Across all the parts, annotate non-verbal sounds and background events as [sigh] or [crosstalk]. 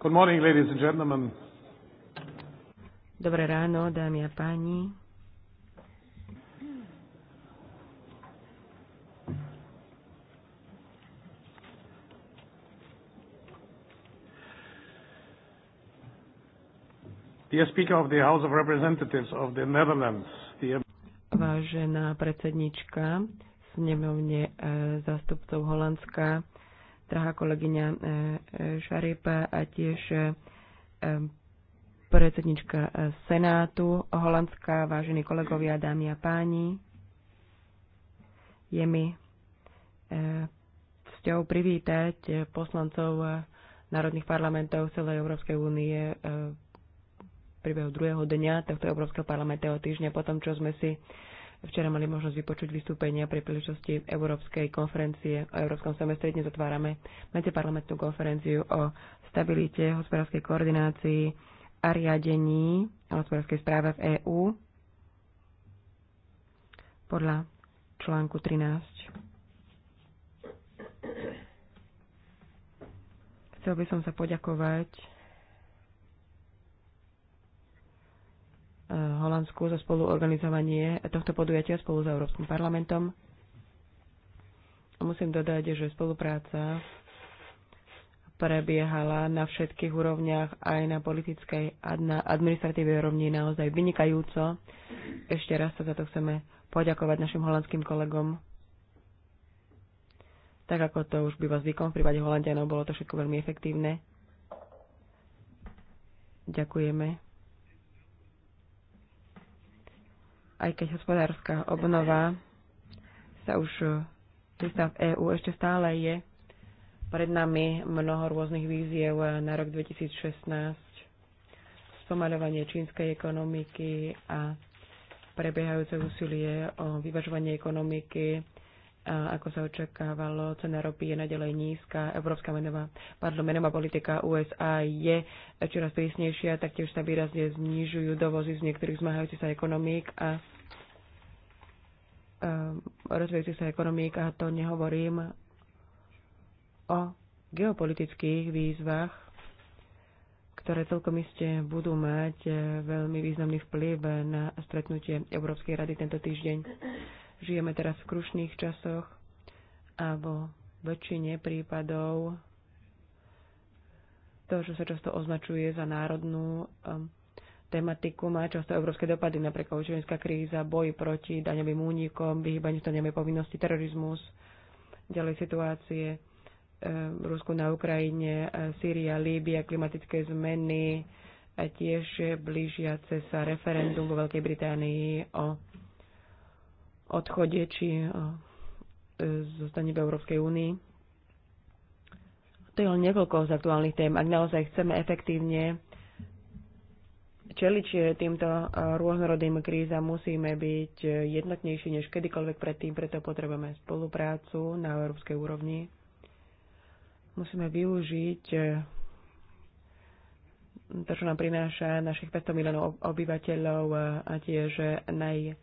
Good morning, ladies and gentlemen. Dobré ráno, dámy a páni. Dear Speaker of the House of Representatives of the Netherlands, dear... Vážená predsednička, snemovne eh, zástupcov Holandska, drahá kolegyňa e, e, Šaripa a tiež e, predsednička Senátu Holandská, vážení kolegovia, dámy a páni. Je mi cťou privítať poslancov národných parlamentov celej Európskej únie v priebehu druhého dňa tohto Európskeho parlamentu týždňa, potom čo sme si Včera mali možnosť vypočuť vystúpenia pri príležitosti Európskej konferencie o Európskom semestri. Dnes otvárame medziparlamentnú konferenciu o stabilite, hospodárskej koordinácii a riadení a hospodárskej správe v EÚ podľa článku 13. Chcel by som sa poďakovať Holandsku za spoluorganizovanie tohto podujatia spolu s Európskym parlamentom. Musím dodať, že spolupráca prebiehala na všetkých úrovniach, aj na politickej a na administratívnej úrovni naozaj vynikajúco. Ešte raz sa za to chceme poďakovať našim holandským kolegom. Tak ako to už býva zvykom, v prípade Holandianov bolo to všetko veľmi efektívne. Ďakujeme aj keď hospodárska obnova sa už eh, chystá v EÚ, ešte stále je pred nami mnoho rôznych víziev eh, na rok 2016, spomaľovanie čínskej ekonomiky a prebiehajúce úsilie o vyvažovanie ekonomiky a ako sa očakávalo, cena ropy je nadalej nízka. Európska menová, pardon, menová politika USA je čoraz prísnejšia, taktiež sa výrazne znižujú dovozy z niektorých zmáhajúcich sa ekonomík a um, rozvíjajúcich sa ekonomík a to nehovorím o geopolitických výzvach, ktoré celkom iste budú mať e, veľmi významný vplyv na stretnutie Európskej rady tento týždeň Žijeme teraz v krušných časoch a vo väčšine prípadov to, čo sa často označuje za národnú um, tematiku, má často európske dopady, napríklad učenická kríza, boj proti daňovým únikom, vyhýbaniu sa povinnosti, terorizmus, ďalej situácie um, v Rusku na Ukrajine, e, Sýria, Líbia, klimatické zmeny, a tiež blížiace sa referendum vo Veľkej Británii o odchode či e, e, zostane v Európskej únii. To je len niekoľko z aktuálnych tém. Ak naozaj chceme efektívne čeliť e, týmto rôznorodným krízam, musíme byť jednotnejší než kedykoľvek predtým, preto potrebujeme spoluprácu na európskej úrovni. Musíme využiť to, čo nám prináša našich 500 miliónov obyvateľov a tiež naj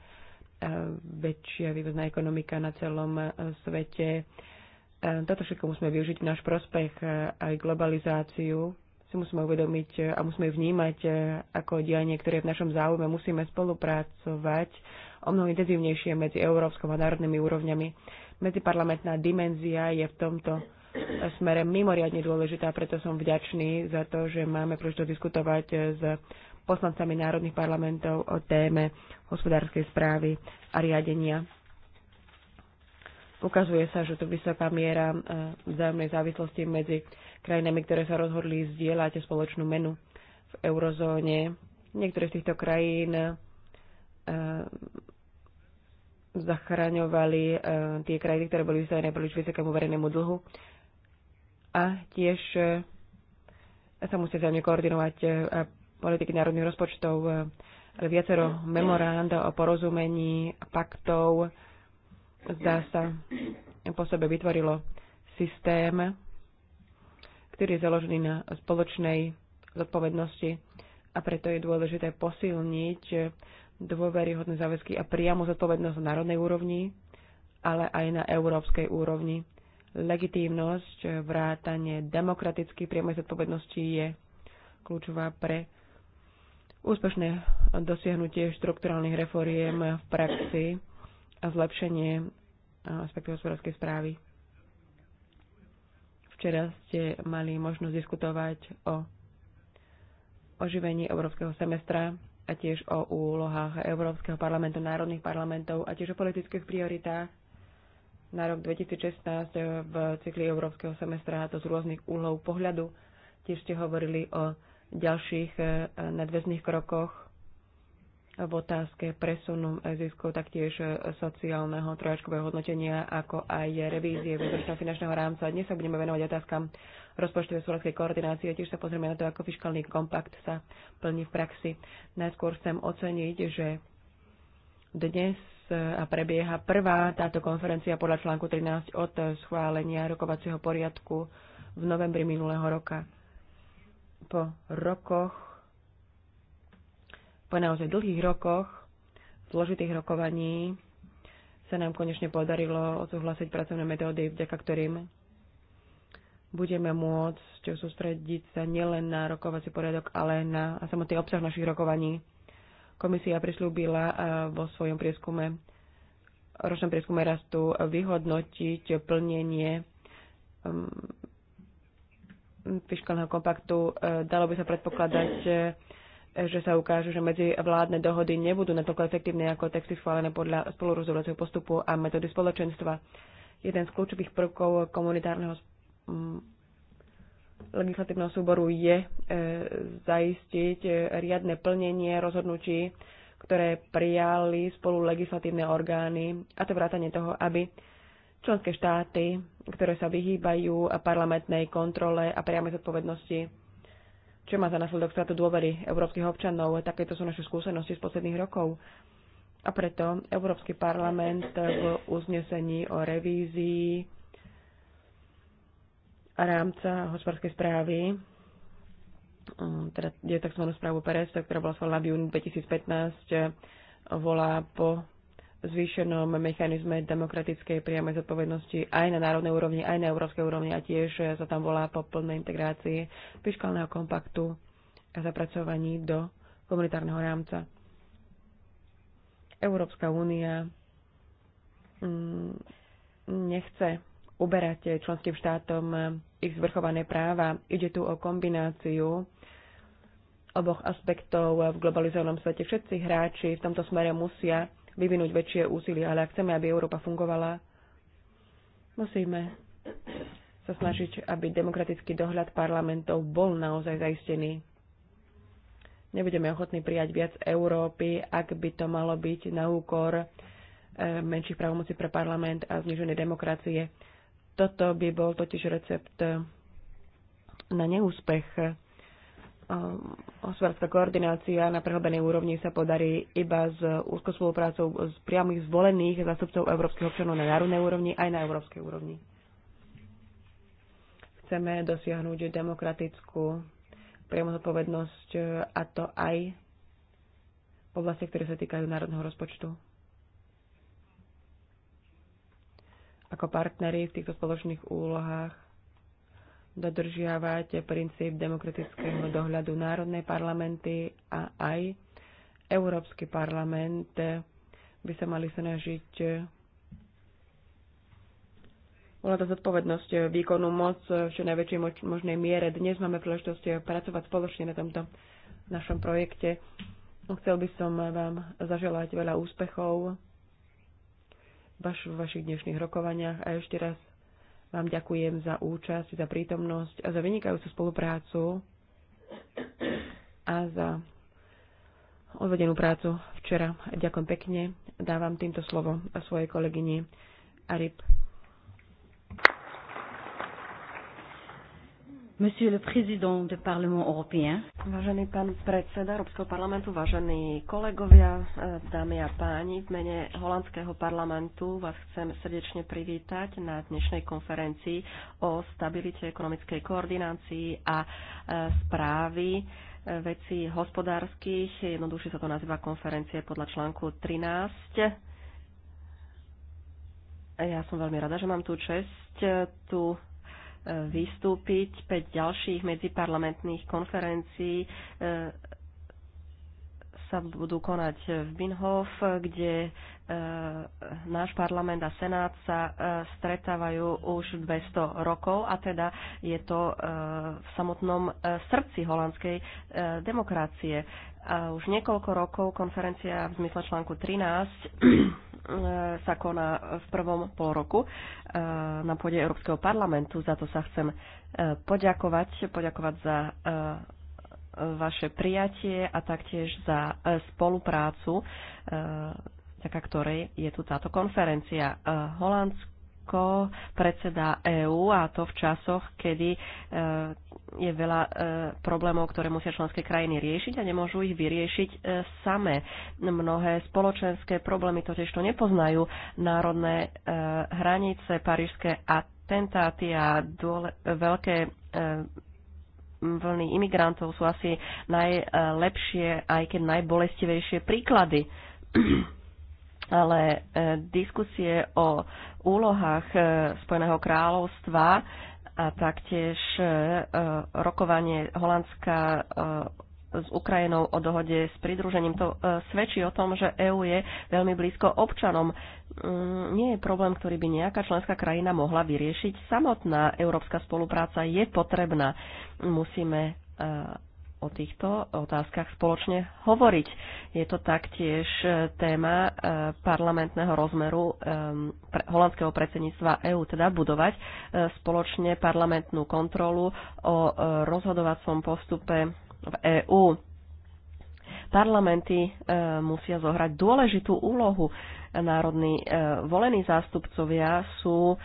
väčšia vývozná ekonomika na celom e, svete. E, toto všetko musíme využiť v náš prospech, e, aj globalizáciu si musíme uvedomiť a musíme vnímať ako dianie, ktoré je v našom záujme. Musíme spolupracovať o mnoho intenzívnejšie medzi európskou a národnými úrovňami. Medziparlamentná dimenzia je v tomto smere mimoriadne dôležitá, preto som vďačný za to, že máme prečo diskutovať s poslancami národných parlamentov o téme hospodárskej správy a riadenia. Ukazuje sa, že tu vysoká miera e, vzájomnej závislosti medzi krajinami, ktoré sa rozhodli zdieľať spoločnú menu v eurozóne. Niektoré z týchto krajín e, zachraňovali e, tie krajiny, ktoré boli vystavené príliš vysokému verejnému dlhu a tiež sa musia zájomne koordinovať politiky národných rozpočtov, eh, viacero mm. memoránd o porozumení, paktov. Zdá sa, po sebe vytvorilo systém, ktorý je založený na spoločnej zodpovednosti a preto je dôležité posilniť dôveryhodné záväzky a priamu zodpovednosť na národnej úrovni, ale aj na európskej úrovni. Legitímnosť, vrátanie demokratických priamej zodpovednosti je kľúčová pre Úspešné dosiahnutie štrukturálnych reforiem v praxi a zlepšenie aspektu hospodárskej správy. Včera ste mali možnosť diskutovať o oživení európskeho semestra a tiež o úlohách Európskeho parlamentu, národných parlamentov a tiež o politických prioritách na rok 2016 v cykli Európskeho semestra, a to z rôznych úhlov pohľadu. Tiež ste hovorili o ďalších e, nadväzných krokoch v otázke presunu ziskov taktiež e, sociálneho trojačkového hodnotenia, ako aj revízie výzoročného finančného rámca. Dnes sa budeme venovať otázkam rozpočtovej súhľadskej koordinácie. Tiež sa pozrieme na to, ako fiskálny kompakt sa plní v praxi. Najskôr chcem oceniť, že dnes e, a prebieha prvá táto konferencia podľa článku 13 od schválenia rokovacieho poriadku v novembri minulého roka po rokoch, po naozaj dlhých rokoch, zložitých rokovaní, sa nám konečne podarilo odsúhlasiť pracovné metódy, vďaka ktorým budeme môcť sústrediť sa nielen na rokovací poriadok, ale na samotný obsah našich rokovaní. Komisia prislúbila eh, vo svojom prieskume, ročnom prieskume rastu vyhodnotiť plnenie mm, fiskálneho kompaktu e, dalo by sa predpokladať, e, že sa ukáže, že medzi vládne dohody nebudú natoľko efektívne ako texty schválené podľa spolurozhodovacieho postupu a metódy spoločenstva. Jeden z kľúčových prvkov komunitárneho legislatívneho súboru je e, zaistiť riadne plnenie rozhodnutí, ktoré prijali spolu legislatívne orgány, a to vrátanie toho, aby Členské štáty, ktoré sa vyhýbajú parlamentnej kontrole a priamej zodpovednosti, čo má za následok stratu dôvery európskych občanov. Takéto sú naše skúsenosti z posledných rokov. A preto Európsky parlament v uznesení o revízii rámca hospodárskej správy mm, teda je tzv. správu Perez, ktorá bola schválená v júni 2015, volá po zvýšenom mechanizme demokratickej priamej zodpovednosti aj na národnej úrovni, aj na európskej úrovni a tiež sa tam volá po plnej integrácii fiskálneho kompaktu a zapracovaní do komunitárneho rámca. Európska únia mm, nechce uberať členským štátom ich zvrchované práva. Ide tu o kombináciu oboch aspektov v globalizovanom svete. Všetci hráči v tomto smere musia vyvinúť väčšie úsilie, ale ak chceme, aby Európa fungovala, musíme sa snažiť, aby demokratický dohľad parlamentov bol naozaj zaistený. Nebudeme ochotní prijať viac Európy, ak by to malo byť na úkor e, menších právomocí pre parlament a zniženej demokracie. Toto by bol totiž recept na neúspech Ehm, hospodárska koordinácia na prehlbenej úrovni sa podarí iba s úzkou spoluprácou z priamých zvolených zástupcov európskych občanov na národnej úrovni aj na európskej úrovni. Chceme dosiahnuť demokratickú priamu zodpovednosť e, a to aj v oblasti, ktoré sa týkajú národného rozpočtu. Ako partneri v týchto spoločných úlohách dodržiavať princíp demokratického dohľadu národnej parlamenty a aj Európsky parlament by sa mali snažiť vláda zodpovednosť výkonu moc v čo najväčšej možnej miere. Dnes máme príležitosť pracovať spoločne na tomto našom projekte. Chcel by som vám zaželať veľa úspechov vaš, v vašich dnešných rokovaniach a ešte raz vám ďakujem za účasť, za prítomnosť a za vynikajúcu spoluprácu a za odvedenú prácu včera. Ďakujem pekne. Dávam týmto slovo svojej kolegyni Arip Monsieur le Président du Parlement européen. Vážený pán predseda Európskeho parlamentu, vážení kolegovia, eh, dámy a páni, v mene holandského parlamentu vás chcem srdečne privítať na dnešnej konferencii o stabilite ekonomickej koordinácii a eh, správy eh, vecí hospodárskych. Jednoduchšie sa to nazýva konferencie podľa článku 13. Ja som veľmi rada, že mám tú čest tu vystúpiť, 5 ďalších medziparlamentných konferencií e, sa budú konať v Binhof, kde e, náš parlament a senát sa e, stretávajú už 200 rokov a teda je to e, v samotnom e, srdci holandskej e, demokracie. A už niekoľko rokov konferencia v zmysle článku 13 E, sa koná v prvom pol roku e, na pôde Európskeho parlamentu. Za to sa chcem e, poďakovať, poďakovať za vaše prijatie a taktiež za spoluprácu, vďaka ktorej je tu táto konferencia. Holandsko ako predseda EÚ a to v časoch, kedy e, je veľa e, problémov, ktoré musia členské krajiny riešiť a nemôžu ich vyriešiť e, same. Mnohé spoločenské problémy totiž to nepoznajú. Národné hranice, parížské atentáty a dôle, veľké vlny imigrantov sú asi najlepšie, aj keď najbolestivejšie príklady ale e, diskusie o úlohách e, Spojeného kráľovstva a taktiež e, rokovanie Holandska s Ukrajinou o dohode s pridružením. To svedčí o tom, že EÚ je veľmi blízko občanom. Mm, nie je problém, ktorý by nejaká členská krajina mohla vyriešiť samotná. Európska spolupráca je potrebná. Musíme o týchto otázkach spoločne hovoriť. Je to taktiež e, téma e, parlamentného rozmeru e, holandského predsedníctva EÚ, teda budovať spoločne parlamentnú kontrolu o rozhodovacom postupe v EÚ. Parlamenty musia zohrať dôležitú úlohu národní e, volení zástupcovia sú e,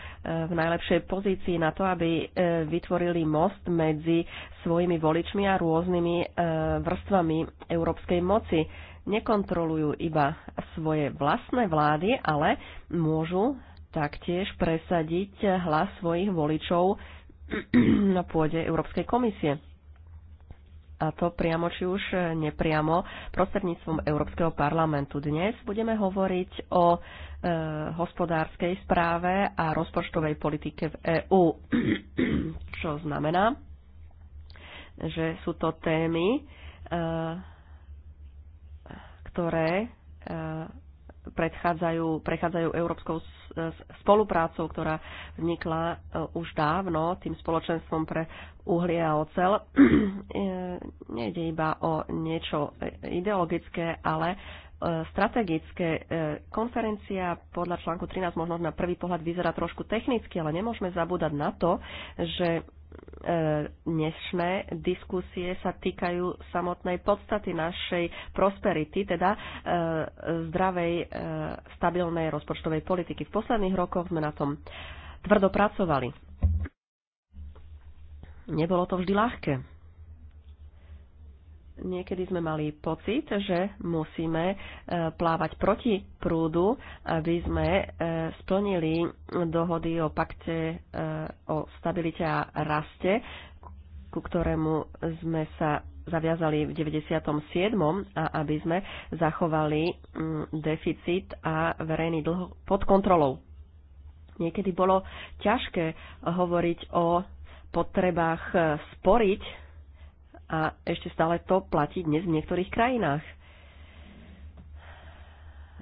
v najlepšej pozícii na to, aby e, vytvorili most medzi svojimi voličmi a rôznymi vrstvami európskej moci. Nekontrolujú iba svoje vlastné vlády, ale môžu taktiež presadiť hlas svojich voličov [clears throat] na pôde Európskej komisie a to priamo či už e, nepriamo prostredníctvom Európskeho parlamentu. Dnes budeme hovoriť o e, hospodárskej správe a rozpočtovej politike v EÚ, [clears throat] čo znamená, že sú to témy, e, ktoré e, prechádzajú Európskou spoluprácou, ktorá vznikla e, už dávno tým spoločenstvom pre uhlie a ocel. [clears throat] E, nejde iba o niečo e, ideologické, ale strategické. Konferencia podľa článku 13 možno na prvý pohľad vyzerá trošku technicky, ale nemôžeme zabúdať na to, že E, dnešné diskusie sa týkajú samotnej podstaty našej prosperity, teda e, zdravej, e, stabilnej rozpočtovej politiky. V posledných rokoch sme na tom tvrdo pracovali. Nebolo to vždy ľahké. Niekedy sme mali pocit, že musíme e, plávať proti prúdu, aby sme e, splnili dohody o pakte e, o stabilite a raste, ku ktorému sme sa zaviazali v 97. a aby sme zachovali mm, deficit a verejný dlh pod kontrolou. Niekedy bolo ťažké hovoriť o potrebách sporiť a ešte stále to platí dnes v niektorých krajinách.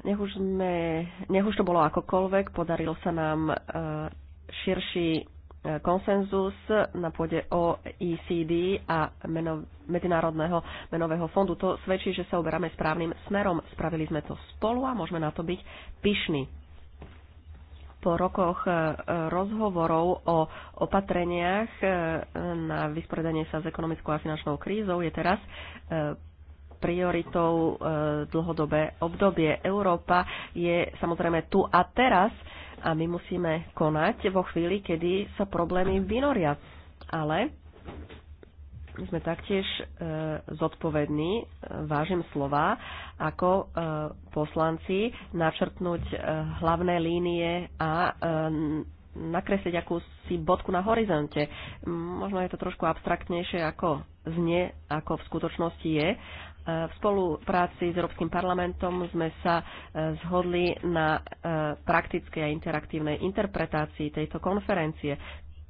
Nech už, sme, nech už to bolo akokoľvek, podarilo sa nám e, širší e, konsenzus na pôde OECD a meno, Medzinárodného menového fondu. To svedčí, že sa uberáme správnym smerom. Spravili sme to spolu a môžeme na to byť pyšní po rokoch e, rozhovorov o opatreniach e, na vysporiadanie sa s ekonomickou a finančnou krízou je teraz e, prioritou dlhodobé obdobie. Európa je samozrejme tu a teraz a my musíme konať vo chvíli, kedy sa problémy vynoria. Ale my sme taktiež e, zodpovední, e, vážim slova, ako e, poslanci načrtnúť e, hlavné línie a e, nakresliť akúsi bodku na horizonte. Možno je to trošku abstraktnejšie, ako znie, ako v skutočnosti je. E, v spolupráci s Európskym parlamentom sme sa e, zhodli na e, praktickej a interaktívnej interpretácii tejto konferencie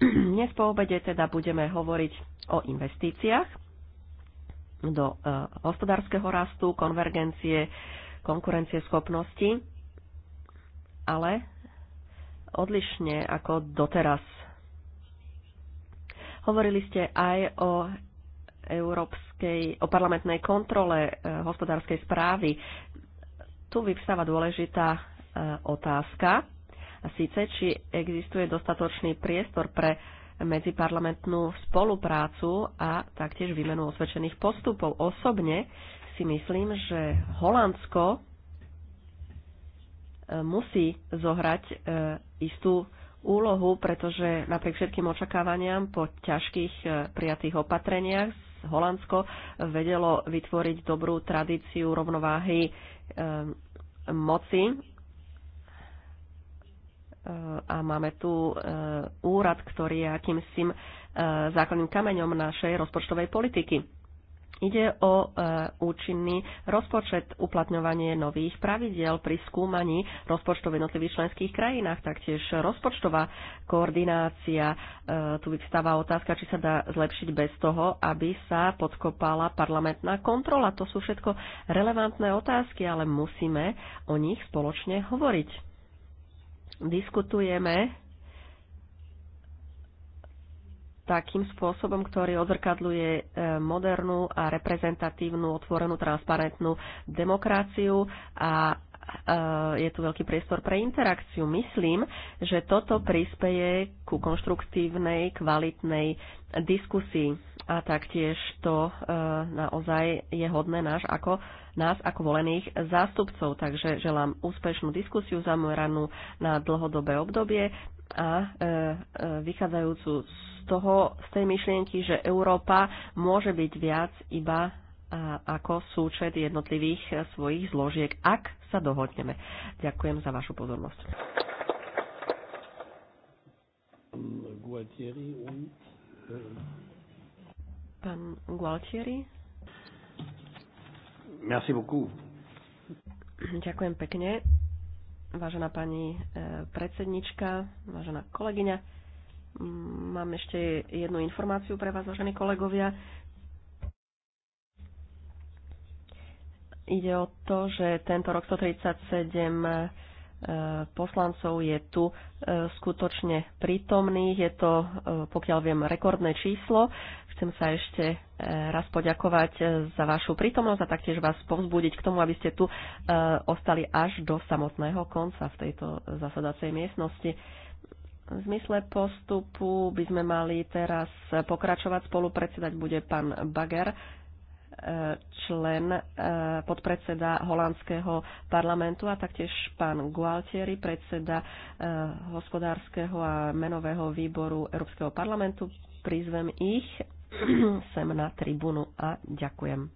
[clears throat] Dnes po obede teda budeme hovoriť o investíciách do eh, hospodárskeho rastu, konvergencie, konkurencie schopnosti, ale odlišne ako doteraz. Hovorili ste aj o európskej, o parlamentnej kontrole eh, hospodárskej správy. Tu vyvstáva dôležitá eh, otázka síce či existuje dostatočný priestor pre medziparlamentnú spoluprácu a taktiež výmenu osvedčených postupov. Osobne si myslím, že Holandsko e, musí zohrať e, istú úlohu, pretože napriek všetkým očakávaniam po ťažkých e, prijatých opatreniach Holandsko vedelo vytvoriť dobrú tradíciu rovnováhy moci a máme tu e, úrad, ktorý je akýmsi e, základným kameňom našej rozpočtovej politiky. Ide o e, účinný rozpočet uplatňovanie nových pravidiel pri skúmaní rozpočtov v jednotlivých členských krajinách, taktiež rozpočtová koordinácia. tu vyvstáva otázka, či sa dá zlepšiť bez toho, aby sa podkopala parlamentná kontrola. To sú všetko relevantné otázky, ale musíme o nich spoločne hovoriť diskutujeme takým spôsobom, ktorý odzrkadľuje e, modernú a reprezentatívnu, otvorenú, transparentnú demokraciu a je tu veľký priestor pre interakciu. Myslím, že toto prispeje ku konštruktívnej, kvalitnej diskusii a taktiež to e, naozaj je hodné náš ako, nás ako volených zástupcov. Takže želám úspešnú diskusiu zameranú na dlhodobé obdobie a e, e, vychádzajúcu z toho, z tej myšlienky, že Európa môže byť viac iba ako súčet jednotlivých svojich zložiek, ak sa dohodneme. Ďakujem za vašu pozornosť. Pán Gualtieri. Merci beaucoup. Ďakujem pekne. Vážená pani e, predsednička, vážená kolegyňa, mám ešte jednu informáciu pre vás, vážení kolegovia. Ide o to, že tento rok 137 e, poslancov je tu e, skutočne prítomných. Je to, e, pokiaľ viem, rekordné číslo. Chcem sa ešte raz poďakovať za vašu prítomnosť a taktiež vás povzbudiť k tomu, aby ste tu ostali až do samotného konca v tejto zasadacej miestnosti. V zmysle postupu by sme mali teraz pokračovať. spolupredsedať bude pán Bager člen, eh, podpredseda holandského parlamentu a taktiež pán Gualtieri, predseda eh, hospodárskeho a menového výboru Európskeho parlamentu. Prizvem ich [clears throat] sem na tribúnu a ďakujem.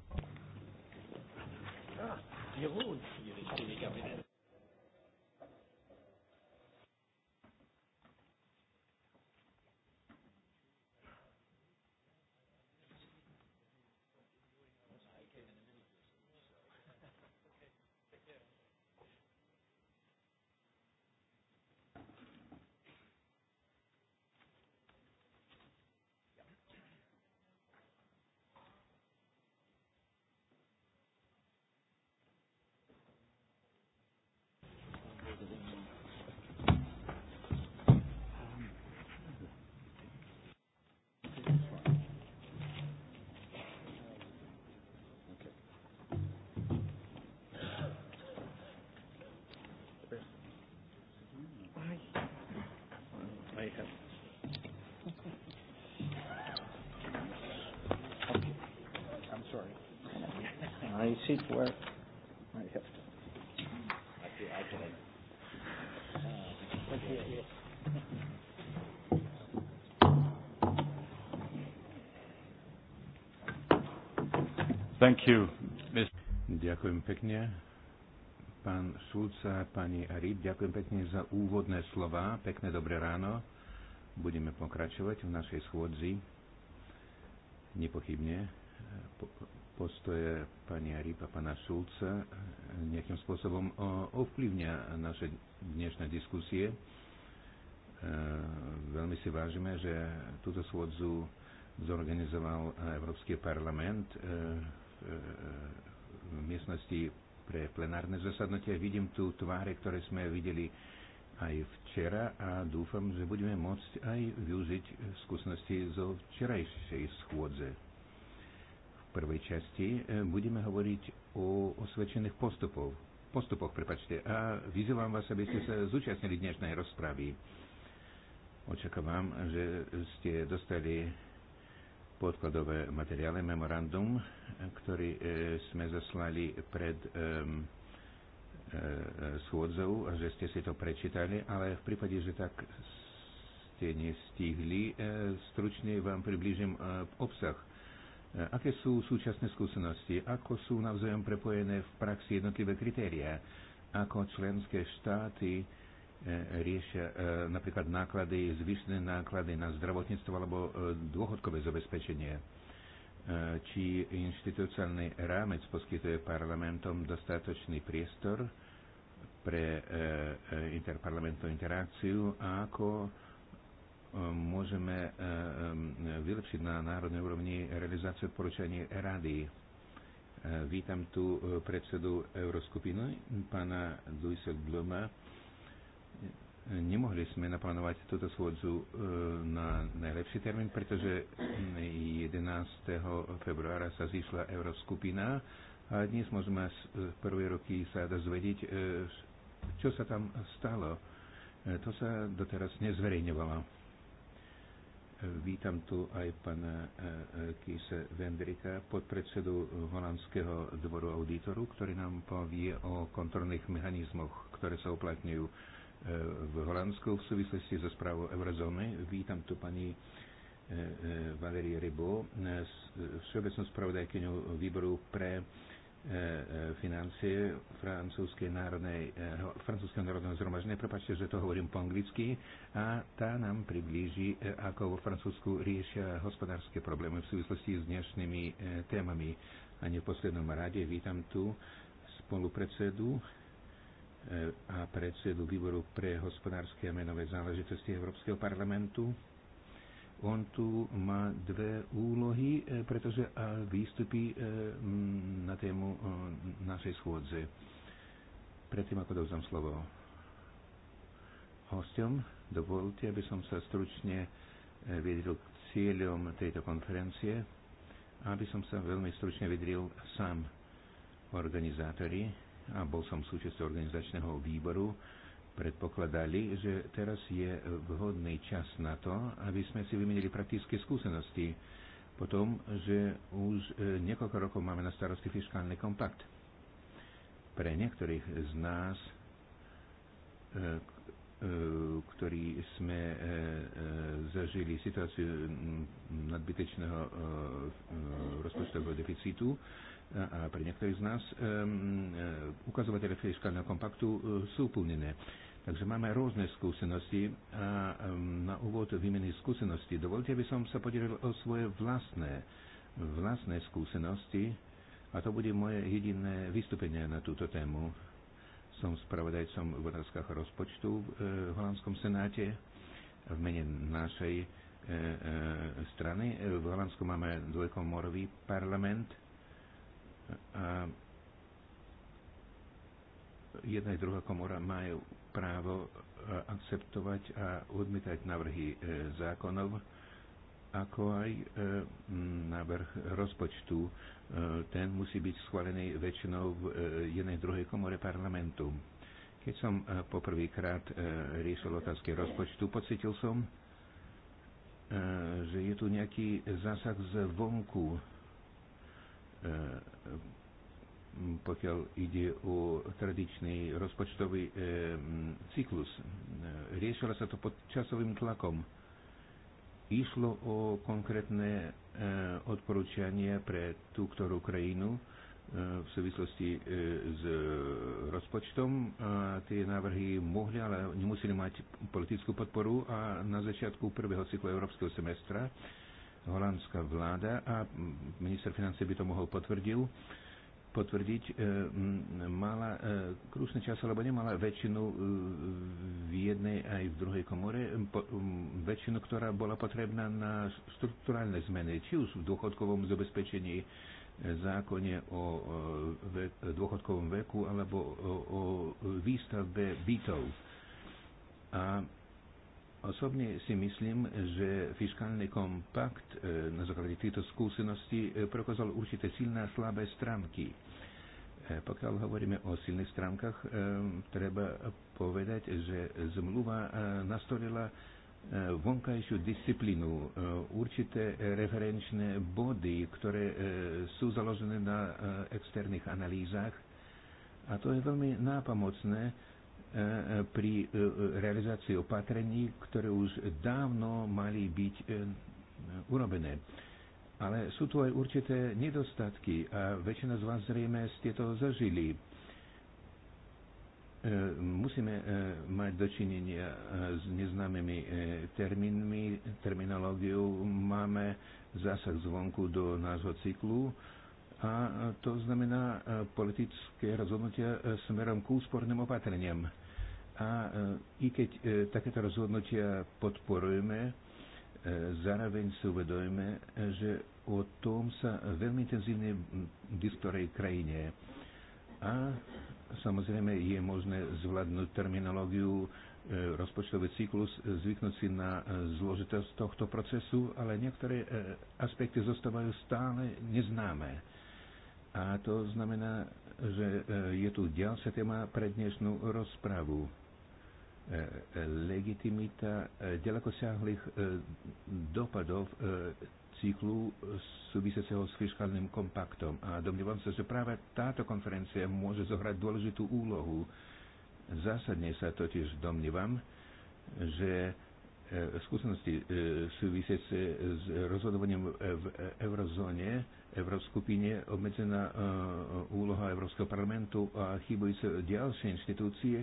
Thank you. Ďakujem pekne. Pán súdca, pani Arib, ďakujem pekne za úvodné slova. Pekné dobré ráno. Budeme pokračovať v našej schôdzi. Nepochybne eh, postoje pani Arib a pana Šulca eh, nejakým spôsobom ovplyvňa naše dnešné diskusie. Eh, veľmi si vážime, že túto schôdzu zorganizoval Európsky parlament v miestnosti pre plenárne zasadnutie. Vidím tu tváre, ktoré sme videli aj včera a dúfam, že budeme môcť aj využiť skúsenosti zo včerajšej schôdze. V prvej časti e, budeme hovoriť o osvedčených postupov, postupoch, prepačte, a vyzývam vás, aby ste sa zúčastnili dnešnej rozpravy. Očakávam, že ste dostali podkladové materiály, memorandum, ktorý e, sme zaslali pred e, e, schôdzou, že ste si to prečítali, ale v prípade, že tak ste nestihli, stručne vám približím obsah. Aké sú súčasné skúsenosti? Ako sú navzájom prepojené v praxi jednotlivé kritéria? Ako členské štáty E, riešia e, napríklad náklady, zvyšné náklady na zdravotníctvo alebo e, dôchodkové zabezpečenie. Či inštitúciálny rámec poskytuje parlamentom dostatočný priestor pre interparlamentnú interakciu a ako môžeme vylepšiť na národnej úrovni realizáciu odporúčaní rady. Vítam tu predsedu Euroskupiny, pána Luisa Bluma, Nemohli sme naplánovať túto schôdzu e, na najlepší termín, pretože 11. Mm, februára sa zišla Euroskupina a dnes môžeme z e, prvej roky sa dozvedieť, e, čo sa tam stalo. To sa doteraz nezverejňovalo. Vítam tu aj pána Kise Vendrika, podpredsedu Holandského dvoru auditoru, ktorý nám povie o kontrolných mechanizmoch, ktoré sa uplatňujú v Holandsku v súvislosti so správou eurozóny. Vítam tu pani e, e, Valérie Rybo, e, všeobecnú spravodajkyňu výboru pre financie francúzskej národnej, francúzskej národnej zhromaždenia. Prepačte, že to hovorím po anglicky. A tá nám priblíži, ako vo Francúzsku riešia hospodárske problémy v súvislosti s dnešnými témami. A v poslednom rade vítam tu spolupredsedu E, a predsedu výboru pre hospodárske a menové záležitosti Európskeho parlamentu. On tu má dve úlohy, e, pretože e, výstupy na tému našej schôdze. Predtým, ako dovzdám slovo hostom, dovolte, aby som sa stručne vyjadril k cieľom tejto konferencie, aby som sa veľmi stručne vyjadril sám organizátori a bol som súčasťou organizačného výboru, predpokladali, že teraz je vhodný čas na to, aby sme si vymenili praktické skúsenosti po tom, že už e, niekoľko rokov máme na starosti fiskálny kompakt. Pre niektorých z nás, e, e, ktorí sme zažili situáciu nadbytečného rozpočtového deficitu, a pre niektorých z nás ukazovatele fiskálneho kompaktu e, sú plnené. Takže máme rôzne skúsenosti a na úvod výmeny skúseností dovolte, aby som sa podelil o svoje vlastné, vlastné skúsenosti a to bude moje jediné vystúpenie na túto tému. Som spravodajcom v otázkach rozpočtu v e, holandskom senáte v mene našej e, strany. V Holandsku máme dvojkomorový parlament a e, jedna i druhá komora majú právo e, akceptovať a odmietať návrhy e, zákonov, ako aj návrh rozpočtu. Ten musí byť schválený väčšinou v jednej druhej komore parlamentu. Keď som poprvýkrát riešil otázky rozpočtu, pocitil som, že je tu nejaký zásah z vonku E, pokiaľ ide o tradičný rozpočtový e, cyklus. E, riešilo sa to pod časovým tlakom. Išlo o konkrétne e, odporúčania pre tú ktorú krajinu e, v súvislosti e, s rozpočtom. A tie návrhy mohli, ale nemuseli mať politickú podporu a na začiatku prvého cyklu európskeho semestra e, holandská vláda a minister financí by to mohol potvrdil, potvrdiť, eh, mala eh, krúsne čas, alebo nemala väčšinu eh, v jednej aj v druhej komore, po väčšinu, ktorá bola potrebná na strukturálne zmeny, či už v dôchodkovom zabezpečení, zákone o ve dôchodkovom veku alebo o výstavbe bytov. A Osobne si myslím, že fiskálny kompakt e, na základe týchto skúseností e, prokázal určité silné a slabé stránky. E, pokiaľ hovoríme o silných stránkach, treba povedať, že zmluva nastolila vonkajšiu disciplínu, určité referenčné body, ktoré sú založené na externých analýzach. A to je veľmi nápomocné, E, e, pri e, realizácii opatrení, ktoré už dávno mali byť urobené. Ale sú tu aj určité nedostatky a väčšina z vás zrejme ste to zažili. Musíme mať dočinenia s neznámymi termínmi, terminológiou. Máme zásah zvonku do nášho cyklu a to znamená e, politické rozhodnutia e, smerom k úsporným opatreniam. A e, i keď takéto rozhodnutia podporujeme, zároveň si uvedujeme, že o tom sa veľmi intenzívne diskutuje v krajine. A samozrejme je možné zvládnuť terminológiu rozpočtový cyklus, zvyknúť si na zložitosť tohto procesu, ale niektoré aspekty zostávajú stále neznáme. A to znamená, že e, je tu ďalšia téma pre dnešnú rozpravu. E, e, legitimita ďalekosiahlých dopadov cyklu súviseceho s fiskálnym kompaktom. A domnievam sa, že práve táto konferencia môže zohrať dôležitú úlohu. Zásadne sa totiž domnievam, že skúsenosti súvisiace s rozhodovaním v eurozóne Euroskupine, obmedzená e, úloha Európskeho parlamentu a chýbajúce ďalšie inštitúcie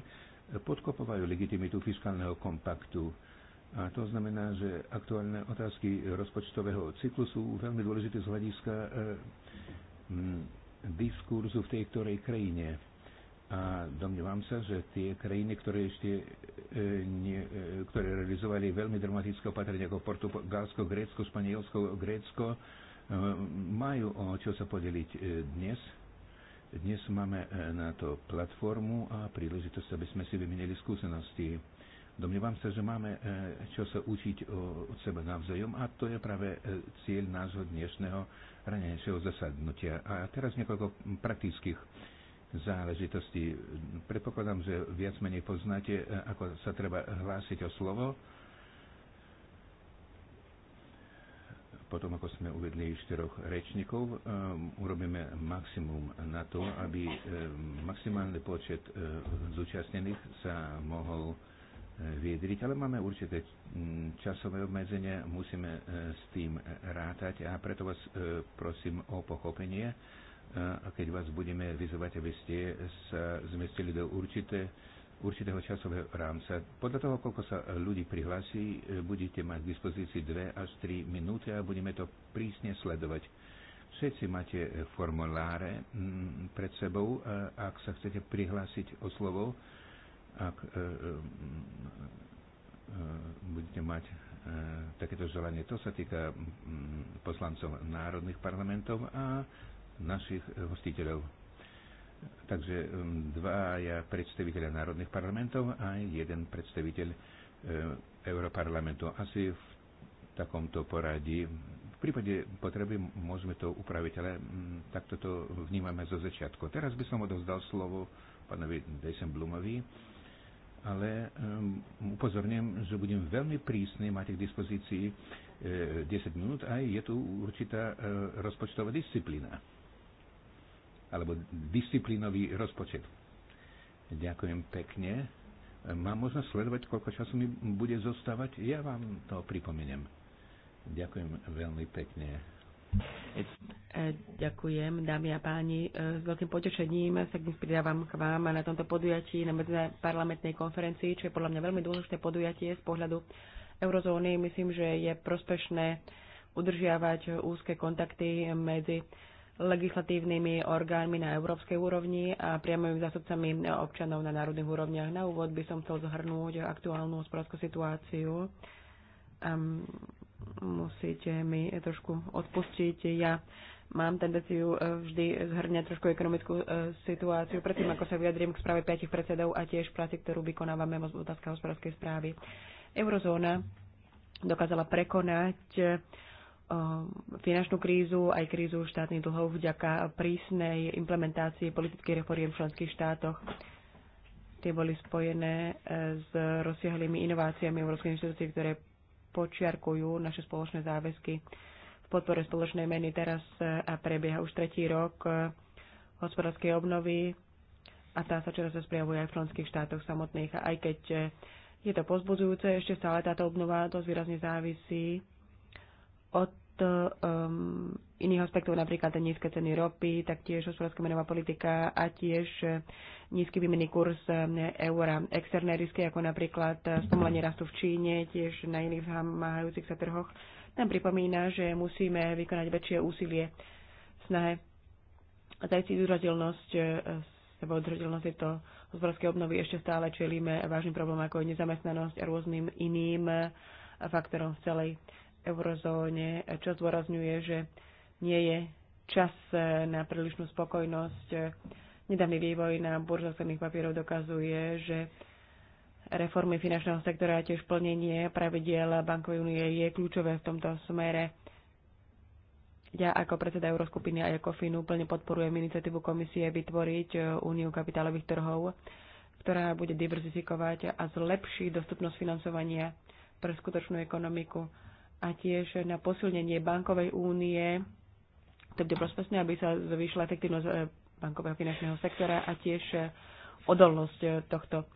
podkopovajú legitimitu fiskálneho kompaktu. A to znamená, že aktuálne otázky rozpočtového cyklu sú veľmi dôležité z hľadiska e, diskurzu v tej ktorej krajine. A domnívam sa, že tie krajiny, ktoré ešte e, nie, e, ktoré realizovali veľmi dramatické opatrenia ako Portugalsko, Grécko, Španielsko, Grécko, Eh, majú o čo sa podeliť eh, dnes. Dnes máme eh, na to platformu a príležitosť, aby sme si vymenili skúsenosti. Domnievam sa, že máme čo sa učiť od seba navzájom a to je práve cieľ nášho dnešného ranejšieho zasadnutia. A teraz niekoľko praktických záležitostí. Predpokladám, že viac menej poznáte, ako sa treba hlásiť o slovo Potom, ako sme uvedli štyroch rečníkov, eh, urobíme maximum na to, aby eh, maximálny počet eh, zúčastnených sa mohol vyjadriť, ale máme určité mm, časové obmedzenia, musíme s tým rátať a preto vás prosím o pochopenie, a keď vás budeme vyzovať aby ste sa zmestili do určité určitého časového rámca. Podľa toho, koľko sa ľudí prihlási, e, budete mať k dispozícii 2 až 3 minúty a budeme to prísne sledovať. Všetci máte e, formuláre mm, pred sebou, e, ak sa chcete prihlásiť o slovo, ak mm, budete mať takéto želanie. To sa týka mm, poslancov národných parlamentov a našich hostiteľov takže um, dvaja predstaviteľa národných parlamentov a jeden predstaviteľ uh, Europarlamentu. Asi v takomto poradí. V prípade potreby môžeme to upraviť, ale mm, takto to vnímame zo začiatku. Teraz by som odovzdal slovo pánovi Blumovi, ale um, upozorňujem, že budem veľmi prísny, máte k dispozícii uh, e, 10 minút a je tu určitá e, rozpočtová disciplína alebo disciplínový rozpočet. Ďakujem pekne. Mám možnosť sledovať, koľko času mi bude zostávať? Ja vám to pripomeniem. Ďakujem veľmi pekne. Eh, ďakujem, dámy a páni. Eh, s veľkým potešením sa dnes pridávam k vám na tomto podujatí na parlamentnej konferencii, čo je podľa mňa veľmi dôležité podujatie z pohľadu eurozóny. Myslím, že je prospešné udržiavať úzke kontakty medzi legislatívnymi orgánmi na európskej úrovni a priamými zástupcami občanov na národných úrovniach. Na úvod by som chcel zhrnúť aktuálnu hospodárskú situáciu. Um, musíte mi trošku odpustiť. Ja mám tendenciu e, vždy zhrňať trošku ekonomickú e, situáciu, predtým ako sa vyjadrím k správe piatich predsedov a tiež práci, ktorú vykonávame v otázka hospodárskej správy. Eurozóna dokázala prekonať Eh, finančnú krízu, aj krízu štátnych dlhov vďaka prísnej implementácii politických reforiem v členských štátoch. Tie boli spojené eh, s rozsiahlými inováciami európskej inštitúcií, ktoré počiarkujú naše spoločné záväzky v podpore spoločnej meny. Teraz eh, a prebieha už tretí rok hospodárskej obnovy a tá sa čoraz prejavuje aj v členských štátoch samotných. A aj keď je to pozbudzujúce, ešte stále táto obnova dosť výrazne závisí od um, iných aspektov, napríklad nízke ceny ropy, taktiež hospodárska menová politika a tiež eh, nízky výmenný kurz um, eura. Externé risky, ako napríklad eh, spomalenie rastu v Číne, tiež na iných zamáhajúcich sa trhoch, nám pripomína, že musíme vykonať väčšie úsilie v snahe zajistiť udržateľnosť eh, lebo udržateľnosť tejto hospodárskej obnovy ešte stále čelíme vážnym problémom ako je nezamestnanosť a rôznym iným faktorom v celej eurozóne, čo zdôrazňuje, že nie je čas e, na prílišnú spokojnosť. Nedávny vývoj na burzách cenných papierov dokazuje, že reformy finančného sektora a tiež plnenie pravidiel bankovej únie je kľúčové v tomto smere. Ja ako predseda Euroskupiny a ako FINU plne podporujem iniciatívu komisie vytvoriť e, úniu kapitálových trhov, ktorá bude diverzifikovať a zlepšiť dostupnosť financovania pre skutočnú ekonomiku a tiež na posilnenie bankovej únie. To bude prospešné, aby sa zvýšila efektívnosť eh, bankového finančného sektora a tiež eh, odolnosť eh, tohto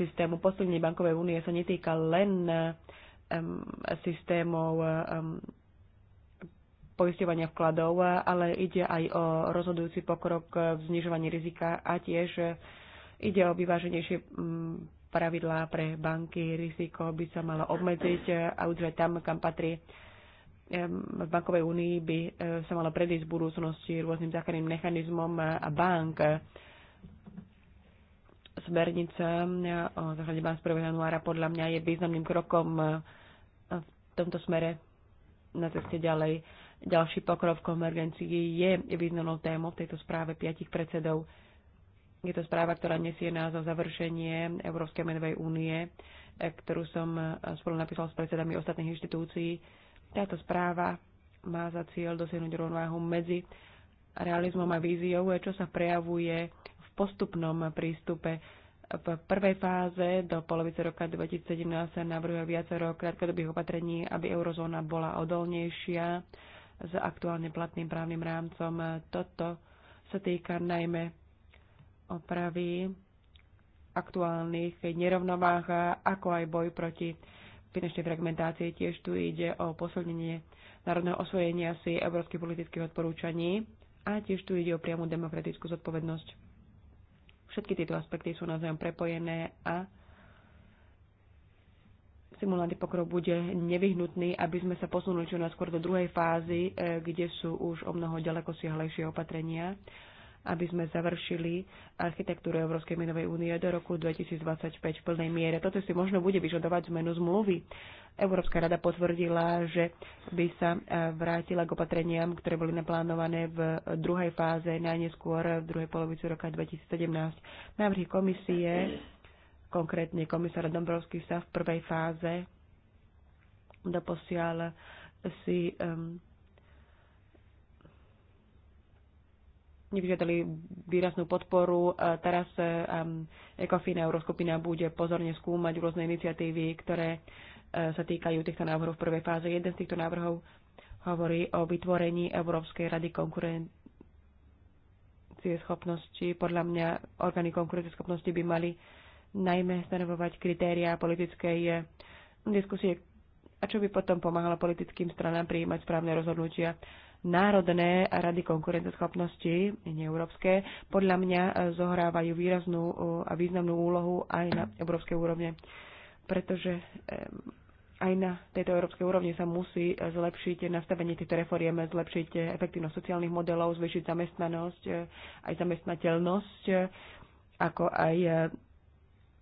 systému. Posilnenie bankovej únie sa netýka len um, systémov um, poisťovania vkladov, ale ide aj o rozhodujúci pokrok v znižovaní rizika a tiež ide o vyváženejšie um, pravidlá pre banky, riziko by sa malo obmedziť a udržať tam, kam patrí. V bankovej únii by e, sa malo predísť v budúcnosti rôznym záchranným mechanizmom a bank. Smernica e, o záchrane bank z 1. januára podľa mňa je významným krokom e, v tomto smere na ceste ďalej. Ďalší pokrok v konvergencii je významnou témou v tejto správe piatich predsedov. Je to správa, ktorá nesie názov završenie Európskej menovej únie, e, ktorú som e, spolu napísal s predsedami ostatných inštitúcií. Táto správa má za cieľ dosiahnuť rovnováhu medzi realizmom a víziou, e, čo sa prejavuje v postupnom prístupe. V prvej fáze do polovice roka 2017 sa navrhuje viacero krátkodobých opatrení, aby eurozóna bola odolnejšia s aktuálne platným právnym rámcom. Toto sa týka najmä opravy aktuálnych nerovnováh, ako aj boj proti finančnej fragmentácii. Tiež tu ide o posilnenie národného osvojenia si európskych politických odporúčaní a tiež tu ide o priamu demokratickú zodpovednosť. Všetky tieto aspekty sú navzájom prepojené a simulantný pokrok bude nevyhnutný, aby sme sa posunuli čo najskôr do druhej fázy, eh, kde sú už o mnoho ďaleko siahlejšie opatrenia aby sme završili architektúru Európskej menovej únie do roku 2025 v plnej miere. Toto si možno bude vyžadovať zmenu zmluvy. Európska rada potvrdila, že by sa e, vrátila k opatreniam, ktoré boli naplánované v druhej fáze, najneskôr v druhej polovici roka 2017. Návrhy komisie, konkrétne komisár Dombrovský sa v prvej fáze doposiaľ si um, nevyžiadali výraznú podporu. E, teraz e, ECOFIN a Euroskupina bude pozorne skúmať rôzne iniciatívy, ktoré e, sa týkajú týchto návrhov v prvej fáze. Jeden z týchto návrhov hovorí o vytvorení Európskej rady konkurencie schopnosti. Podľa mňa orgány konkurencie schopnosti by mali najmä stanovovať kritériá politickej diskusie, a čo by potom pomáhalo politickým stranám prijímať správne rozhodnutia národné rady konkurenceschopnosti, neeurópske, podľa mňa e, zohrávajú výraznú e, a významnú úlohu aj na európskej úrovne, pretože aj na tejto európskej úrovni sa musí zlepšiť nastavenie týchto reforiem, zlepšiť efektívnosť sociálnych modelov, zvyšiť zamestnanosť, e, aj zamestnateľnosť, ako aj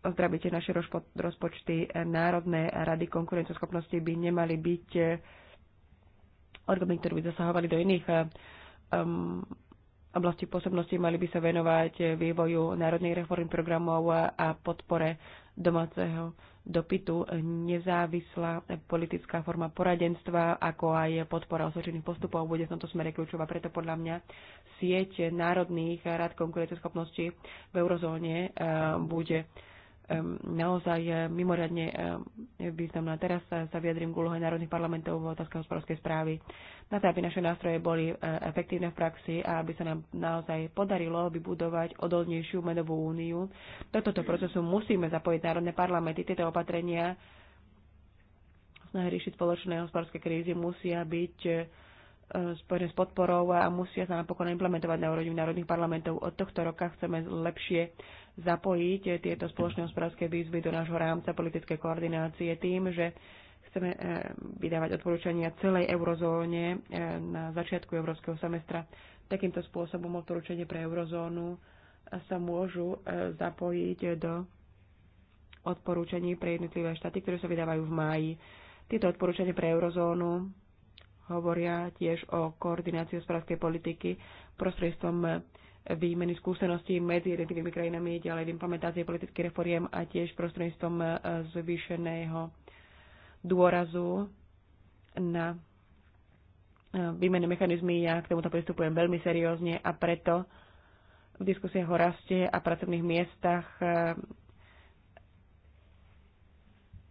ozdravíte naše rozpočty. Národné rady konkurenceschopnosti by nemali byť orgány, ktoré by zasahovali do iných um, oblastí pôsobnosti, mali by sa venovať vývoju národných reformných programov a podpore domáceho dopytu. Nezávislá politická forma poradenstva, ako aj podpora osvedčených postupov, bude v tomto smere kľúčová. Preto podľa mňa sieť národných rád konkurenceschopnosti v eurozóne eh, bude naozaj mimoriadne významná. Teraz sa, sa vyjadrím k úlohe národných parlamentov v otázke hospodárskej správy. Na to, aby naše nástroje boli e, efektívne v praxi a aby sa nám naozaj podarilo vybudovať odolnejšiu menovú úniu, do tohto procesu musíme zapojiť národné parlamenty. Tieto opatrenia snahy riešiť spoločné hospodárske krízy musia byť e, spojené s podporou a musia sa napokon implementovať na úrovni národných parlamentov. Od tohto roka chceme lepšie zapojiť tieto spoločné hospodárske výzvy do nášho rámca politickej koordinácie tým, že chceme eh, vydávať odporúčania celej eurozóne eh, na začiatku európskeho semestra. Takýmto spôsobom odporúčanie pre eurozónu eh, sa môžu zapojiť do odporúčaní pre jednotlivé štáty, ktoré sa vydávajú v máji. Tieto odporúčania pre eurozónu hovoria tiež o koordinácii hospodárskej politiky prostredstvom výmeny skúseností medzi jednotlivými krajinami, ďalej v implementácie politických reforiem a tiež prostredníctvom e, zvýšeného dôrazu na e, výmenné mechanizmy. Ja k tomuto pristupujem veľmi seriózne a preto v diskusiách o raste a pracovných miestach e,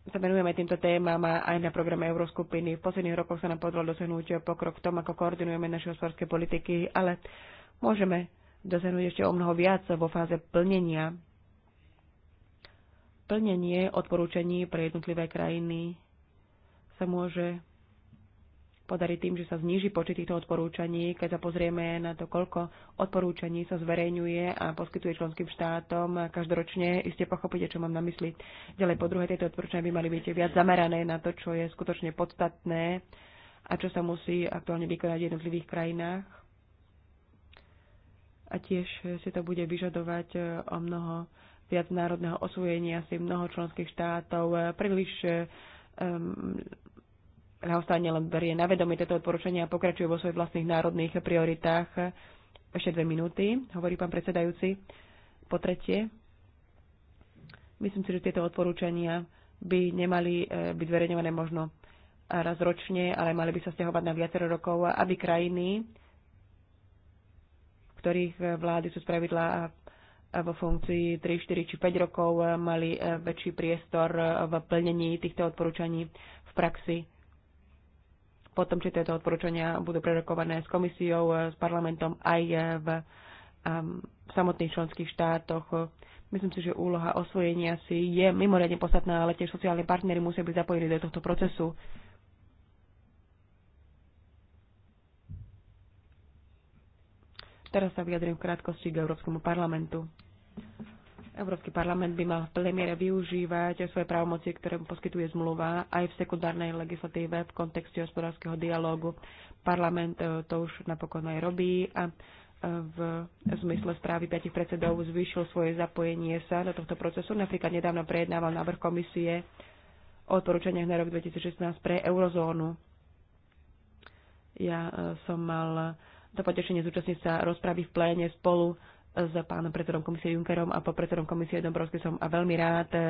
sa venujeme týmto témam aj na programe Euroskupiny. V posledných rokoch sa nám podarilo dosiahnuť pokrok v tom, ako koordinujeme naše hospodárske politiky, ale môžeme dosiahnuť ešte o mnoho viac vo fáze plnenia. Plnenie odporúčaní pre jednotlivé krajiny sa môže podariť tým, že sa zníži počet týchto odporúčaní. Keď sa pozrieme na to, koľko odporúčaní sa zverejňuje a poskytuje členským štátom každoročne, iste pochopíte, čo mám na mysli. Ďalej, po druhé, tieto odporúčania by mali byť viac zamerané na to, čo je skutočne podstatné a čo sa musí aktuálne vykonať v jednotlivých krajinách a tiež si to bude vyžadovať e, o mnoho viac národného osvojenia si mnoho členských štátov e, príliš um, len berie na vedomie tieto odporúčania a pokračuje vo svojich vlastných národných prioritách. Ešte dve minúty, hovorí pán predsedajúci. Po tretie, myslím si, že tieto odporúčania by nemali byť zverejňované možno raz ročne, ale mali by sa stiahovať na viacero rokov, aby krajiny ktorých eh, vlády sú spravidla vo funkcii 3, 4 či 5 rokov, eh, mali eh, väčší priestor v plnení týchto odporúčaní v praxi. Potom, či tieto odporúčania budú prerokované s komisiou, s parlamentom aj v samotných členských štátoch. Myslím si, že úloha osvojenia si je mimoriadne podstatná, ale tiež sociálni partnery musia byť zapojení do tohto procesu. Teraz sa vyjadrím v krátkosti k Európskemu parlamentu. Európsky parlament by mal v plnej miere využívať svoje právomoci, ktoré mu poskytuje zmluva aj v sekundárnej legislatíve v kontexte hospodárskeho dialógu. Parlament e, to už napokon aj robí a e, v zmysle správy piatich predsedov zvýšil svoje zapojenie sa do tohto procesu. Napríklad nedávno prejednával návrh komisie o odporúčaniach na rok 2016 pre eurozónu. Ja e, som mal to potešenie zúčastniť sa rozpravy v pléne spolu s pánom predsedom komisie Junckerom a popredsedom komisie som a veľmi rád e,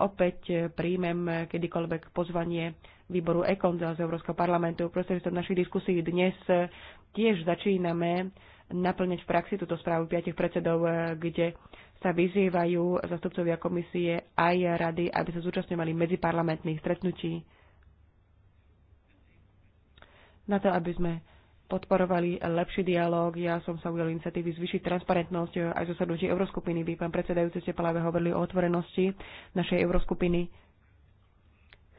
opäť príjmem kedykoľvek pozvanie výboru EKON z Európskeho parlamentu. v našich diskusí dnes e, tiež začíname naplňať v praxi túto správu piatich predsedov, e, kde sa vyzývajú zastupcovia komisie aj rady, aby sa zúčastňovali medziparlamentných stretnutí na to, aby sme podporovali lepší dialog. Ja som sa ujel iniciatívy zvyšiť transparentnosť eh, aj zo sadnutí Euroskupiny. Vy, pán predsedajúci, ste práve hovorili o otvorenosti našej Euroskupiny.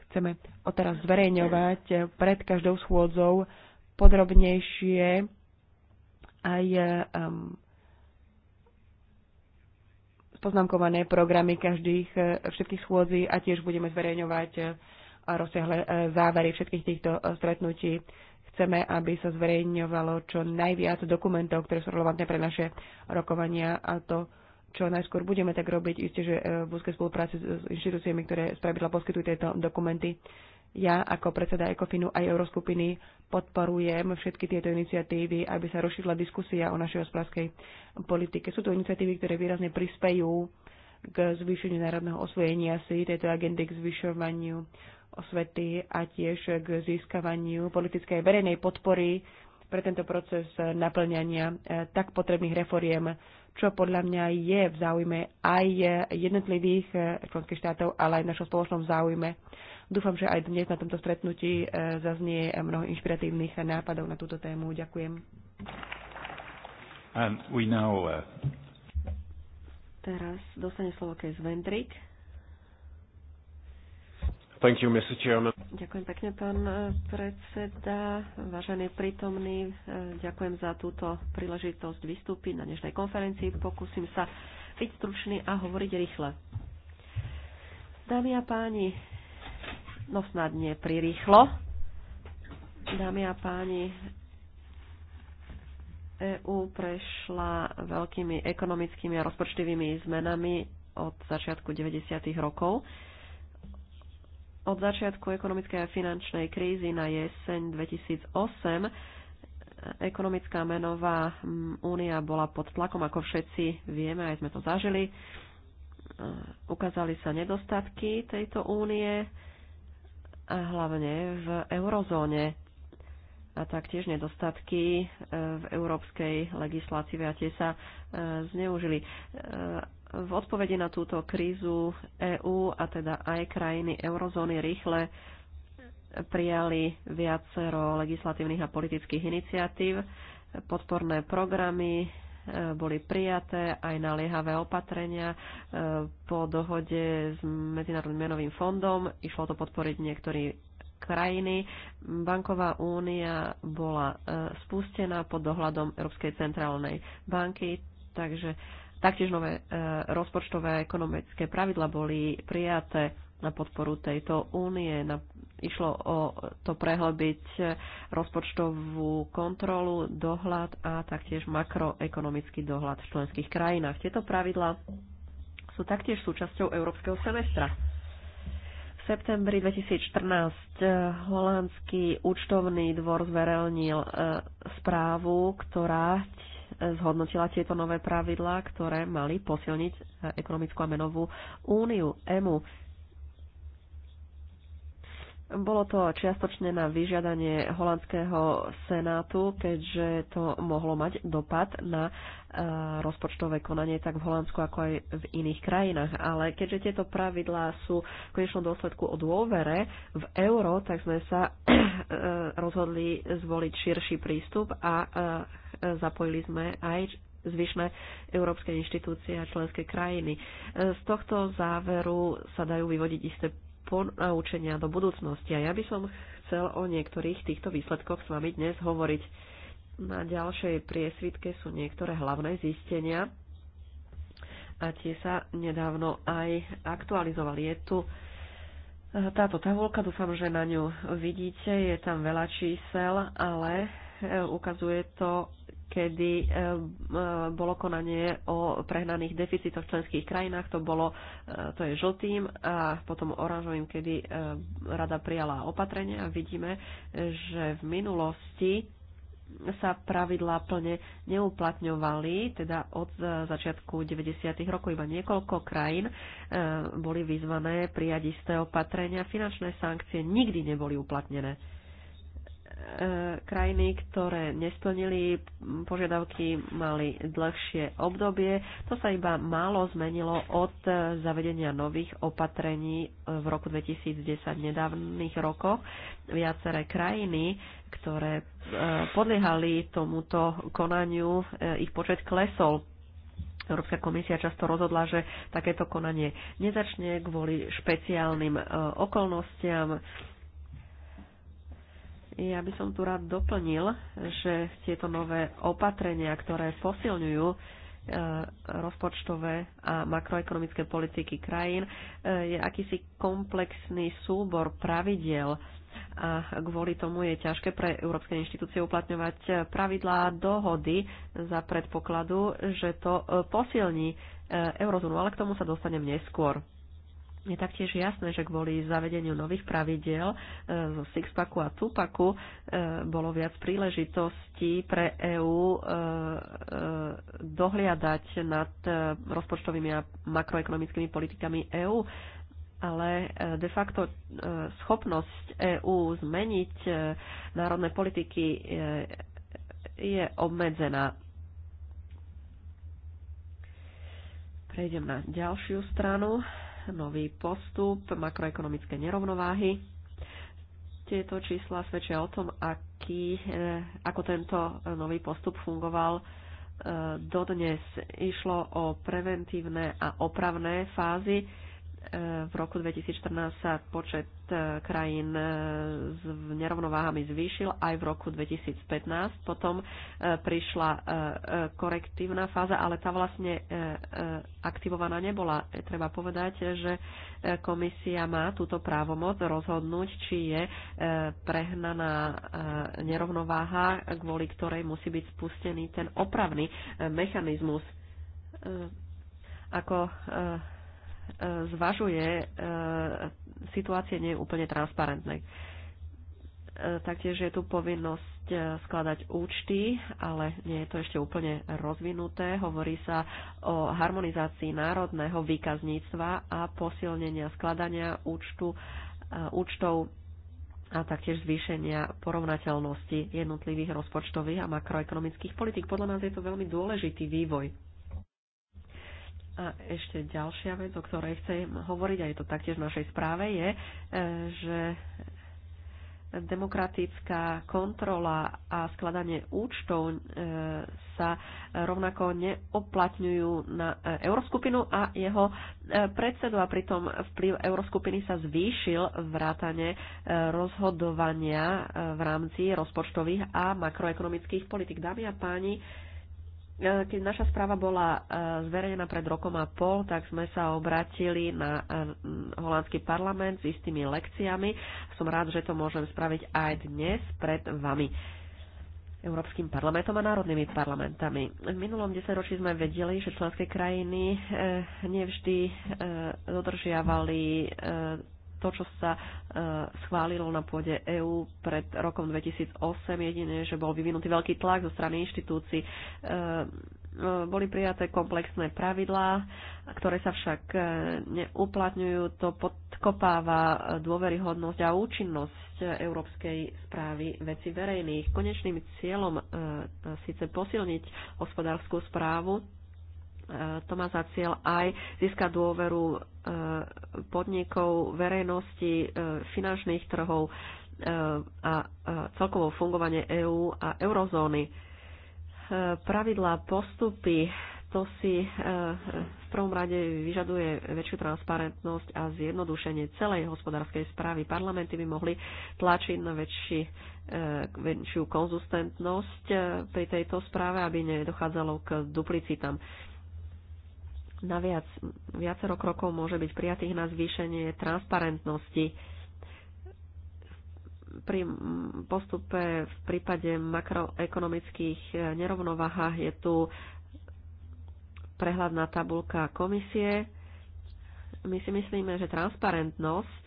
Chceme odteraz zverejňovať eh, pred každou schôdzou podrobnejšie aj um, spoznamkované programy každých, všetkých schôdzí a tiež budeme zverejňovať rozsiahle závery všetkých týchto stretnutí. Chceme, aby sa zverejňovalo čo najviac dokumentov, ktoré sú relevantné pre naše rokovania a to čo najskôr budeme tak robiť, isté, že e, v úzkej spolupráci s inštitúciami, ktoré spravidla poskytujú tieto dokumenty. Ja ako predseda Ekofinu aj Euroskupiny podporujem všetky tieto iniciatívy, aby sa rozšírila diskusia o našej hospodárskej politike. Sú to iniciatívy, ktoré výrazne prispejú k zvýšeniu národného osvojenia si tejto agendy, k zvyšovaniu osvety a tiež k získavaniu politickej verejnej podpory pre tento proces naplňania eh, tak potrebných reforiem, čo podľa mňa je v záujme aj jednotlivých eh, členských štátov, ale aj v našom spoločnom záujme. Dúfam, že aj dnes na tomto stretnutí eh, zaznie mnoho inšpiratívnych nápadov na túto tému. Ďakujem. And we now, uh... Teraz dostane slovo Kejs Vendrik. Thank you, Mr. Chairman. Ďakujem pekne, pán e, predseda. Vážení prítomní, e, ďakujem za túto príležitosť vystúpiť na dnešnej konferencii. Pokúsim sa byť stručný a hovoriť rýchle. Dámy a páni, no snad nie prirýchlo. Dámy a páni, EU prešla veľkými ekonomickými a rozpočtovými zmenami od začiatku 90. rokov od začiatku ekonomickej a finančnej krízy na jeseň 2008 ekonomická menová únia bola pod tlakom, ako všetci vieme, aj sme to zažili. E, ukázali sa nedostatky tejto únie, a hlavne v eurozóne a taktiež nedostatky e, v európskej legislatíve a tie sa e, zneužili v odpovede na túto krízu EÚ a teda aj krajiny eurozóny rýchle prijali viacero legislatívnych a politických iniciatív. Podporné programy e, boli prijaté aj naliehavé opatrenia e, po dohode s Medzinárodným menovým fondom. Išlo to podporiť niektorí krajiny. Banková únia bola e, spustená pod dohľadom Európskej centrálnej banky, takže Taktiež nové e, rozpočtové ekonomické pravidla boli prijaté na podporu tejto únie. Na, išlo o to prehlbiť rozpočtovú kontrolu, dohľad a taktiež makroekonomický dohľad v členských krajinách. Tieto pravidla sú taktiež súčasťou európskeho semestra. V septembri 2014 e, holandský účtovný dvor zverejnil e, správu, ktorá zhodnotila tieto nové pravidlá, ktoré mali posilniť e, ekonomickú a menovú úniu, EMU. Bolo to čiastočne na vyžiadanie holandského senátu, keďže to mohlo mať dopad na e, rozpočtové konanie tak v Holandsku, ako aj v iných krajinách. Ale keďže tieto pravidlá sú v konečnom dôsledku o dôvere v euro, tak sme sa e, rozhodli zvoliť širší prístup a Zapojili sme aj zvyšné európske inštitúcie a členské krajiny. Z tohto záveru sa dajú vyvodiť isté ponaučenia do budúcnosti a ja by som chcel o niektorých týchto výsledkoch s vami dnes hovoriť. Na ďalšej priesvitke sú niektoré hlavné zistenia a tie sa nedávno aj aktualizovali. Je tu e, táto tabulka, dúfam, že na ňu vidíte, je tam veľa čísel, ale e, ukazuje to kedy eh, eh, bolo konanie o prehnaných deficitoch v členských krajinách. To, bolo, eh, to je žltým a potom oranžovým, kedy rada prijala opatrenia. Vidíme, že v minulosti sa pravidlá plne neuplatňovali, teda od začiatku 90. rokov iba niekoľko krajín boli vyzvané prijať isté opatrenia. Finančné sankcie nikdy neboli uplatnené. E, krajiny, ktoré nesplnili požiadavky, mali dlhšie obdobie. To sa iba málo zmenilo od zavedenia nových opatrení v roku 2010 nedávnych rokoch. Viaceré krajiny, ktoré e, podliehali tomuto konaniu, e, ich počet klesol. Európska komisia často rozhodla, že takéto konanie nezačne kvôli špeciálnym okolnostiam ja by som tu rád doplnil, že tieto nové opatrenia, ktoré posilňujú e, rozpočtové a makroekonomické politiky krajín e, je akýsi komplexný súbor pravidiel a kvôli tomu je ťažké pre európske inštitúcie uplatňovať pravidlá dohody za predpokladu, že to posilní e, eurozónu, ale k tomu sa dostanem neskôr je taktiež jasné, že kvôli zavedeniu nových pravidiel e, zo Sixpacku a Tupaku e, bolo viac príležitostí pre EÚ e, dohliadať nad rozpočtovými a makroekonomickými politikami EÚ, ale de facto schopnosť EÚ zmeniť národné politiky je obmedzená. Prejdem na ďalšiu stranu nový postup makroekonomické nerovnováhy. Tieto čísla svedčia o tom, aký, eh, ako tento nový postup fungoval eh, dodnes. Išlo o preventívne a opravné fázy v roku 2014 sa počet e, krajín e, s nerovnováhami zvýšil aj v roku 2015. Potom e, prišla korektívna fáza, ale tá vlastne aktivovaná nebola. Treba povedať, že komisia má túto právomoc rozhodnúť, či je prehnaná nerovnováha, kvôli ktorej musí byť spustený ten opravný mechanizmus. Ako E, zvažuje, e, situácie nie je úplne transparentnej. E, taktiež je tu povinnosť skladať účty, ale nie je to ešte úplne rozvinuté. Hovorí sa o harmonizácii národného výkazníctva a posilnenia skladania účtu, účtov a taktiež zvýšenia porovnateľnosti jednotlivých rozpočtových a makroekonomických politik. Podľa nás je to veľmi dôležitý vývoj. A ešte ďalšia vec, o ktorej chcem hovoriť, a je to taktiež v našej správe, je, e, že demokratická kontrola a skladanie účtov e, sa rovnako neoplatňujú na e, Euroskupinu a jeho predsedu a pritom vplyv Euroskupiny sa zvýšil vrátane rozhodovania v rámci rozpočtových a makroekonomických politik. Dámy a páni, E, keď naša správa bola e, zverejnená pred rokom a pol, tak sme sa obratili na e, holandský parlament s istými lekciami. Som rád, že to môžem spraviť aj dnes pred vami. Európskym parlamentom a národnými parlamentami. V minulom desaťročí sme vedeli, že členské krajiny nevždy dodržiavali to, čo sa e, schválilo na pôde EÚ pred rokom 2008, jedine, že bol vyvinutý veľký tlak zo strany inštitúcií. E, e, boli prijaté komplexné pravidlá, ktoré sa však neuplatňujú. To podkopáva dôveryhodnosť a účinnosť Európskej správy veci verejných. Konečným cieľom síce posilniť hospodárskú správu, E, to má za cieľ aj získať dôveru e, podnikov, verejnosti, e, finančných trhov a celkovo fungovanie EÚ a eurozóny. Pravidlá postupy, to si v prvom rade vyžaduje väčšiu transparentnosť a zjednodušenie celej hospodárskej správy. Parlamenty by mohli tlačiť na väčší, väčšiu konzistentnosť pri tejto správe, aby nedochádzalo k duplicitám na viac, viacero krokov môže byť prijatých na zvýšenie transparentnosti pri postupe v prípade makroekonomických eh, nerovnovahách je tu prehľadná tabulka komisie. My si myslíme, že transparentnosť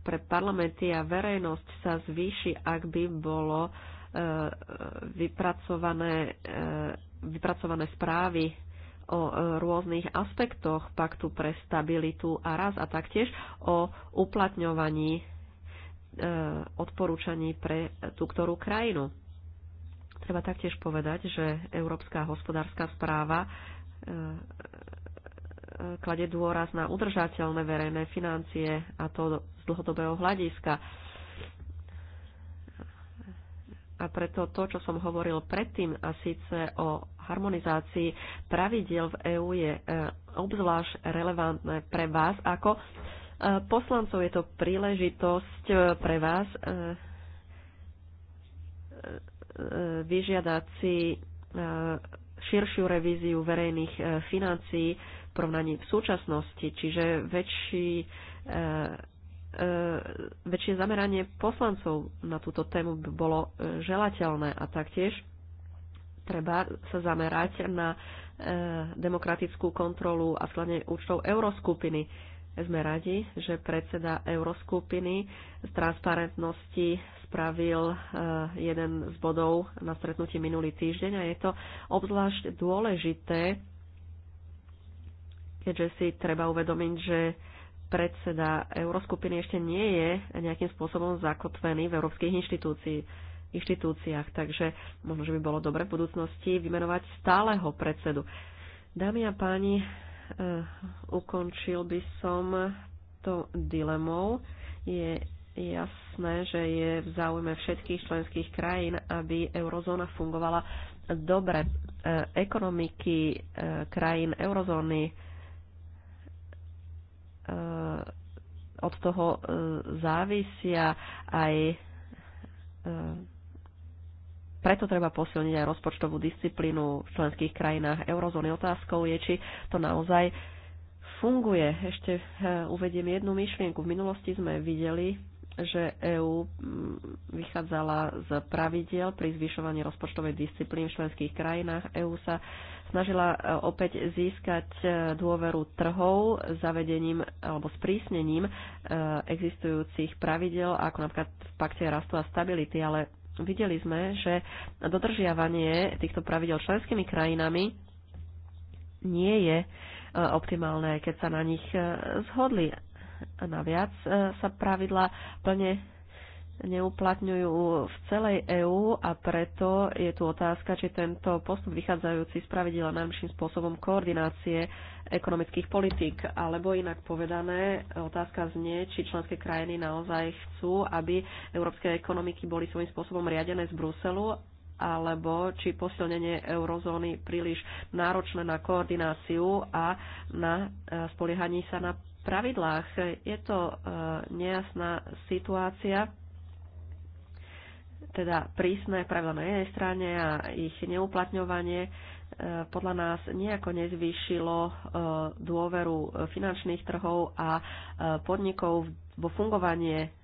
pre parlamenty a verejnosť sa zvýši, ak by bolo eh, eh, vypracované, vypracované správy o e, rôznych aspektoch paktu pre stabilitu a raz a taktiež o uplatňovaní e, odporúčaní pre tú ktorú krajinu. Treba taktiež povedať, že Európska hospodárska správa e, klade dôraz na udržateľné verejné financie a to z dlhodobého hľadiska. A preto to, čo som hovoril predtým, a síce o harmonizácii pravidiel v EÚ je e, obzvlášť relevantné pre vás ako e, poslancov. Je to príležitosť e, pre vás vyžiadať si širšiu revíziu verejných financií v porovnaní v súčasnosti, čiže väčší, väčšie zameranie poslancov na túto tému by bolo želateľné a taktiež treba sa zamerať na e, demokratickú kontrolu a skladne účtov euroskupiny. Sme radi, že predseda euroskupiny z transparentnosti spravil e, jeden z bodov na stretnutí minulý týždeň a je to obzvlášť dôležité, keďže si treba uvedomiť, že predseda euroskupiny ešte nie je nejakým spôsobom zakotvený v európskych inštitúcii inštitúciách. Takže možno, že by bolo dobre v budúcnosti vymenovať stáleho predsedu. Dámy a páni, eh, ukončil by som to dilemou. Je jasné, že je v záujme všetkých členských krajín, aby eurozóna fungovala dobre. Eh, ekonomiky eh, krajín eurozóny od toho závisia aj preto treba posilniť aj rozpočtovú disciplínu v členských krajinách eurozóny. Otázkou je, či to naozaj funguje. Ešte eh, uvediem jednu myšlienku. V minulosti sme videli, že EÚ mm, vychádzala z pravidiel pri zvyšovaní rozpočtovej disciplíny v členských krajinách. EÚ sa snažila eh, opäť získať eh, dôveru trhov zavedením alebo sprísnením existujúcich pravidel, ako napríklad v pakte rastu a stability, ale videli sme, že dodržiavanie týchto pravidel členskými krajinami nie je e, optimálne, keď sa na nich e, zhodli. A naviac e, sa pravidla plne neuplatňujú v celej EÚ a preto je tu otázka, či tento postup vychádzajúci z pravidela spôsobom koordinácie ekonomických politík. Alebo inak povedané, otázka znie, či členské krajiny naozaj chcú, aby európske ekonomiky boli svojím spôsobom riadené z Bruselu alebo či posilnenie eurozóny príliš náročné na koordináciu a na e, spoliehaní sa na pravidlách. Je to e, nejasná situácia teda prísne pravidla na jednej strane a ich neuplatňovanie e, podľa nás nejako nezvýšilo e, dôveru finančných trhov a e, podnikov vo fungovanie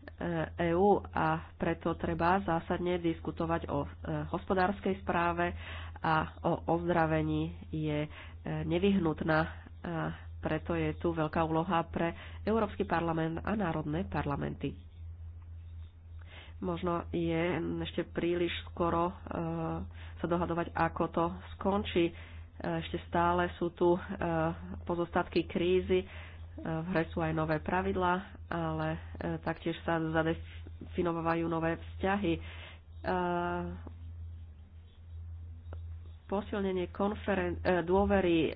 EÚ a preto treba zásadne diskutovať o hospodárskej správe a o ozdravení je nevyhnutná. Preto je tu veľká úloha pre Európsky parlament a národné parlamenty možno je ešte príliš skoro e, sa dohadovať, ako to skončí. E, ešte stále sú tu e, pozostatky krízy, v hre sú aj nové pravidlá, ale taktiež sa zadefinovajú nové vzťahy. Posilnenie dôvery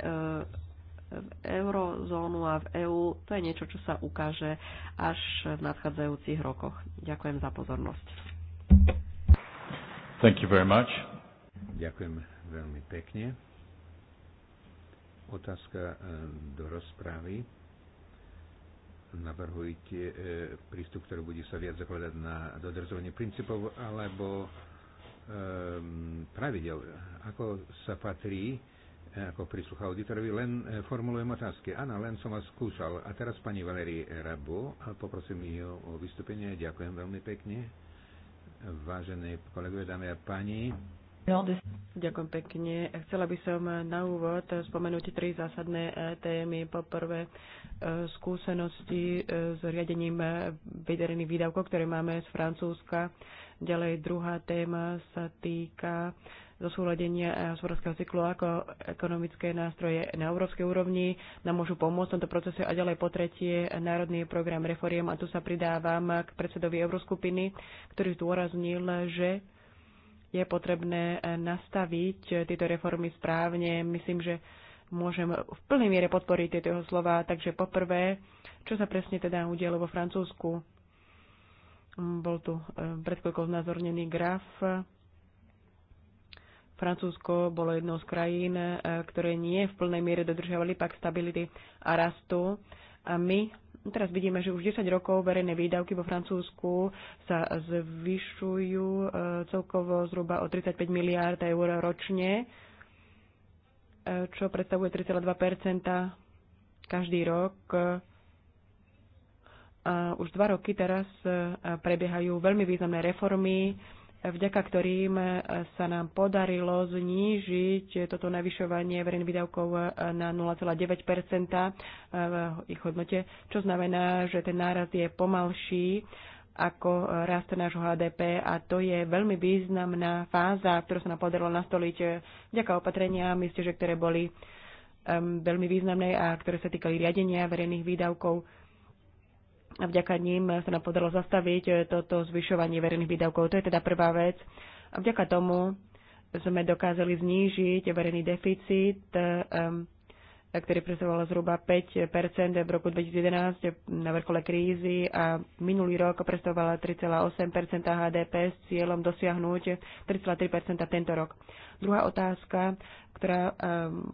v eurozónu a v EÚ, to je niečo, čo sa ukáže až v nadchádzajúcich rokoch. Ďakujem za pozornosť. Thank you very much. Ďakujem veľmi pekne. Otázka e, do rozpravy. Navrhujete e, prístup, ktorý bude sa viac zakladať na dodržovanie princípov alebo e, pravidel, ako sa patrí ako príslucha auditorovi, len e, formulujem otázky. Áno, len som vás skúšal. A teraz pani Valerii Rabu. a poprosím ju o vystúpenie. Ďakujem veľmi pekne. Vážené kolegové, dámy a páni. Ďakujem pekne. Chcela by som na úvod spomenúť tri zásadné e, témy. Poprvé, e, skúsenosti s riadením vederených výdavkov, ktoré máme z Francúzska. Ďalej druhá téma sa týka zosúladenia eh, hospodárskeho cyklu ako ekonomické nástroje na európskej úrovni nám môžu pomôcť v tomto procese a ďalej po tretie Národný program reforiem a tu sa pridávam k predsedovi Euroskupiny, ktorý zdôraznil, že je potrebné eh, nastaviť tieto reformy správne. Myslím, že môžem v plnej miere podporiť tieto jeho slova. Takže poprvé, čo sa presne teda udialo vo Francúzsku? Bol tu eh, pred chvíľkou znázornený graf Francúzsko bolo jednou z krajín, e, ktoré nie v plnej miere dodržiavali pak stability a rastu. A my teraz vidíme, že už 10 rokov verejné výdavky vo Francúzsku sa zvyšujú e, celkovo zhruba o 35 miliárd eur ročne, e, čo predstavuje 3,2 každý rok. A už dva roky teraz prebiehajú veľmi významné reformy, vďaka ktorým e, sa nám podarilo znížiť toto navyšovanie verejných výdavkov e, na 0,9 e, v ich hodnote, čo znamená, že ten náraz je pomalší ako rast nášho HDP a to je veľmi významná fáza, ktorú sa nám podarilo nastoliť vďaka opatreniam, myslím, že ktoré boli um, veľmi významné a ktoré sa týkali riadenia verejných výdavkov a vďaka ním sa nám podarilo zastaviť eh, toto zvyšovanie verejných výdavkov. To je teda prvá vec. A vďaka tomu sme dokázali znížiť verejný deficit, eh, ktorý predstavoval zhruba 5 v roku 2011 eh, na vrchole krízy a minulý rok predstavovala 3,8 HDP s cieľom dosiahnuť 3,3 tento rok. Druhá otázka, ktorá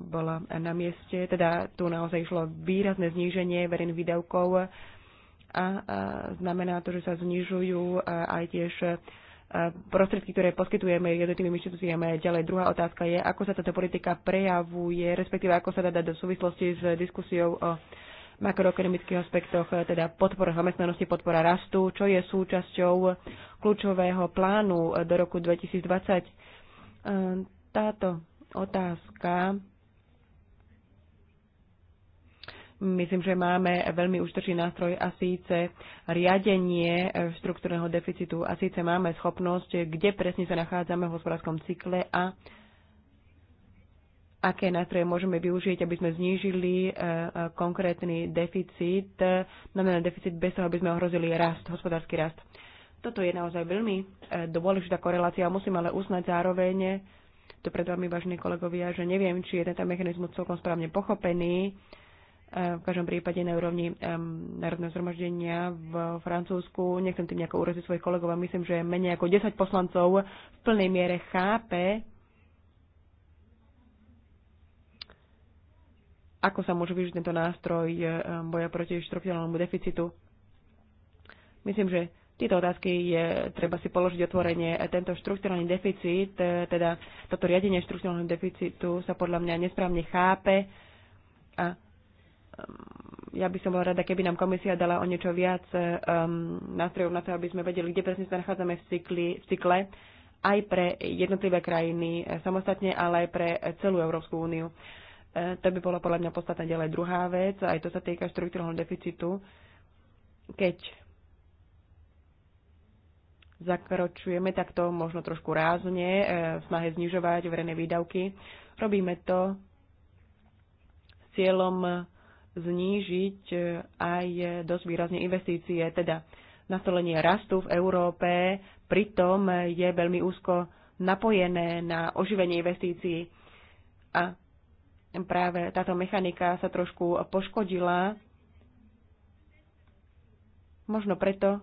bola na mieste, teda tu naozaj išlo výrazné zníženie verejných výdavkov a znamená to, že sa znižujú aj tiež prostriedky, ktoré poskytujeme jednotlivým inštitúciám. Ďalej druhá otázka je, ako sa táto politika prejavuje, respektíve ako sa dá dať do súvislosti s diskusiou o makroekonomických aspektoch, teda podpora zamestnanosti, podpora rastu, čo je súčasťou kľúčového plánu do roku 2020. Ehm, táto otázka Myslím, že máme veľmi užtočný nástroj a síce riadenie e, štruktúrneho deficitu a síce máme schopnosť, kde presne sa nachádzame v hospodárskom cykle a aké nástroje môžeme využiť, aby sme znížili e, e, konkrétny deficit, znamená deficit bez toho, aby sme ohrozili rast, hospodársky rast. Toto je naozaj veľmi dôležitá korelácia. Musím ale uznať zároveň, to pred vami, vážení kolegovia, že neviem, či je tento mechanizmus celkom správne pochopený Eh, v každom prípade na úrovni Národného zhromaždenia v Francúzsku. Nechcem tým nejako uraziť svojich kolegov a myslím, že menej ako 10 poslancov v plnej miere chápe, ako sa môže využiť tento nástroj eh, boja proti štrukturálnemu deficitu. Myslím, že tieto otázky je treba si položiť otvorenie. Tento štrukturálny deficit, eh, teda toto riadenie štrukturálneho deficitu sa podľa mňa nesprávne chápe a Ehm, ja by som bola rada, keby nám komisia dala o niečo viac um, nástrojov na to, aby sme vedeli, kde presne sa nachádzame v, cykli, v cykle, aj pre jednotlivé krajiny e, samostatne, ale aj pre celú Európsku úniu. E, to by bolo podľa mňa podstatná ďalej druhá vec, aj to sa týka štruktúrneho deficitu. Keď zakročujeme takto možno trošku rázne e, v snahe znižovať verejné výdavky, robíme to s cieľom znížiť e, aj dosť výrazne investície, teda nastolenie rastu v Európe, pritom je veľmi úzko napojené na oživenie investícií. A práve táto mechanika sa trošku poškodila, možno preto, e,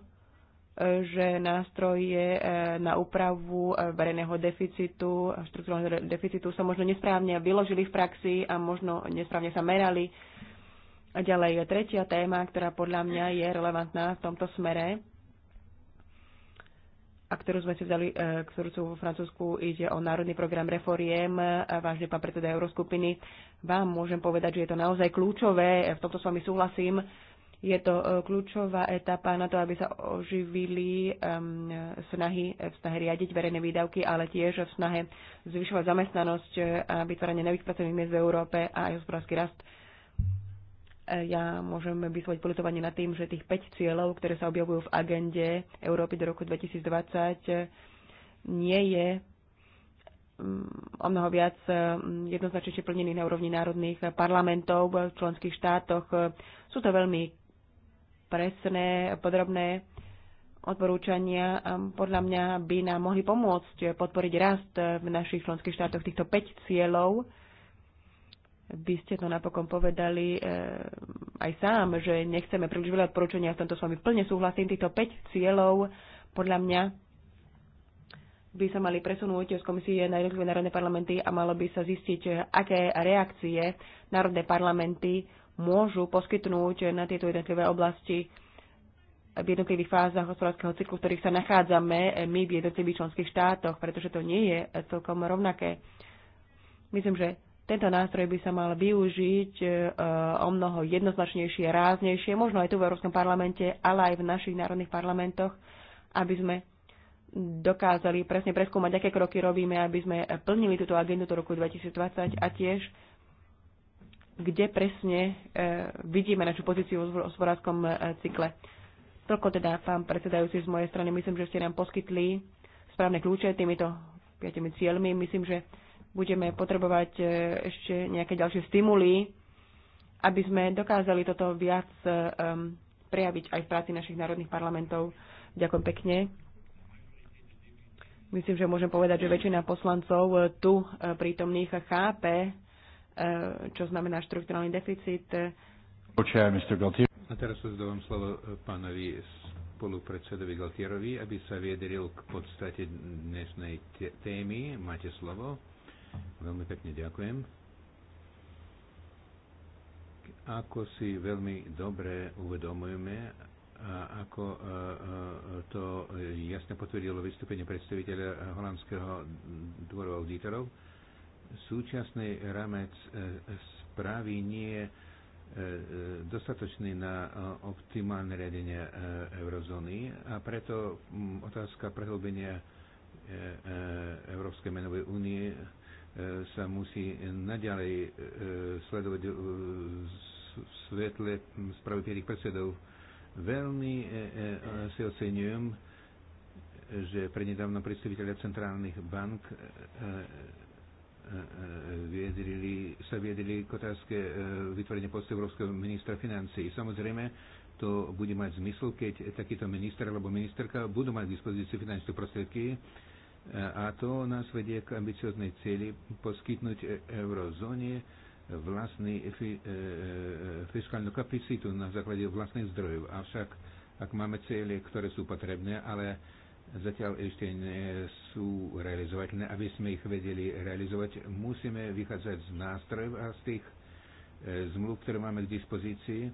že nástroje e, na úpravu verejného deficitu, štruktúrneho deficitu sa možno nesprávne vyložili v praxi a možno nesprávne sa merali a ďalej je tretia téma, ktorá podľa mňa je relevantná v tomto smere a ktorú sme si vzali, e, ktorú sú vo Francúzsku, ide o Národný program reforiem. E, vážne pán predseda Euroskupiny, vám môžem povedať, že je to naozaj kľúčové, e, v tomto s vami súhlasím, je to kľúčová etapa na to, aby sa oživili um, snahy v snahe riadiť verejné výdavky, ale tiež v snahe zvyšovať zamestnanosť a vytváranie nových pracovných miest v Európe a aj hospodársky rast. Ja môžem vyslovať politovanie nad tým, že tých 5 cieľov, ktoré sa objavujú v agende Európy do roku 2020, nie je mm, o mnoho viac mm, jednoznačne plnených na úrovni národných parlamentov v členských štátoch. Sú to veľmi presné, podrobné odporúčania podľa mňa by nám mohli pomôcť podporiť rast v našich členských štátoch týchto 5 cieľov by ste to napokon povedali e, aj sám, že nechceme príliš veľa odporúčania, v tomto s vami plne súhlasím. Týchto 5 cieľov podľa mňa by sa mali presunúť z komisie na jednotlivé národné parlamenty a malo by sa zistiť, aké reakcie národné parlamenty môžu poskytnúť na tieto jednotlivé oblasti v jednotlivých fázach hospodárskeho cyklu, v ktorých sa nachádzame my v jednotlivých členských štátoch, pretože to nie je celkom rovnaké. Myslím, že tento nástroj by sa mal využiť e, o mnoho jednoznačnejšie, ráznejšie, možno aj tu v Európskom parlamente, ale aj v našich národných parlamentoch, aby sme dokázali presne preskúmať, aké kroky robíme, aby sme plnili túto agendu do roku 2020 a tiež kde presne e, vidíme našu pozíciu v hospodárskom e, cykle. Toľko teda, pán predsedajúci, z mojej strany myslím, že ste nám poskytli správne kľúče týmito piatimi cieľmi. Myslím, že budeme potrebovať e, ešte nejaké ďalšie stimuly, aby sme dokázali toto viac um, prejaviť aj v práci našich národných parlamentov. Ďakujem pekne. Myslím, že môžem povedať, že väčšina poslancov e, tu prítomných chápe, čo znamená štrukturálny deficit. A teraz zdávam slovo pánovi spolupredsedovi Galtierovi, aby sa vyjadril k podstate dnešnej témy. Máte slovo. Veľmi pekne ďakujem. Ako si veľmi dobre uvedomujeme a ako e, e, to jasne potvrdilo vystúpenie predstaviteľa holandského dvoru auditorov, súčasný ramec e, správy nie je dostatočný na optimálne riadenie eurozóny a preto otázka prehlbenia Európskej menovej únie E, sa musí naďalej e, sledovať v e, svetle spravodlivých predsedov. Veľmi si ocenujem, že prednedávno predstaviteľia centrálnych bank viedrili, sa viedrili k otázke vytvorenia postu Európskeho ministra financí. Samozrejme, to bude mať zmysel, keď takýto minister alebo ministerka budú mať k dispozícii finančné prostriedky, a to nás vedie k ambicioznej cieli poskytnúť e- eurozóne vlastný e-, e, fiskálnu kapacitu na základe vlastných zdrojov. Avšak, ak máme cieľe, ktoré sú potrebné, ale zatiaľ ešte nie sú realizovateľné, aby sme ich vedeli realizovať, musíme vychádzať z nástrojov a z tých e, zmluv, ktoré máme k dispozícii,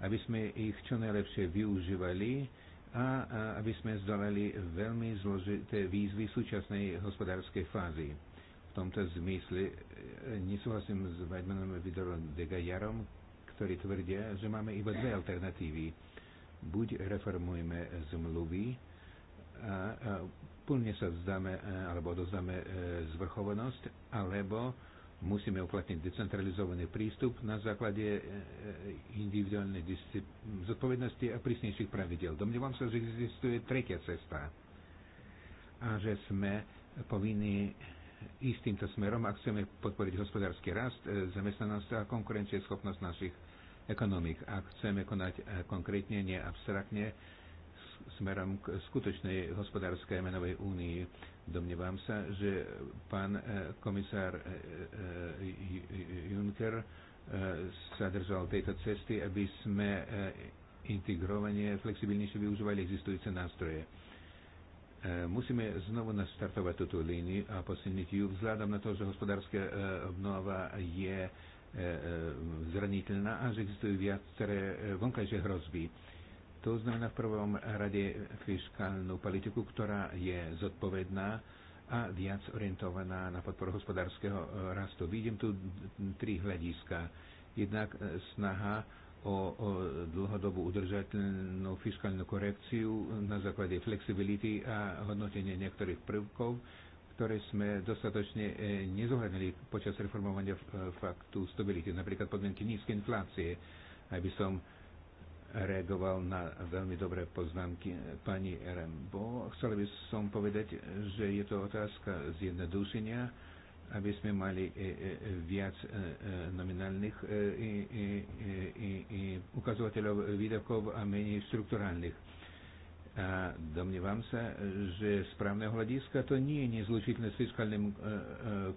aby sme ich čo najlepšie využívali a aby sme zdoleli veľmi zložité výzvy súčasnej hospodárskej fázy. V tomto zmysle e, nesúhlasím s Weidmanom Vidorom Degajarom, Gajarom, ktorí tvrdia, že máme iba dve alternatívy. Buď reformujeme zmluvy a, a plne sa vzdáme e, alebo odozdáme e, zvrchovanosť, alebo Musíme uplatniť decentralizovaný prístup na základe e, e, individuálnej zodpovednosti a prísnejších pravidel. Domnievam sa, že existuje tretia cesta a že sme povinni ísť týmto smerom, ak chceme podporiť hospodársky rast, e, zamestnanosť a konkurencieschopnosť našich ekonomik. Ak chceme konať konkrétne, neabstraktne, abstraktne, smerom k skutočnej hospodárskej menovej únii. Domnievam sa, že pán e, komisár e, e, Juncker sa držal tejto cesty, aby sme integrovanie flexibilnejšie využívali existujúce nástroje. Musíme znovu nastartovať túto líniu a posilniť ju vzhľadom na to, že hospodárska obnova je zraniteľná a že existujú viaceré vonkajšie hrozby to znamená v prvom rade fiskálnu politiku, ktorá je zodpovedná a viac orientovaná na podporu hospodárskeho rastu. Vidím tu tri hľadiska. Jednak snaha o, o dlhodobú udržateľnú fiskálnu korekciu na základe flexibility a hodnotenie niektorých prvkov, ktoré sme dostatočne e, nezohľadnili počas reformovania faktu stability, napríklad podmienky nízkej inflácie. Aby som reagoval na veľmi dobré poznámky pani Rembo. Chcel by som povedať, že je to otázka zjednodušenia, aby sme mali e, e, viac e, nominálnych ukazovateľov výdavkov a menej strukturálnych. A domnívam sa, že z hľadiska to nie je nezlučiteľné s fiskálnym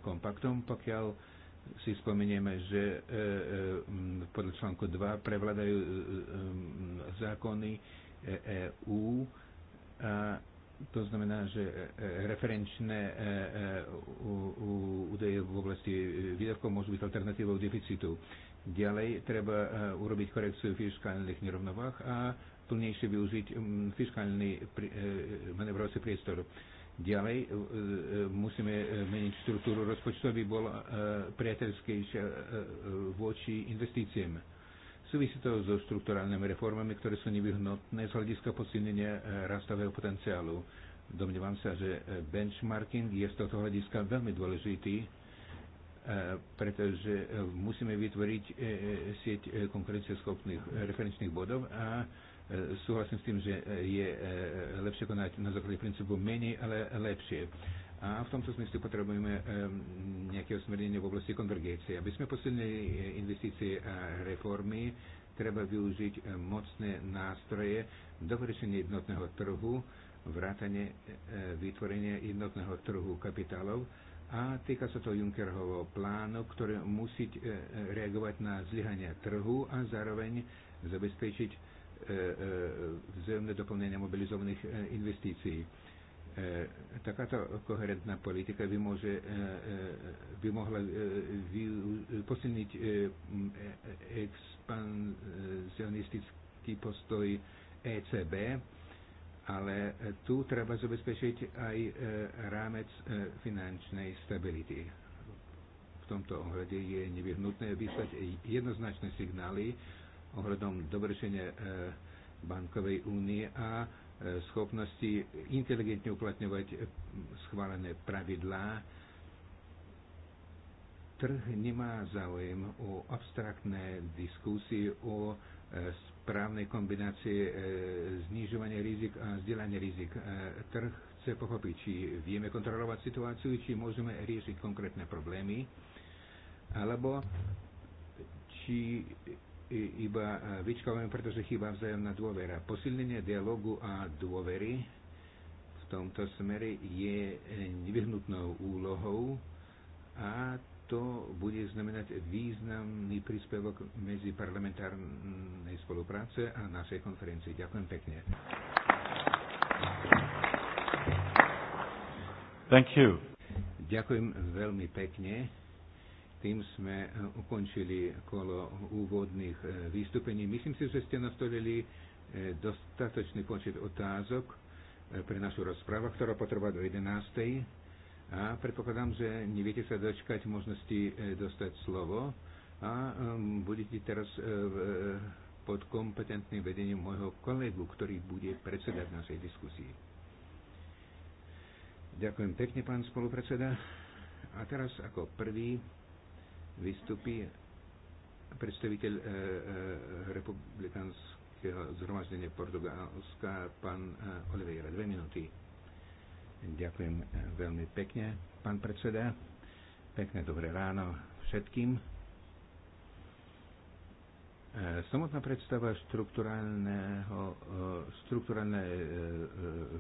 kompaktom, pokiaľ si spomenieme, že e, e, podľa článku 2 prevládajú e, e, zákony EU e a to znamená, že e, e referenčné e, údaje v oblasti výdavkov môžu byť alternatívou deficitu. Ďalej treba e, urobiť korekciu fiskálnych nerovnovách a plnejšie využiť fiskálny e, manevrovací priestor. Ďalej e, e, musíme e, meniť štruktúru rozpočtu, aby bola priateľskejšia voči investíciám. Súvisí to so štruktúralnými reformami, ktoré sú nevyhnutné z hľadiska posilnenia rastového potenciálu. Domnievam sa, že benchmarking je z tohto hľadiska veľmi dôležitý, pretože musíme vytvoriť sieť konkurencieschopných referenčných bodov a E, súhlasím s tým, že e, je e, lepšie konať na základe princípu menej, ale lepšie. A v tomto smysle potrebujeme nejaké osmernenie v oblasti konvergencie. Aby sme posilnili investície a reformy, treba využiť mocné nástroje do vyriešenia jednotného trhu, vrátanie vytvorenia jednotného trhu kapitálov a týka sa to Junckerhovho plánu, ktorý musí reagovať na zlyhania trhu a zároveň zabezpečiť E, e, vzájomné doplnenie mobilizovaných e, investícií. Takáto koherentná politika by, môže, by mohla posilniť expanzionistický postoj ECB, ale tu treba zabezpečiť aj rámec finančnej stability. V tomto ohľade je nevyhnutné vyslať jednoznačné signály, ohľadom dorešenia e, bankovej únie a e, schopnosti inteligentne uplatňovať e, schválené pravidlá. Trh nemá záujem o abstraktné diskusie o správnej kombinácii znižovania rizik a zdieľania rizik. Trh chce pochopiť, či vieme kontrolovať situáciu, či môžeme riešiť konkrétne problémy, alebo či iba e, vyčkávame, pretože chýba vzájomná dôvera. Posilnenie dialogu a dôvery v tomto smere je e, nevyhnutnou úlohou a to bude znamenať významný príspevok medzi parlamentárnej spolupráce a našej konferencii. Ďakujem pekne. Thank you. Ďakujem veľmi pekne. Tým sme e, ukončili kolo úvodných e, vystúpení. Myslím si, že ste nastolili e, dostatočný počet otázok pre našu rozprávu, ktorá potrvá do 11. A predpokladám, že neviete sa dočkať možnosti dostať slovo a budete teraz pod kompetentným vedením môjho kolegu, ktorý bude predsedať našej diskusii. Ďakujem pekne, pán spolupredseda. A teraz ako prvý vystupí predstaviteľ e, eh, e, eh, republikánskeho zhromaždenia Portugalska, pán eh, Oliveira. Dve minúty. Ďakujem veľmi pekne, pán predseda. Pekné dobré ráno všetkým. Samotná predstava štruktúrálneho, štruktúrálnej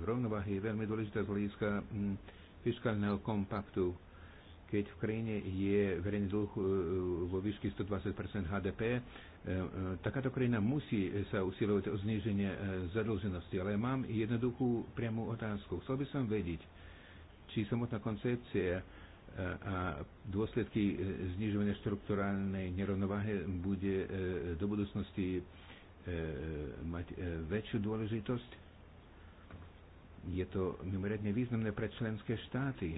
rovnováhy je veľmi dôležitá z hľadiska hm, fiskálneho kompaktu keď v krajine je verejný dlh e, e, vo výške 120 HDP, e, takáto krajina musí sa usilovať o zníženie zadlženosti. Ale mám jednoduchú priamú otázku. Chcel by som vedieť, či samotná koncepcia a dôsledky znižovania štrukturálnej nerovnováhy bude do budúcnosti mať väčšiu dôležitosť. Je to mimoriadne významné pre členské štáty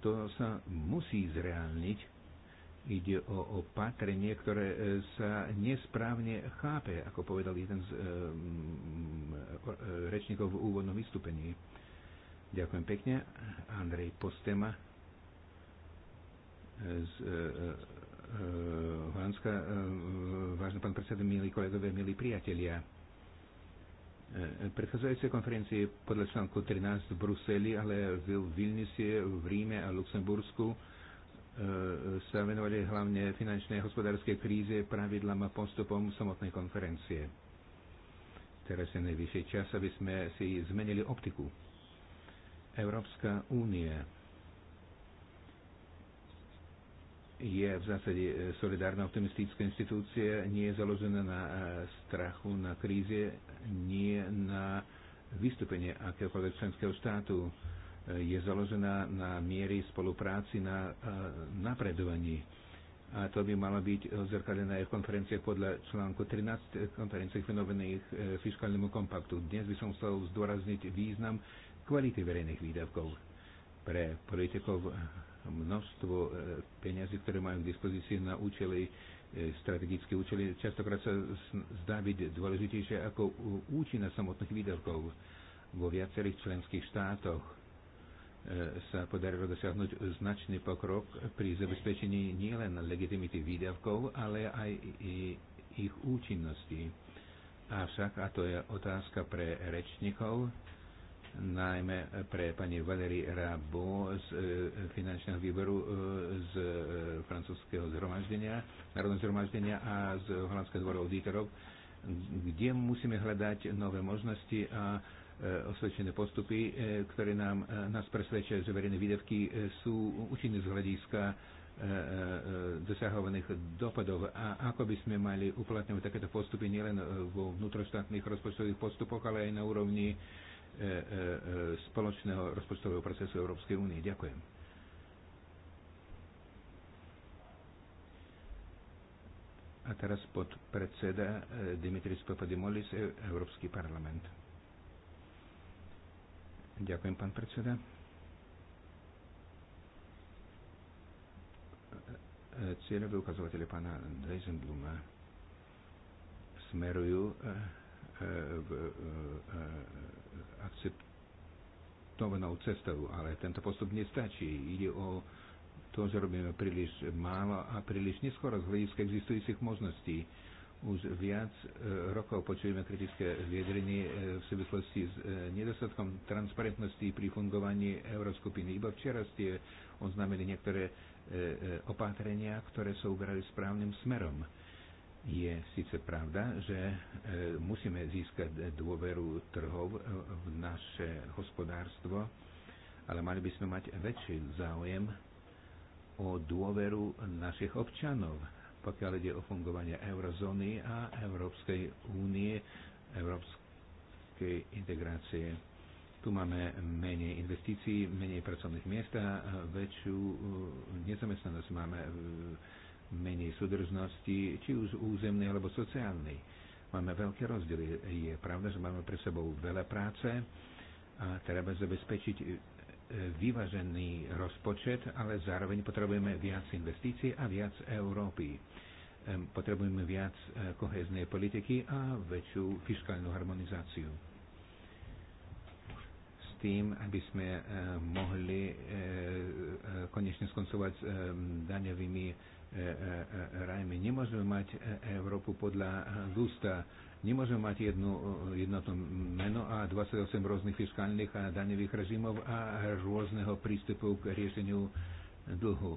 to sa musí zreálniť. Ide o opatrenie, ktoré e, sa nesprávne chápe, ako povedal jeden z e, e, rečníkov v úvodnom vystúpení. Ďakujem pekne. Andrej Postema z Holandska. Vážne pán predseda, milí kolegovia, milí priatelia E, predchádzajúcej konferencii podľa článku 13 v Bruseli, ale v Vilniusie, v Ríme a Luxembursku e, sa venovali hlavne finančnej a hospodárskej kríze, pravidlám a postupom samotnej konferencie. Teraz je najvyšší čas, aby sme si zmenili optiku. Európska únie. je v zásade e, solidárna, optimistická inštitúcia, nie je založená na e, strachu, na kríze, nie na vystúpenie akéhokoľvek členského štátu. E, je založená na miery spolupráci, na napredovaní. A to by malo byť zrkadené aj v konferenciách podľa článku 13 konferenciách venovaných fiskálnemu kompaktu. Dnes by som chcel zdôrazniť význam kvality verejných výdavkov pre politikov množstvo e, peňazí, ktoré majú k dispozícii na účely, e, strategické účely, častokrát sa zdá byť dôležitejšie ako účina samotných výdavkov. Vo viacerých členských štátoch e, sa podarilo dosiahnuť značný pokrok pri zabezpečení nielen legitimity výdavkov, ale aj ich účinnosti. Avšak, a to je otázka pre rečníkov, najmä pre pani Valérie Rabo z e, finančného výboru e, z e, francúzského zhromaždenia, národného zhromaždenia a z holandského dvora auditorov, kde musíme hľadať nové možnosti a osvedčené postupy, ktoré nám, nás presvedčia, že verejné výdavky sú účinné z hľadiska dosahovaných dopadov a ako by sme mali uplatňovať takéto postupy nielen vo vnútroštátnych rozpočtových postupoch, ale aj na úrovni E, e, e, spoločného rozpočtového procesu Európskej únie. Ďakujem. A teraz pod predseda Dimitris Papadimolis, Európsky parlament. Ďakujem, pán predseda. Cieľové ukazovatele pána Dreisenbluma smerujú v akceptovanou cestou, ale tento postup nestačí. Ide o to, že robíme príliš málo a príliš neskoro z hľadiska existujúcich možností. Už viac e, rokov počujeme kritické viedrenie e, v súvislosti s e, nedostatkom transparentnosti pri fungovaní Euroskupiny. Iba včera ste oznámili niektoré opatrenia, ktoré sa uberali správnym smerom je síce pravda, že e, musíme získať dôveru trhov e, v naše hospodárstvo, ale mali by sme mať väčší záujem o dôveru našich občanov, pokiaľ ide o fungovanie eurozóny a Európskej únie, európskej integrácie. Tu máme menej investícií, menej pracovných miest a e, väčšiu nezamestnanosť máme menej súdržnosti, či už územnej alebo sociálnej. Máme veľké rozdiely. Je pravda, že máme pre sebou veľa práce a treba zabezpečiť e, vyvažený rozpočet, ale zároveň potrebujeme viac investícií a viac Európy. Potrebujeme viac e, koheznej politiky a väčšiu fiskálnu harmonizáciu S tým, aby sme e, mohli konečne skoncovať s daňovými E, e, e, rajmy. Nemôžeme mať Európu podľa gusta. Nemôžeme mať jednu, jednotnú meno a 28 rôznych fiskálnych a daňových režimov a rôzneho prístupu k riešeniu dlhu.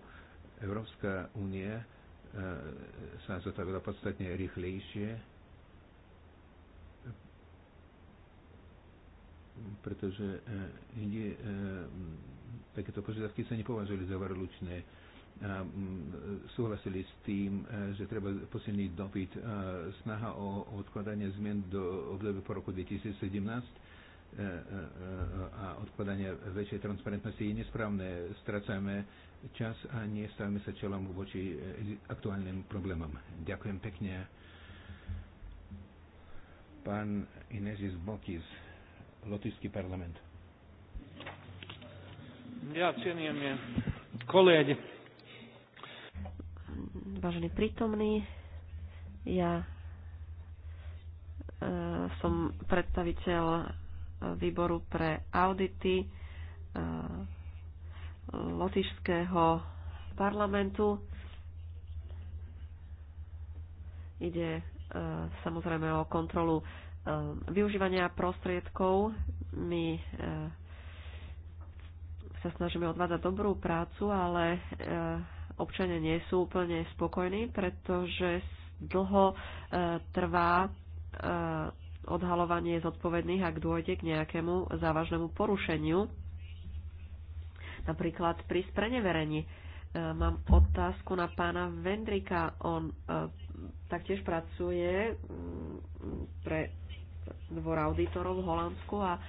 Európska únia sa zotavila podstatne rýchlejšie pretože inde takéto požiadavky sa nepovažovali za varlučné Ehm, súhlasili s tým, e, že treba posilniť dopyt. E, snaha o odkladanie zmien do obdobia po roku 2017 e, a odkladanie väčšej transparentnosti je nesprávne. Strácame čas a nestávame sa čelom voči aktuálnym problémom. Ďakujem pekne. Pán Inezis Bokis, Lotyšský parlament. Ja cením je kolegy vážení prítomní. Ja e, som predstaviteľ výboru pre audity e, lotišského parlamentu. Ide e, samozrejme o kontrolu využívania prostriedkov. My sa snažíme odvádzať dobrú prácu, ale občania nie sú úplne spokojní, pretože dlho e, trvá e, odhalovanie zodpovedných, ak dôjde k nejakému závažnému porušeniu, napríklad pri spreneverení. E, mám otázku na pána Vendrika. On e, taktiež pracuje mm, pre dvor auditorov v Holandsku a e,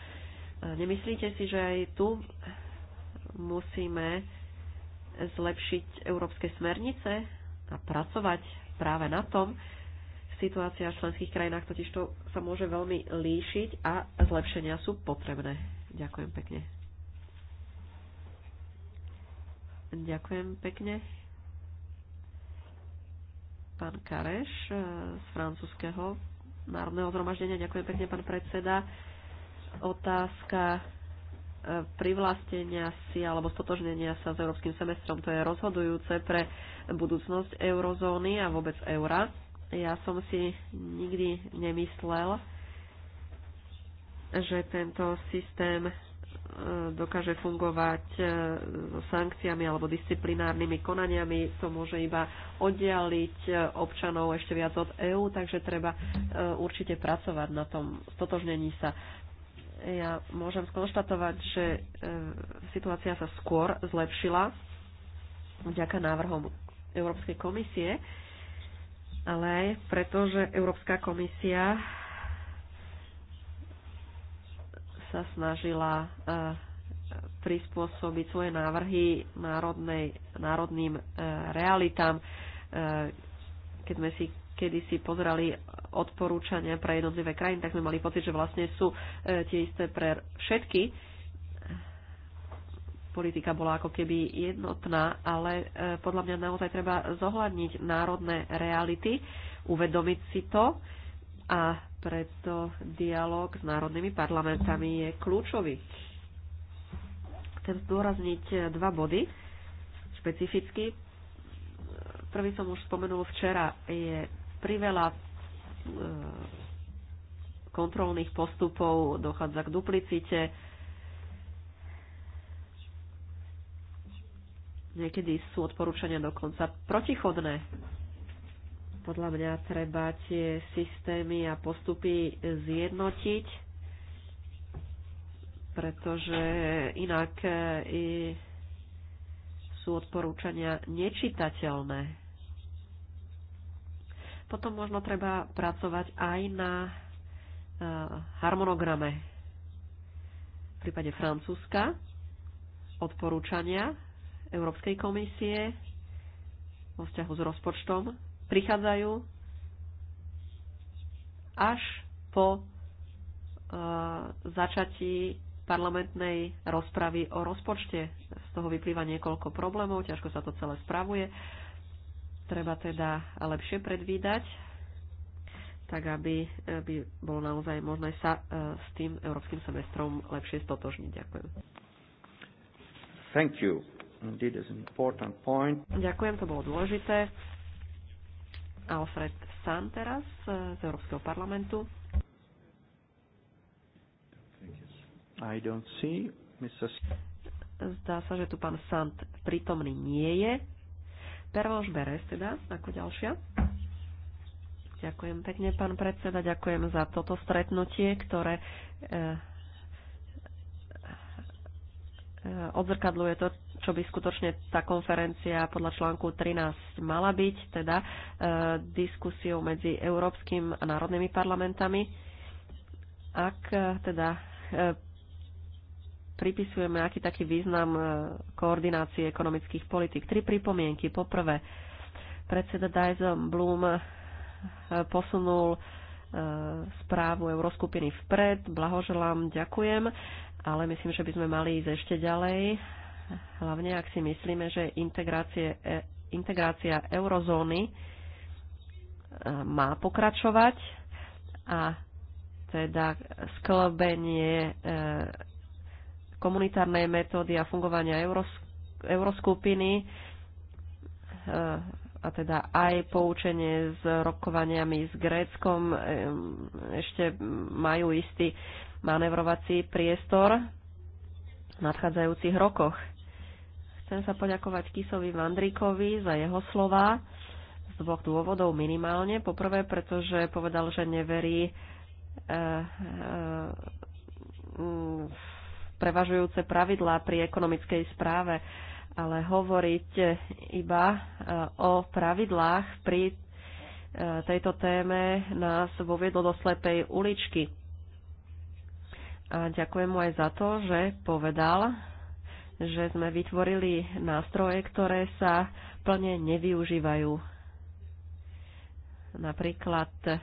nemyslíte si, že aj tu musíme zlepšiť európske smernice a pracovať práve na tom. Situácia v členských krajinách totiž to sa môže veľmi líšiť a zlepšenia sú potrebné. Ďakujem pekne. Ďakujem pekne. Pán Kareš eh, z francúzského národného zhromaždenia. Ďakujem pekne, pán predseda. Otázka privlastnenia si alebo stotožnenia sa s európskym semestrom. To je rozhodujúce pre budúcnosť eurozóny a vôbec eura. Ja som si nikdy nemyslel, že tento systém e, dokáže fungovať e, so sankciami alebo disciplinárnymi konaniami. To môže iba oddialiť e, občanov ešte viac od EÚ, takže treba určite pracovať na tom stotožnení sa. Ja môžem skonštatovať, že e, situácia sa skôr zlepšila vďaka návrhom Európskej komisie, ale aj preto, že Európska komisia sa snažila e, prispôsobiť svoje návrhy národnej, národným e, realitám. Keď sme si kedy si pozerali odporúčania pre jednotlivé krajiny, tak sme mali pocit, že vlastne sú e, tie isté pre všetky. Politika bola ako keby jednotná, ale e, podľa mňa naozaj treba zohľadniť národné reality, uvedomiť si to a preto dialog s národnými parlamentami je kľúčový. Chcem zdôrazniť e, dva body špecificky. Prvý som už spomenul včera, je priveľa e, kontrolných postupov dochádza k duplicite. Niekedy sú odporúčania dokonca protichodné. Podľa mňa treba tie systémy a postupy zjednotiť, pretože inak e, sú odporúčania nečitateľné. Potom možno treba pracovať aj na e, harmonograme v prípade Francúzska, odporúčania Európskej komisie vo vzťahu s rozpočtom prichádzajú až po e, začatí parlamentnej rozpravy o rozpočte. Z toho vyplýva niekoľko problémov, ťažko sa to celé spravuje treba teda lepšie predvídať, tak aby e, by bolo naozaj možné sa e, s tým európskym semestrom lepšie stotožniť. Ďakujem. Thank you. Indeed, an important point. Ďakujem, to bolo dôležité. Alfred Sán teraz e, z Európskeho parlamentu. I don't see Mr. Zdá sa, že tu pán Sant prítomný nie je. Perloš Beres teda, ako ďalšia. Ďakujem pekne, pán predseda. Ďakujem za toto stretnutie, ktoré eh, eh, odzrkadluje to, čo by skutočne tá konferencia podľa článku 13 mala byť, teda e, diskusiou medzi európskym a národnými parlamentami. Ak e, teda e, pripisujeme aký taký význam e, koordinácie ekonomických politik. Tri pripomienky. Poprvé, predseda Dyson Bloom e, posunul e, správu Euroskupiny vpred. Blahoželám, ďakujem, ale myslím, že by sme mali ísť ešte ďalej. Hlavne, ak si myslíme, že integrácie, integrácia eurozóny má pokračovať a teda sklbenie komunitárnej metódy a fungovania euroskupiny e, a teda aj poučenie s rokovaniami s Gréckom e, ešte majú istý manevrovací priestor v nadchádzajúcich rokoch. Chcem sa poďakovať Kisovi Vandríkovi za jeho slova z dvoch dôvodov minimálne. Poprvé, pretože povedal, že neverí e, v prevažujúce pravidlá pri ekonomickej správe, ale hovoriť iba e, o pravidlách pri e, tejto téme nás voviedlo do slepej uličky. A ďakujem mu aj za to, že povedal, že sme vytvorili nástroje, ktoré sa plne nevyužívajú. Napríklad e,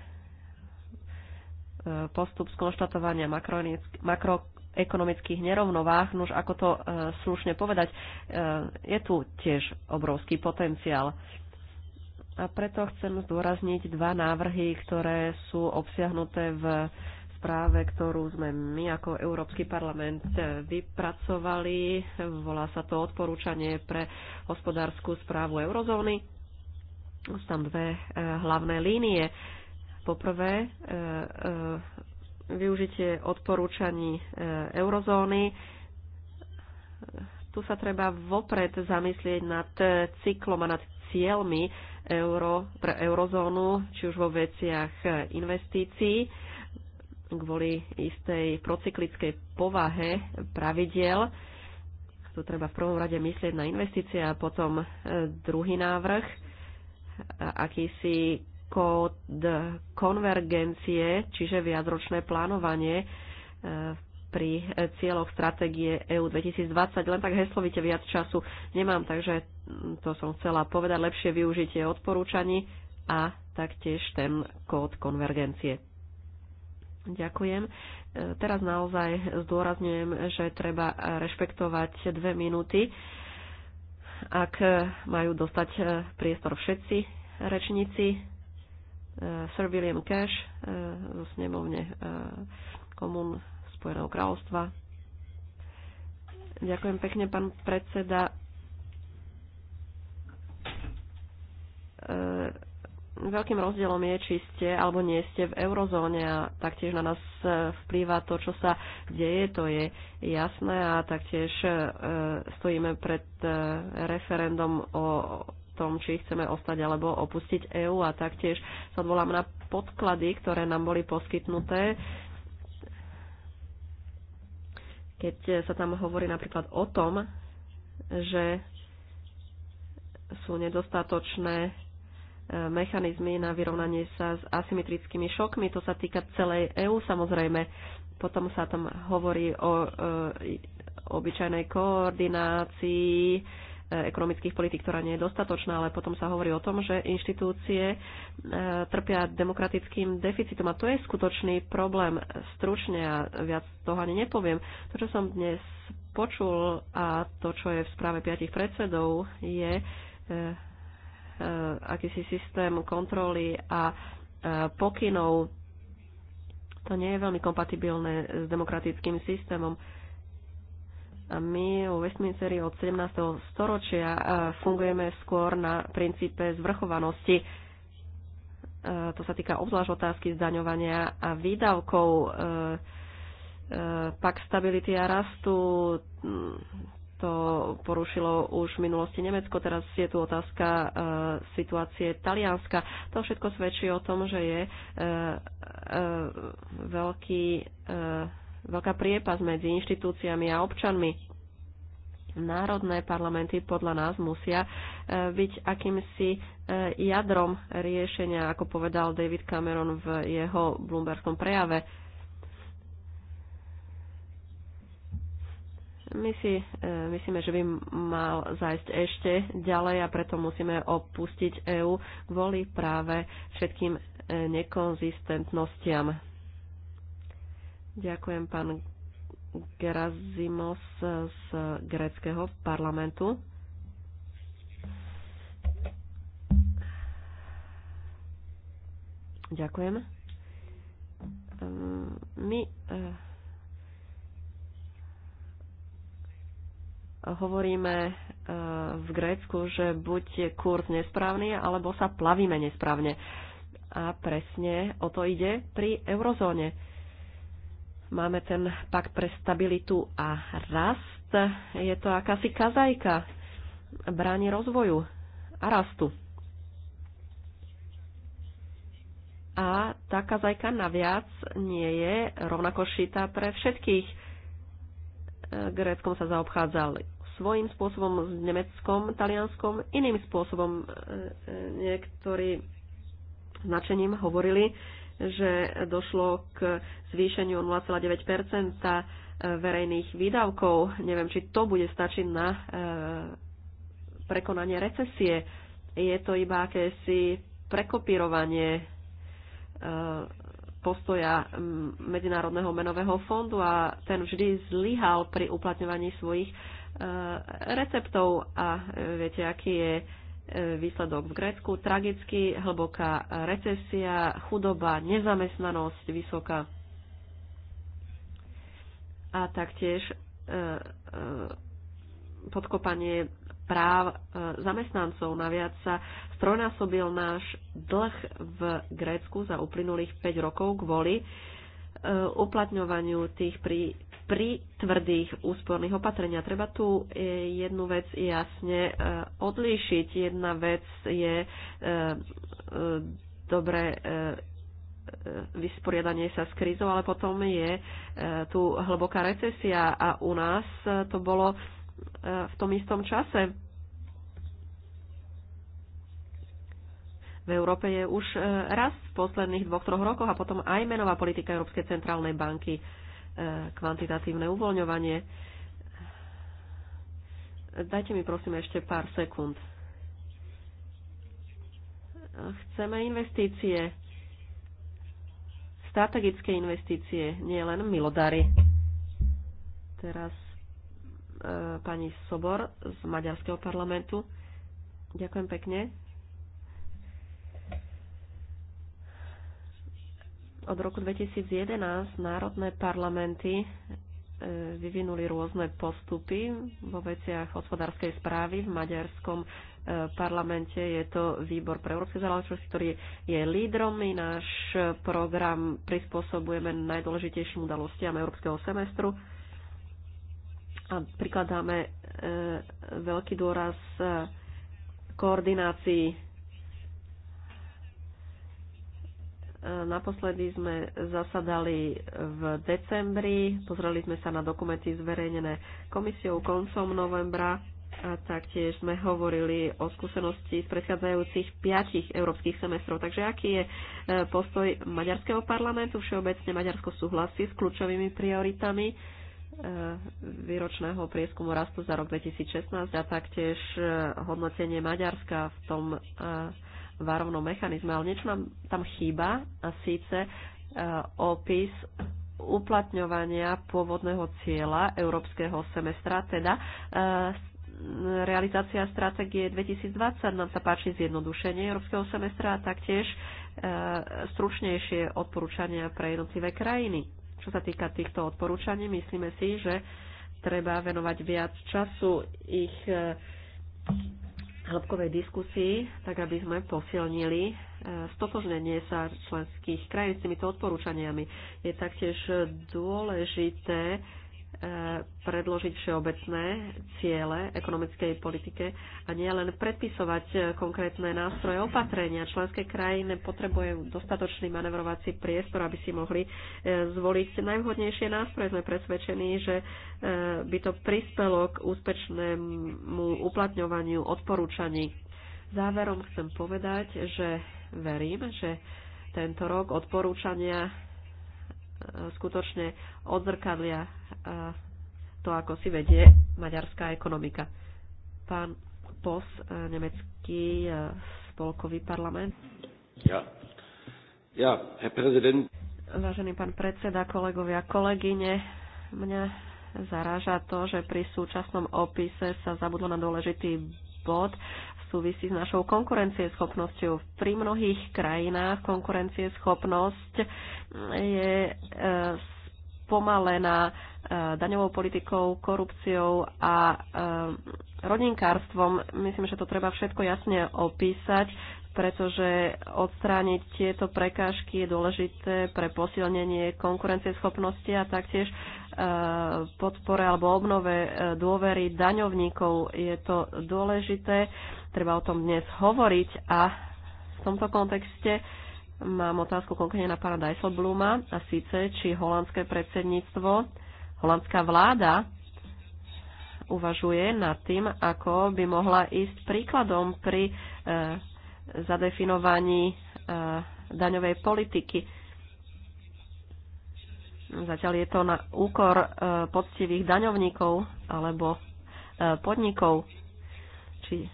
postup skonštatovania makro ekonomických nerovnovách, nuž ako to e, slušne povedať, e, je tu tiež obrovský potenciál. A preto chcem zdôrazniť dva návrhy, ktoré sú obsiahnuté v správe, ktorú sme my ako Európsky parlament e, vypracovali. Volá sa to odporúčanie pre hospodárskú správu eurozóny. Sú tam dve hlavné línie. Poprvé, využitie odporúčaní e, eurozóny. Tu sa treba vopred zamyslieť nad cyklom a nad cieľmi euro, pre eurozónu, či už vo veciach investícií kvôli istej procyklickej povahe pravidiel. Tu treba v prvom rade myslieť na investície a potom e, druhý návrh, akýsi kód konvergencie, čiže viacročné plánovanie e, pri cieľoch stratégie EU 2020. Len tak heslovite viac času nemám, takže to som chcela povedať. Lepšie využitie odporúčaní a taktiež ten kód konvergencie. Ďakujem. E, teraz naozaj zdôrazňujem, že treba rešpektovať dve minúty, ak majú dostať e, priestor všetci rečníci Eh, Sir William Cash eh, zo snemovne eh, komún Spojeného kráľovstva. Ďakujem pekne, pán predseda. Veľkým rozdielom je, či ste alebo nie ste v eurozóne a taktiež na nás vplýva to, čo sa deje, to je jasné a taktiež stojíme pred referendum o tom, či chceme ostať alebo opustiť EÚ a taktiež sa odvolám na podklady, ktoré nám boli poskytnuté keď sa tam hovorí napríklad o tom, že sú nedostatočné e, mechanizmy na vyrovnanie sa s asymetrickými šokmi. To sa týka celej EÚ samozrejme. Potom sa tam hovorí o e, obyčajnej koordinácii, Eh, ekonomických politik, ktorá nie je dostatočná, ale potom sa hovorí o tom, že inštitúcie eh, trpia demokratickým deficitom a to je skutočný problém. Stručne a viac toho ani nepoviem. To, čo som dnes počul a to, čo je v správe piatich predsedov, je eh, akýsi systém kontroly a pokynov. To nie je veľmi kompatibilné s demokratickým systémom. A my vo Westminsteri od 17. storočia fungujeme skôr na princípe zvrchovanosti. To sa týka obzvlášť otázky zdaňovania a výdavkov. Pak stability a rastu mm, to porušilo už v minulosti Nemecko, teraz je tu otázka e, situácie Talianska. To všetko svedčí o tom, že je e, e, veľký e, veľká priepas medzi inštitúciami a občanmi. Národné parlamenty podľa nás musia e, byť akýmsi e, jadrom riešenia, ako povedal David Cameron v jeho Bloombergskom prejave. My si e, myslíme, že by mal zajsť ešte ďalej a preto musíme opustiť EÚ kvôli práve všetkým nekonzistentnostiam. Ďakujem pán Gerazimos z greckého parlamentu. Ďakujem. Ehm, my eh, hovoríme eh, v Grécku, že buď je kurz nesprávny, alebo sa plavíme nesprávne. A presne o to ide pri eurozóne Máme ten pakt pre stabilitu a rast. Je to akási kazajka. Bráni rozvoju a rastu. A tá kazajka naviac nie je rovnako šitá pre všetkých. Gréckom sa zaobchádzali svojím spôsobom s nemeckom, talianskom, iným spôsobom. E, e, niektorí značením hovorili, že došlo k zvýšeniu 0,9 eh, verejných výdavkov. Neviem, či to bude stačiť na eh, prekonanie recesie. Je to iba akési prekopírovanie eh, postoja mm, Medzinárodného menového fondu a ten vždy zlyhal pri uplatňovaní svojich receptov a viete, aký je výsledok v Grécku. Tragicky hlboká recesia, chudoba, nezamestnanosť vysoká a taktiež e, e, podkopanie práv e, zamestnancov. Naviac sa strojnásobil náš dlh v Grécku za uplynulých 5 rokov kvôli uplatňovaniu tých prí, pri tvrdých úsporných opatrenia. Treba tu e, jednu vec jasne e, odlíšiť. Jedna vec je e, dobre vysporiadanie sa s krízou, ale potom je tu hlboká recesia a u nás to bolo v tom istom čase. V Európe je už raz v posledných dvoch, troch rokoch a potom aj menová politika Európskej centrálnej banky kvantitatívne uvoľňovanie. Dajte mi prosím ešte pár sekúnd. Chceme investície, strategické investície, nie len milodary. Teraz e, pani Sobor z Maďarského parlamentu. Ďakujem pekne. Od roku 2011 národné parlamenty e, vyvinuli rôzne postupy vo veciach hospodárskej správy. V maďarskom e, parlamente je to výbor pre európske záležitosti, ktorý je lídrom. My náš program prispôsobujeme najdôležitejším udalostiam európskeho semestru a prikladáme e, veľký dôraz koordinácii Naposledy sme zasadali v decembri, pozreli sme sa na dokumenty zverejnené komisiou koncom novembra a taktiež sme hovorili o skúsenosti z predchádzajúcich piatich európskych semestrov. Takže aký je e, postoj Maďarského parlamentu? Všeobecne Maďarsko súhlasí s kľúčovými prioritami e, výročného prieskumu rastu za rok 2016 a taktiež e, hodnotenie Maďarska v tom varovnom mechanizme, ale niečo nám tam chýba a síce e, opis uplatňovania pôvodného cieľa európskeho semestra, teda e, realizácia stratégie 2020 nám sa páči zjednodušenie európskeho semestra a taktiež e, stručnejšie odporúčania pre jednotlivé krajiny. Čo sa týka týchto odporúčaní, myslíme si, že treba venovať viac času ich hĺbkovej diskusii, tak aby sme posilnili e, stotožnenie sa členských krajín s týmito odporúčaniami. Je taktiež dôležité predložiť všeobecné ciele ekonomickej politike a nie len predpisovať konkrétne nástroje opatrenia. Členské krajiny potrebujú dostatočný manevrovací priestor, aby si mohli e, zvoliť najvhodnejšie nástroje. Sme presvedčení, že e, by to prispelo k úspešnému uplatňovaniu odporúčaní. Záverom chcem povedať, že verím, že tento rok odporúčania skutočne odzrkadlia e, to, ako si vedie maďarská ekonomika. Pán POS, e, nemecký e, spolkový parlament. Ja. Ja, herr prezident. Vážený pán predseda, kolegovia, kolegyne, mňa zaráža to, že pri súčasnom opise sa zabudlo na dôležitý bod súvisí s našou konkurencieschopnosťou. Pri mnohých krajinách konkurencieschopnosť je e, spomalená e, daňovou politikou, korupciou a e, rodinkárstvom. Myslím, že to treba všetko jasne opísať, pretože odstrániť tieto prekážky je dôležité pre posilnenie konkurencieschopnosti a taktiež podpore alebo obnove e, dôvery daňovníkov. Je to dôležité, treba o tom dnes hovoriť a v tomto kontexte mám otázku konkrétne na pána Dijsselbluma a síce, či holandské predsedníctvo, holandská vláda uvažuje nad tým, ako by mohla ísť príkladom pri e, zadefinovaní e, daňovej politiky Zatiaľ je to na úkor e, poctivých daňovníkov alebo e, podnikov. Či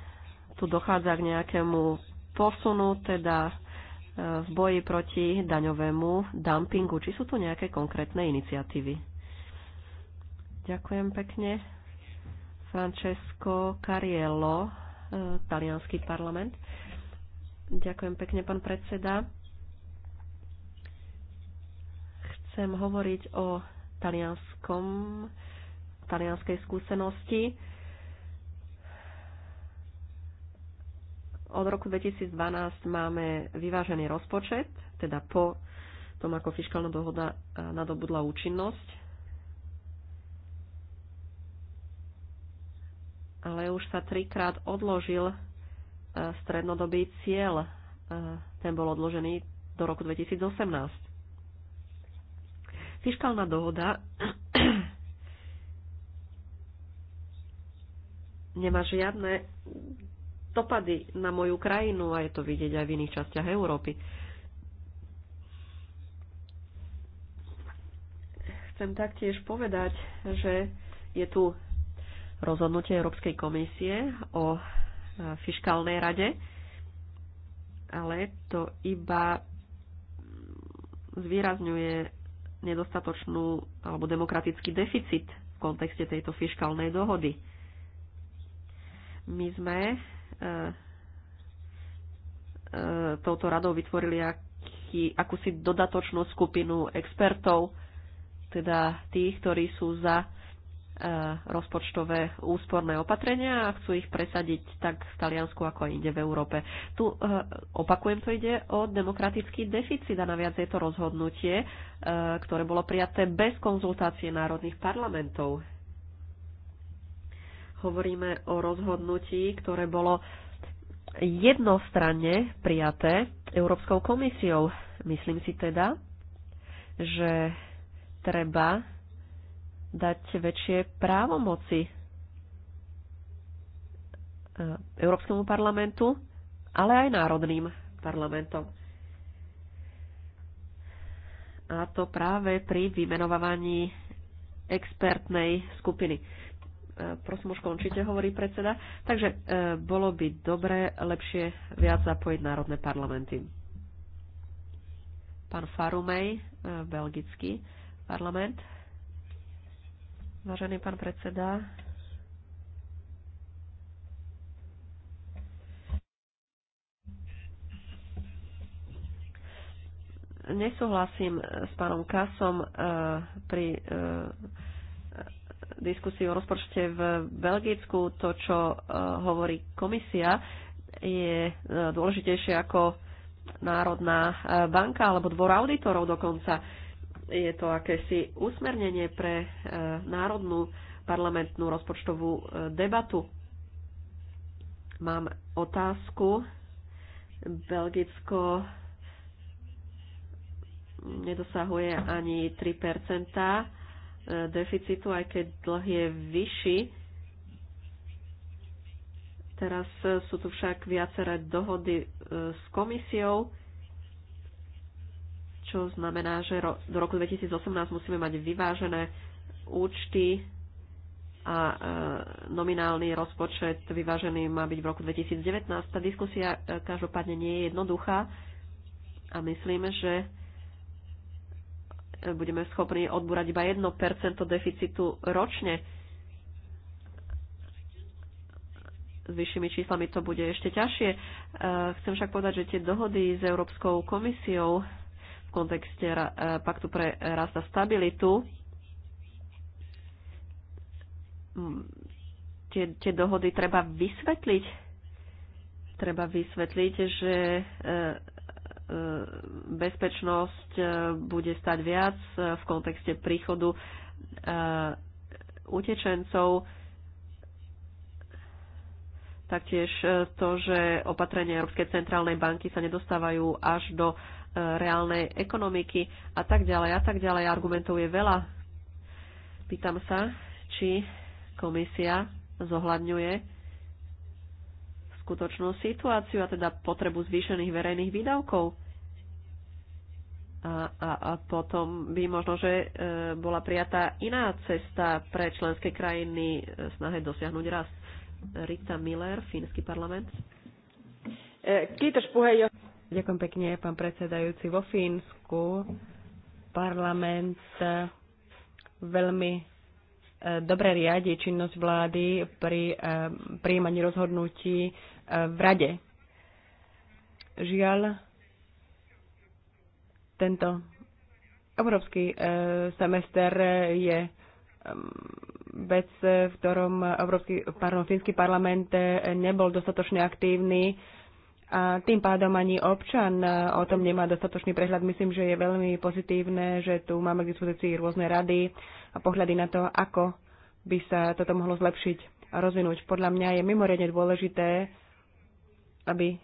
tu dochádza k nejakému posunu, teda e, v boji proti daňovému dumpingu. Či sú tu nejaké konkrétne iniciatívy? Ďakujem pekne. Francesco Cariello, talianský parlament. Ďakujem pekne, pán predseda. Chcem hovoriť o talianskom, talianskej skúsenosti. Od roku 2012 máme vyvážený rozpočet, teda po tom, ako fiskálna dohoda e, nadobudla účinnosť. Ale už sa trikrát odložil e, strednodobý cieľ. E, ten bol odložený do roku 2018. Fiskálna dohoda [clears throat] nemá žiadne dopady na moju krajinu a je to vidieť aj v iných častiach Európy. Chcem taktiež povedať, že je tu rozhodnutie Európskej komisie o e, fiskálnej rade, ale to iba zvýrazňuje nedostatočnú alebo demokratický deficit v kontexte tejto fiskálnej dohody. My sme e, e, touto radou vytvorili aký, akúsi dodatočnú skupinu expertov, teda tých, ktorí sú za E, rozpočtové úsporné opatrenia a chcú ich presadiť tak v Taliansku, ako inde v Európe. Tu, e, opakujem, to ide o demokratický deficit a naviac je to rozhodnutie, e, ktoré bolo prijaté bez konzultácie národných parlamentov. Hovoríme o rozhodnutí, ktoré bolo jednostranne prijaté Európskou komisiou. Myslím si teda, že treba dať väčšie právomoci e, Európskemu parlamentu, ale aj národným parlamentom. A to práve pri vymenovávaní expertnej skupiny. E, prosím, už končite, hovorí predseda. Takže e, bolo by dobre lepšie viac zapojiť národné parlamenty. Pán Farumej, belgický parlament. Vážený pán predseda, nesúhlasím s pánom Kasom eh, pri eh, diskusii o rozpočte v Belgicku. To, čo eh, hovorí komisia, je dôležitejšie ako Národná banka alebo dvor auditorov dokonca je to akési usmernenie pre e, národnú parlamentnú rozpočtovú e, debatu. Mám otázku. Belgicko nedosahuje ani 3 e, deficitu, aj keď dlh je vyšší. Teraz sú tu však viaceré dohody s komisiou čo znamená, že do roku 2018 musíme mať vyvážené účty a e, nominálny rozpočet vyvážený má byť v roku 2019. Tá diskusia e, každopádne nie je jednoduchá a myslím, že e, budeme schopní odbúrať iba 1% deficitu ročne. S vyššími číslami to bude ešte ťažšie. Chcem však povedať, že tie dohody s Európskou komisiou kontexte e, paktu pre rast a stabilitu. Mm, tie, tie dohody treba vysvetliť. Treba vysvetliť, že e, e, bezpečnosť bude stať viac v kontexte príchodu utečencov. Taktiež to, že opatrenia Európskej centrálnej banky sa nedostávajú až do reálnej ekonomiky a tak ďalej a tak ďalej. Argumentov je veľa. Pýtam sa, či komisia zohľadňuje skutočnú situáciu a teda potrebu zvýšených verejných výdavkov. A, a, a potom by možno, že e, bola prijatá iná cesta pre členské krajiny e, snahe dosiahnuť rast. Rita Miller, Fínsky parlament. E, puhej, jo. Ďakujem pekne, pán predsedajúci. Vo Fínsku parlament e, veľmi e, dobre riadi činnosť vlády pri e, prijímaní rozhodnutí v rade. Žiaľ, tento európsky semester je vec, v ktorom Európsky, pardon, Fínsky parlament nebol dostatočne aktívny a tým pádom ani občan e, o tom nemá dostatočný prehľad. Myslím, že je veľmi pozitívne, že tu máme k dispozícii rôzne rady a pohľady na to, ako by sa toto mohlo zlepšiť a rozvinúť. Podľa mňa je mimoriadne dôležité, aby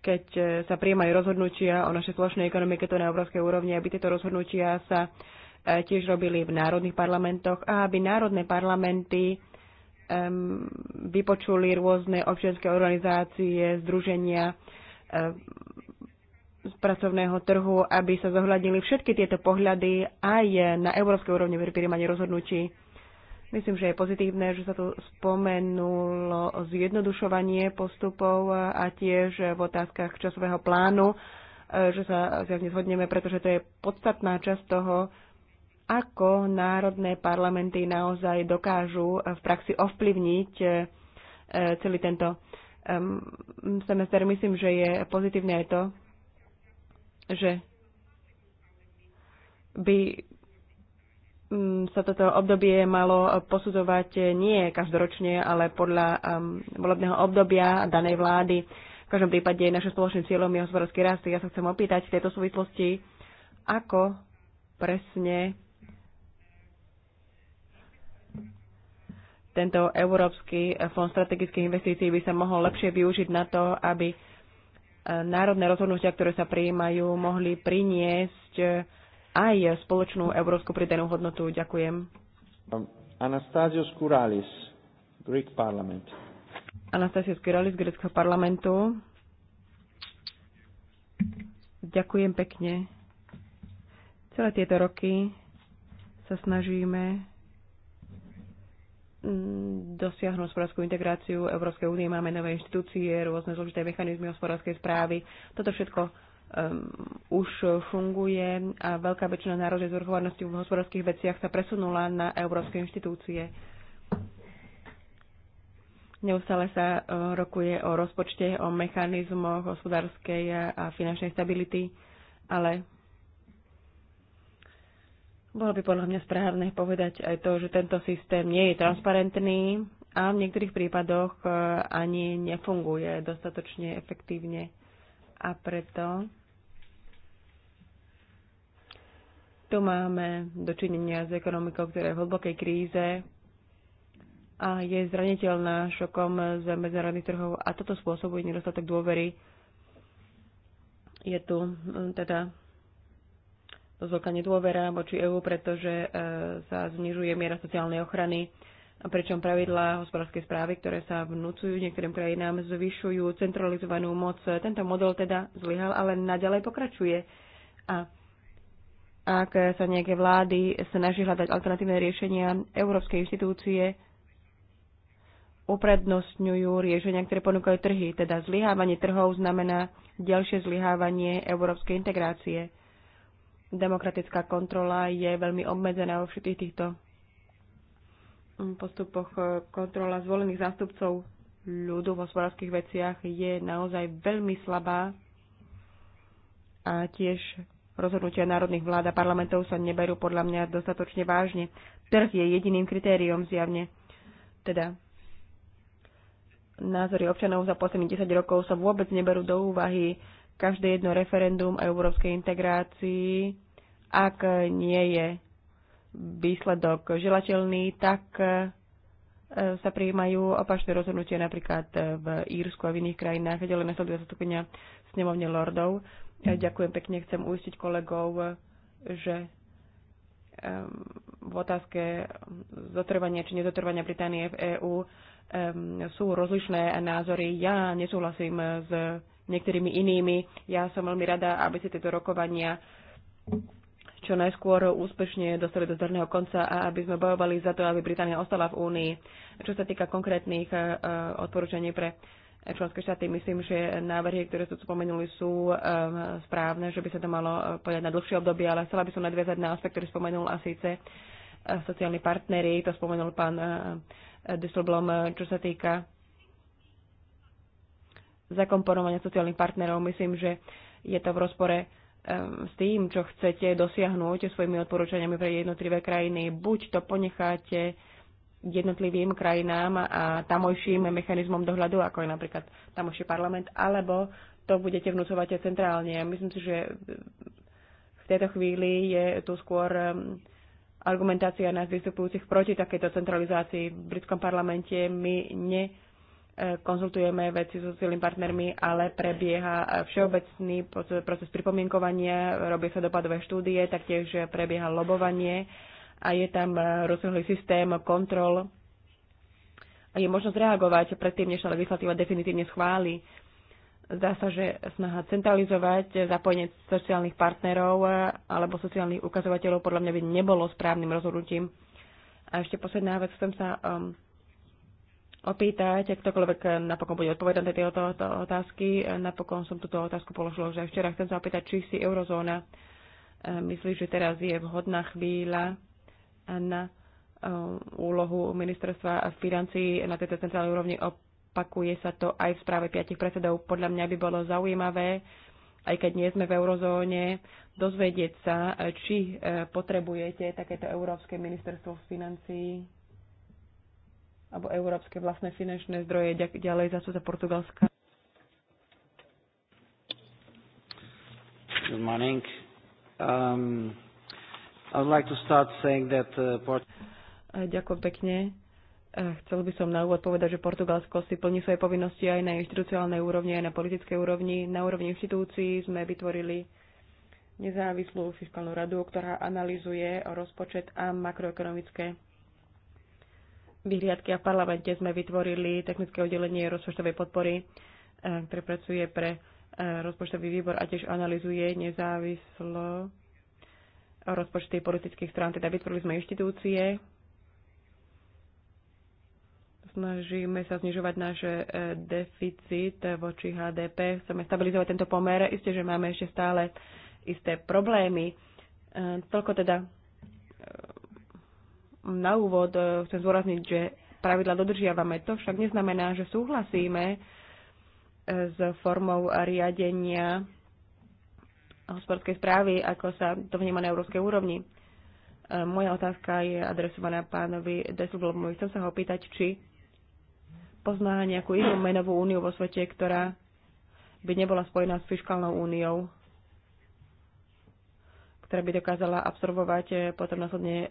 keď e, sa príjmajú rozhodnutia o našej spoločnej ekonomike, to na obrovskej úrovni, aby tieto rozhodnutia sa e, tiež robili v národných parlamentoch a aby národné parlamenty vypočuli rôzne občianske organizácie, združenia z pracovného trhu, aby sa zohľadnili všetky tieto pohľady aj na európskej úrovni pri príjmaní rozhodnutí. Myslím, že je pozitívne, že sa tu spomenulo zjednodušovanie postupov a tiež v otázkach časového plánu, e, že sa zjavne zhodneme, pretože to je podstatná časť toho, ako národné parlamenty naozaj dokážu eh, v praxi ovplyvniť eh, eh, celý tento ehm, semester. Myslím, že je pozitívne aj to, že by mm, sa toto obdobie malo posudzovať nie každoročne, ale podľa ehm, volebného obdobia danej vlády. V každom prípade našim spoločným cieľom je hospodársky rast. Ja sa chcem opýtať v tejto súvislosti, ako presne Tento Európsky fond strategických investícií by sa mohol lepšie využiť na to, aby e, národné rozhodnutia, ktoré sa prijímajú, mohli priniesť e, aj spoločnú európsku pridanú hodnotu. Ďakujem. Anastasios Kuralis, Greek Parliament. Anastasios Kuralis, Greckého parlamentu. Ďakujem pekne. Celé tieto roky sa snažíme Mm, dosiahnu hospodárskú integráciu Európskej únie, máme nové inštitúcie, rôzne zložité mechanizmy hospodárskej správy. Toto všetko um, už funguje a veľká väčšina národnej zvrchovanosti v hospodárskych veciach sa presunula na európske inštitúcie. Neustále sa uh, rokuje o rozpočte, o mechanizmoch hospodárskej a finančnej stability, ale bolo by podľa mňa správne povedať aj to, že tento systém nie je transparentný a v niektorých prípadoch e, ani nefunguje dostatočne efektívne. A preto tu máme dočinenia s ekonomikou, ktorá je v hlbokej kríze a je zraniteľná šokom z medzinárodných trhov a toto spôsobuje nedostatok dôvery. Je tu e, teda veľká nedôvera voči EÚ, pretože e, sa znižuje miera sociálnej ochrany, pričom pravidlá hospodárskej správy, ktoré sa vnúcujú niektorým krajinám, zvyšujú centralizovanú moc. Tento model teda zlyhal, ale naďalej pokračuje. A ak sa nejaké vlády snaží hľadať alternatívne riešenia, európske inštitúcie uprednostňujú riešenia, ktoré ponúkajú trhy. Teda zlyhávanie trhov znamená ďalšie zlyhávanie európskej integrácie demokratická kontrola je veľmi obmedzená vo všetkých týchto mm, postupoch. E, kontrola zvolených zástupcov ľudu v hospodárských veciach je naozaj veľmi slabá a tiež rozhodnutia národných vlád a parlamentov sa neberú podľa mňa dostatočne vážne. Trh je jediným kritériom zjavne. Teda názory občanov za posledných 10 rokov sa vôbec neberú do úvahy každé jedno referendum o európskej integrácii, ak nie je výsledok želateľný, tak e, sa prijímajú opačné rozhodnutia napríklad v Írsku a v iných krajinách, kde len nasleduje zastupenia nemovne lordov. E, ďakujem pekne, chcem uistiť kolegov, že v otázke zotrvania či nezotrvania Británie v EÚ sú rozlišné názory. Ja nesúhlasím s niektorými inými. Ja som veľmi rada, aby si tieto rokovania čo najskôr úspešne dostali do zdarného konca a aby sme bojovali za to, aby Británia ostala v Únii. Čo sa týka konkrétnych e, odporúčaní pre členské štáty, myslím, že návrhy, ktoré ste spomenuli, sú e, správne, že by sa to malo e, povedať na dlhšie obdobie, ale chcela by som nadviazať na aspekt, ktorý spomenul a síce sociálni partnery, to spomenul pán Dyselblom, čo sa týka zakomponovania sociálnych partnerov. Myslím, že je to v rozpore s tým, čo chcete dosiahnuť svojimi odporúčaniami pre jednotlivé krajiny. Buď to ponecháte jednotlivým krajinám a tamojším mechanizmom dohľadu, ako je napríklad tamojší parlament, alebo to budete vnúcovať centrálne. Myslím si, že v tejto chvíli je tu skôr argumentácia nás vystupujúcich proti takéto centralizácii v britskom parlamente. My ne konzultujeme veci so sociálnymi partnermi, ale prebieha všeobecný proces pripomienkovania, robia sa dopadové štúdie, taktiež prebieha lobovanie a je tam rozsiahlý systém kontrol. A je možnosť reagovať predtým, než sa legislatíva definitívne schváli. Zdá sa, že snaha centralizovať zapojenie sociálnych partnerov alebo sociálnych ukazovateľov podľa mňa by nebolo správnym rozhodnutím. A ešte posledná vec, chcem sa um, opýtať, ktokoľvek napokon bude odpovedať na tieto otázky. Napokon som túto otázku položila že aj včera. Chcem sa opýtať, či si eurozóna e, myslí, že teraz je vhodná chvíľa na e, úlohu ministerstva financí na tejto centrálnej úrovni. Opakuje sa to aj v správe piatich predsedov. Podľa mňa by bolo zaujímavé, aj keď nie sme v eurozóne, dozvedieť sa, e, či potrebujete takéto Európske ministerstvo financií alebo európske vlastné finančné zdroje ďalej za za Portugalska. Good morning. Um, I would like to start saying that uh, Port- eh, Ďakujem pekne. Eh, chcel by som na úvod povedať, že Portugalsko si plní svoje povinnosti aj na inštitucionálnej úrovni, aj na politickej úrovni. Na úrovni inštitúcií sme vytvorili nezávislú fiskálnu radu, ktorá analizuje rozpočet a makroekonomické vyhliadky a v parlamente sme vytvorili technické oddelenie rozpočtovej podpory, e, ktoré pracuje pre e, rozpočtový výbor a tiež analizuje nezávislo rozpočty politických strán. Teda vytvorili sme inštitúcie, snažíme sa znižovať náš e, deficit voči HDP, chceme stabilizovať tento pomer. Isté, že máme ešte stále isté problémy. Toľko teda na úvod e, chcem zdôrazniť, že pravidla dodržiavame. To však neznamená, že súhlasíme e, s formou riadenia hospodárskej správy, ako sa to vníma na európskej úrovni. E, moja otázka je adresovaná pánovi Desulblomovi. Chcem sa ho opýtať, či pozná nejakú inú menovú úniu vo svete, ktorá by nebola spojená s fiskálnou úniou, ktorá by dokázala absorbovať potom následne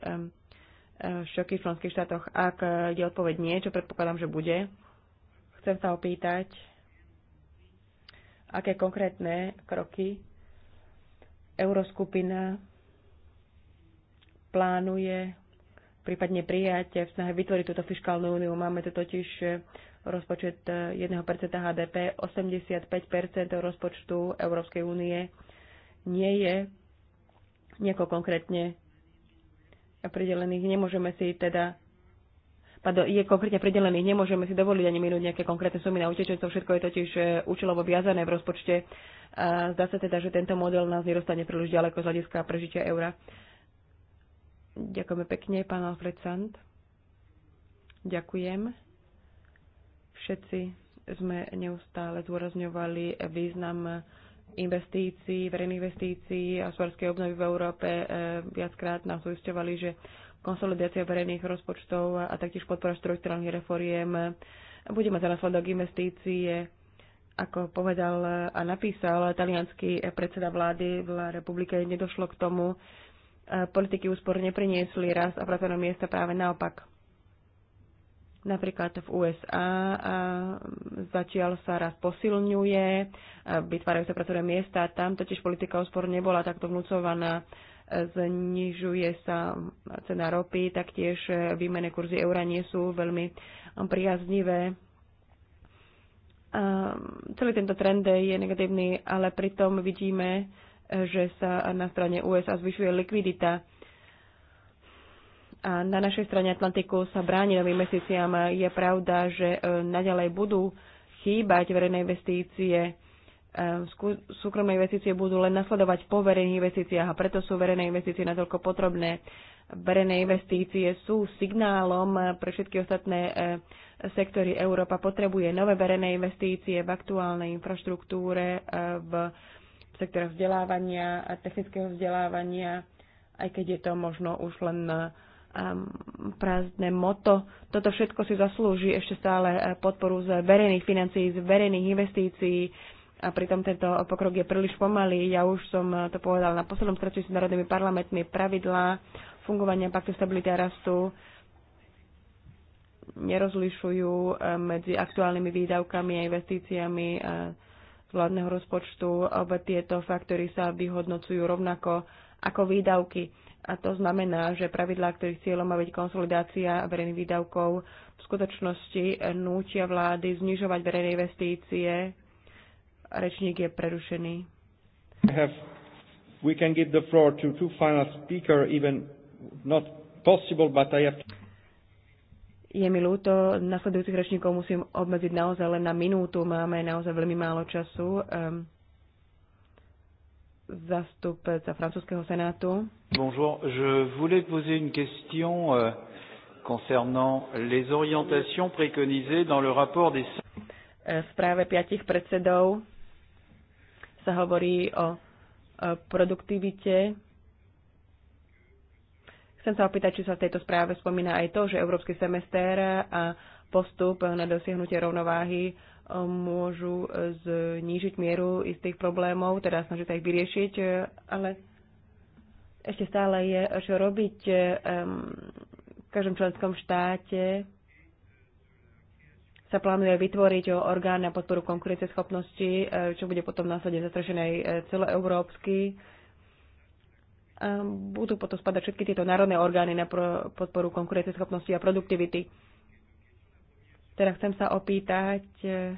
v všetkých členských štátoch. Ak je odpoveď nie, čo predpokladám, že bude, chcem sa opýtať, aké konkrétne kroky Euroskupina plánuje prípadne prijať v snahe vytvoriť túto fiskálnu úniu. Máme tu totiž rozpočet 1% HDP, 85% rozpočtu Európskej únie nie je nieko konkrétne pridelených, nemôžeme si teda pardon, je konkrétne pridelených, nemôžeme si dovoliť ani minúť nejaké konkrétne sumy na utečencov, všetko je totiž e, účelovo viazané v rozpočte. A zdá sa teda, že tento model nás nedostane príliš ďaleko z hľadiska prežitia eura. Ďakujeme pekne, pán Alfred Sand. Ďakujem. Všetci sme neustále zdôrazňovali význam investícií, verejných investícií a hospodárskej obnovy v Európe eh, viackrát nás uisťovali, že konsolidácia verejných rozpočtov a taktiež podpora štrojstranných reforiem eh, bude mať za následok investície, ako povedal a napísal talianský eh, predseda vlády v republike, nedošlo k tomu. Politiky úspor nepriniesli rast a pracovné miesta práve naopak. Napríklad v USA zatiaľ sa raz posilňuje, vytvárajú sa pracovné miesta, tam totiž politika úspor nebola takto vnúcovaná, znižuje sa cena ropy, taktiež výmene kurzy eura nie sú veľmi priaznivé. A celý tento trend je negatívny, ale pritom vidíme, že sa na strane USA zvyšuje likvidita a na našej strane Atlantiku sa bráni novým investíciám. Je pravda, že e, naďalej budú chýbať verejné investície. E, súkromné investície budú len nasledovať po verejných investíciách a preto sú verejné investície natoľko potrebné. Verejné investície sú signálom pre všetky ostatné e, sektory. Európa potrebuje nové verejné investície v aktuálnej infraštruktúre, v sektore vzdelávania a technického vzdelávania, aj keď je to možno už len prázdne moto. Toto všetko si zaslúži ešte stále eh, podporu z verejných financií, z verejných investícií a pritom tento pokrok je príliš pomalý. Ja už som eh, to povedal na poslednom stretnutí s národnými parlamentmi pravidlá fungovania paktu stability a rastu nerozlišujú eh, medzi aktuálnymi výdavkami a investíciami z vládneho rozpočtu. Obe tieto faktory sa vyhodnocujú rovnako ako výdavky a to znamená, že pravidlá, ktorých cieľom má byť konsolidácia verejných výdavkov, v skutočnosti nútia vlády znižovať verejné investície. Rečník je prerušený. Je mi ľúto, nasledujúcich rečníkov musím obmedziť naozaj len na minútu, máme naozaj veľmi málo času. Um, zastupca francúzského senátu. Bonjour, je voulais poser une question euh, concernant les orientations préconisées dans le rapport des... Euh, v práve piatich predsedov sa hovorí o, o produktivite. Chcem sa opýtať, či sa v tejto správe spomína aj to, že európsky semester a postup na dosiahnutie rovnováhy môžu znížiť mieru istých problémov, teda snažiť sa ich vyriešiť, ale ešte stále je čo robiť v každom členskom štáte sa plánuje vytvoriť orgán na podporu konkurencieschopnosti, eh, čo bude potom následne zastrešené eh, celoeurópsky. Budú potom spadať všetky tieto národné orgány na podporu konkurencieschopnosti a produktivity. Teda chcem sa opýtať e,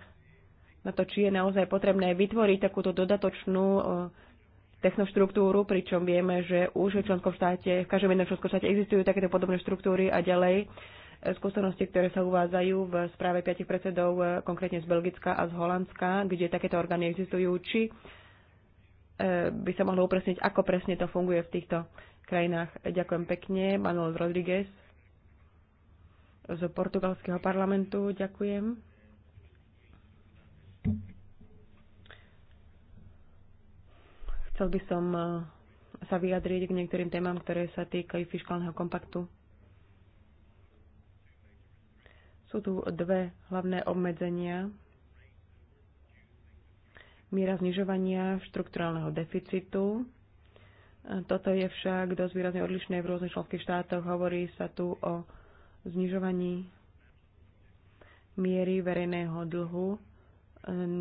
na to, či je naozaj potrebné vytvoriť takúto dodatočnú e, technoštruktúru, pričom vieme, že už v členskom štáte, v každom jednom členskom štáte existujú takéto podobné štruktúry a ďalej e, skúsenosti, ktoré sa uvádzajú v správe piatich predsedov, konkrétne z Belgicka a z Holandska, kde takéto orgány existujú, či by sa mohlo upresniť, ako presne to funguje v týchto krajinách. Ďakujem pekne, Manuel Rodriguez z portugalského parlamentu. Ďakujem. Chcel by som eh, sa vyjadriť k niektorým témam, ktoré sa týkajú fiskálneho kompaktu. Sú tu dve hlavné obmedzenia. Míra znižovania štrukturálneho deficitu. Eh, toto je však dosť výrazne odlišné v rôznych členských štátoch. Hovorí sa tu o znižovaní miery verejného dlhu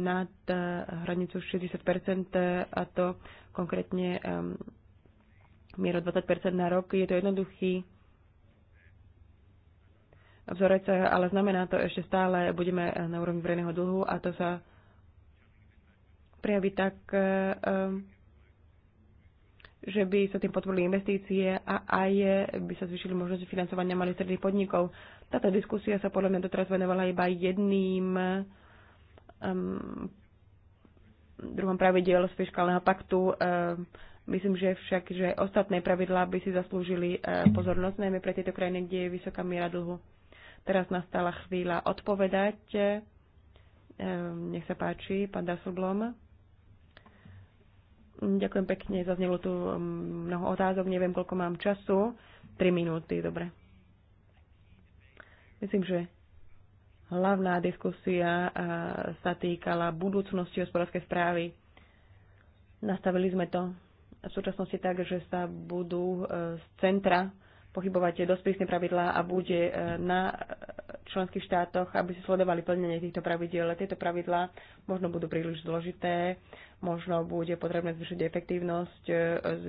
nad eh, hranicu 60 a to konkrétne mieru 20 na rok. Je to jednoduchý vzorec, ale znamená to ešte stále, budeme eh, na úrovni verejného dlhu a to sa prejaví tak, eh, že by sa tým potvorili investície a aj by sa zvýšili možnosti financovania malých stredných podnikov. Táto diskusia sa podľa mňa doteraz venovala iba jedným um, druhom pravidel z fiskálneho paktu. Um, myslím, že však, že ostatné pravidlá by si zaslúžili uh, pozornosť, najmä pre tieto krajiny, kde je vysoká miera dlhu. Teraz nastala chvíľa odpovedať. Um, nech sa páči, pán Dasoblom. Ďakujem pekne, zaznelo tu um, mnoho otázok, neviem, koľko mám času. Tri minúty, dobre. Myslím, že hlavná diskusia sa týkala budúcnosti hospodárskej správy. Nastavili sme to v súčasnosti tak, že sa budú e, z centra pochybovať dosť prísne pravidlá a bude e, na členských štátoch, aby si sledovali plnenie týchto pravidiel. Tieto pravidlá možno budú príliš zložité, možno bude potrebné zvyšiť efektívnosť, e,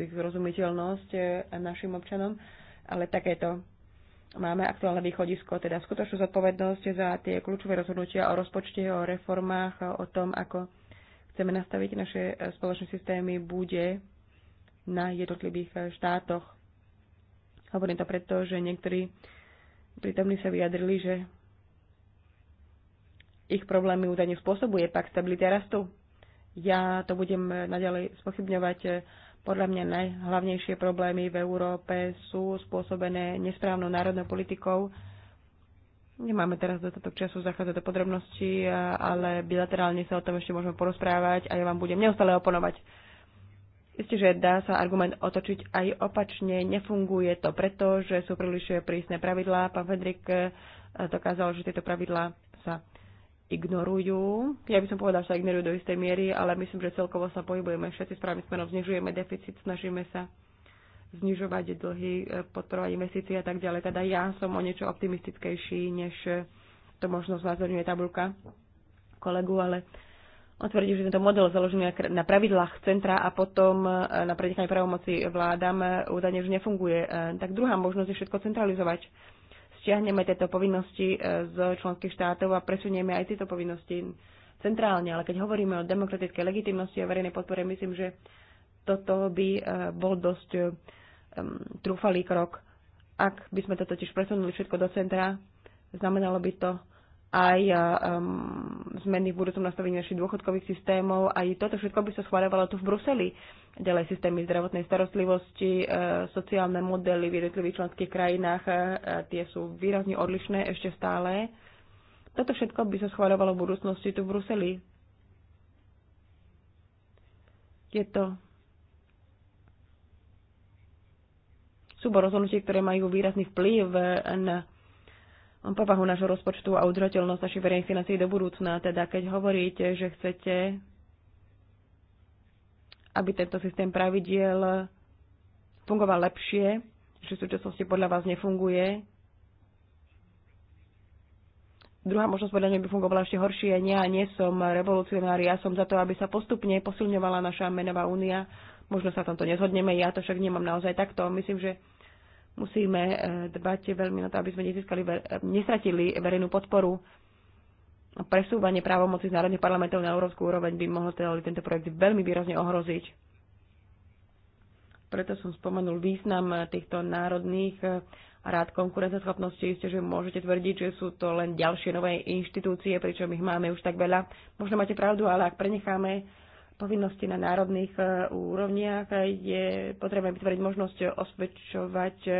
ich zrozumiteľnosť e, našim občanom, ale takéto máme aktuálne východisko, teda skutočnú zodpovednosť za tie kľúčové rozhodnutia o rozpočte, o reformách, o tom, ako chceme nastaviť naše spoločné systémy, bude na jednotlivých štátoch Hovorím to preto, že niektorí prítomní sa vyjadrili, že ich problémy údajne spôsobuje pak stability a rastu. Ja to budem naďalej spochybňovať. Podľa mňa najhlavnejšie problémy v Európe sú spôsobené nesprávnou národnou politikou. Nemáme teraz dostatok času zachádzať do podrobností, ale bilaterálne sa o tom ešte môžeme porozprávať a ja vám budem neustále oponovať. Isté, že dá sa argument otočiť aj opačne. Nefunguje to preto, že sú príliš prísne pravidlá. Pán Fedrik eh, dokázal, že tieto pravidlá sa ignorujú. Ja by som povedal, že sa ignorujú do istej miery, ale myslím, že celkovo sa pohybujeme všetci správnym smerom, znižujeme deficit, snažíme sa znižovať dlhy, eh, podporovať investície a tak ďalej. Teda ja som o niečo optimistickejší, než to možno znázorňuje tabulka kolegu, ale on tvrdí, že tento model založený na pravidlách centra a potom e, na predechanie pravomoci vládam e, údajne už nefunguje. E, tak druhá možnosť je všetko centralizovať. Stiahneme tieto povinnosti z členských štátov a presunieme aj tieto povinnosti centrálne. Ale keď hovoríme o demokratickej legitimnosti a verejnej podpore, myslím, že toto by bol dosť trúfalý krok. Ak by sme to totiž presunuli všetko do centra, znamenalo by to aj eh, zmeny v budúcom nastavení našich dôchodkových systémov. Aj toto všetko by sa schváľovalo tu v Bruseli. Ďalej systémy zdravotnej starostlivosti, eh, sociálne modely v jednotlivých členských krajinách, eh, tie sú výrazne odlišné ešte stále. Toto všetko by sa schváľovalo v budúcnosti tu v Bruseli. Je to súbor rozhodnutí, ktoré majú výrazný vplyv na povahu nášho rozpočtu a udržateľnosť našich verejných financií do budúcna. Teda keď hovoríte, že chcete, aby tento systém pravidiel fungoval lepšie, že v súčasnosti podľa vás nefunguje, Druhá možnosť podľa mňa by fungovala ešte horšie. Ja nie som revolucionár, ja som za to, aby sa postupne posilňovala naša menová únia. Možno sa v tomto nezhodneme, ja to však nemám naozaj takto. Myslím, že Musíme eh, dbať veľmi na to, aby sme nezískali, nestratili verejnú podporu. Presúvanie právomoci z národných parlamentov na európsku úroveň by mohlo teda tento projekt veľmi výrazne ohroziť. Preto som spomenul význam eh, týchto národných eh, rád konkurenceschopnosti. Isté, že môžete tvrdiť, že sú to len ďalšie nové inštitúcie, pričom ich máme už tak veľa. Možno máte pravdu, ale ak prenecháme povinnosti na národných e, úrovniach je potrebné vytvoriť možnosť osvedčovať e,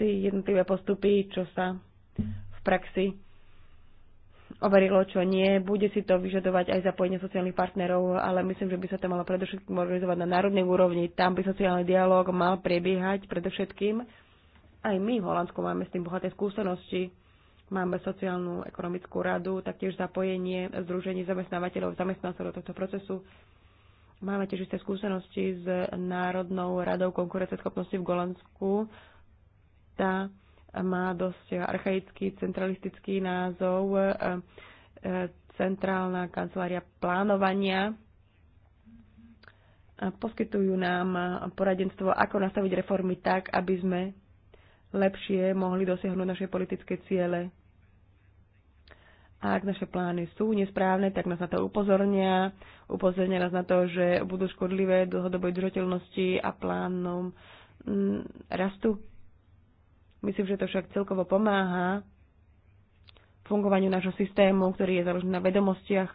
si jednotlivé postupy, čo sa v praxi overilo, čo nie. Bude si to vyžadovať aj zapojenie sociálnych partnerov, ale myslím, že by sa to malo predovšetkým organizovať na národnej úrovni. Tam by sociálny dialog mal prebiehať predovšetkým. Aj my v Holandsku máme s tým bohaté skúsenosti. Máme sociálnu ekonomickú radu, taktiež zapojenie Združení zamestnávateľov, zamestnancov do tohto procesu. Máme tiež isté skúsenosti s Národnou radou konkurenceschopnosti v Golandsku, Tá má dosť archaický, centralistický názov e, e, Centrálna kancelária plánovania. Poskytujú nám poradenstvo, ako nastaviť reformy tak, aby sme lepšie mohli dosiahnuť naše politické ciele. A ak naše plány sú nesprávne, tak nás na to upozornia. Upozornia nás na to, že budú škodlivé dlhodobej udržateľnosti a plánom mm, rastu. Myslím, že to však celkovo pomáha fungovaniu nášho systému, ktorý je založený na vedomostiach.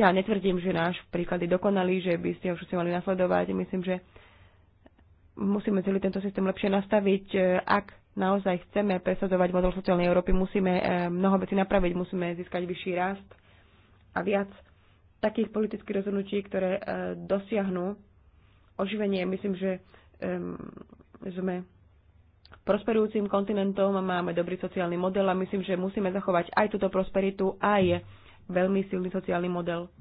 Ja netvrdím, že náš príklad je dokonalý, že by ste ho všetci mali nasledovať. Myslím, že musíme celý tento systém lepšie nastaviť, ak naozaj chceme presadzovať model sociálnej Európy, musíme eh, mnoho vecí napraviť, musíme získať vyšší rast a viac takých politických rozhodnutí, ktoré eh, dosiahnu oživenie. Myslím, že sme prosperujúcim kontinentom, máme dobrý sociálny model a myslím, že musíme zachovať aj túto prosperitu, aj veľmi silný sociálny model.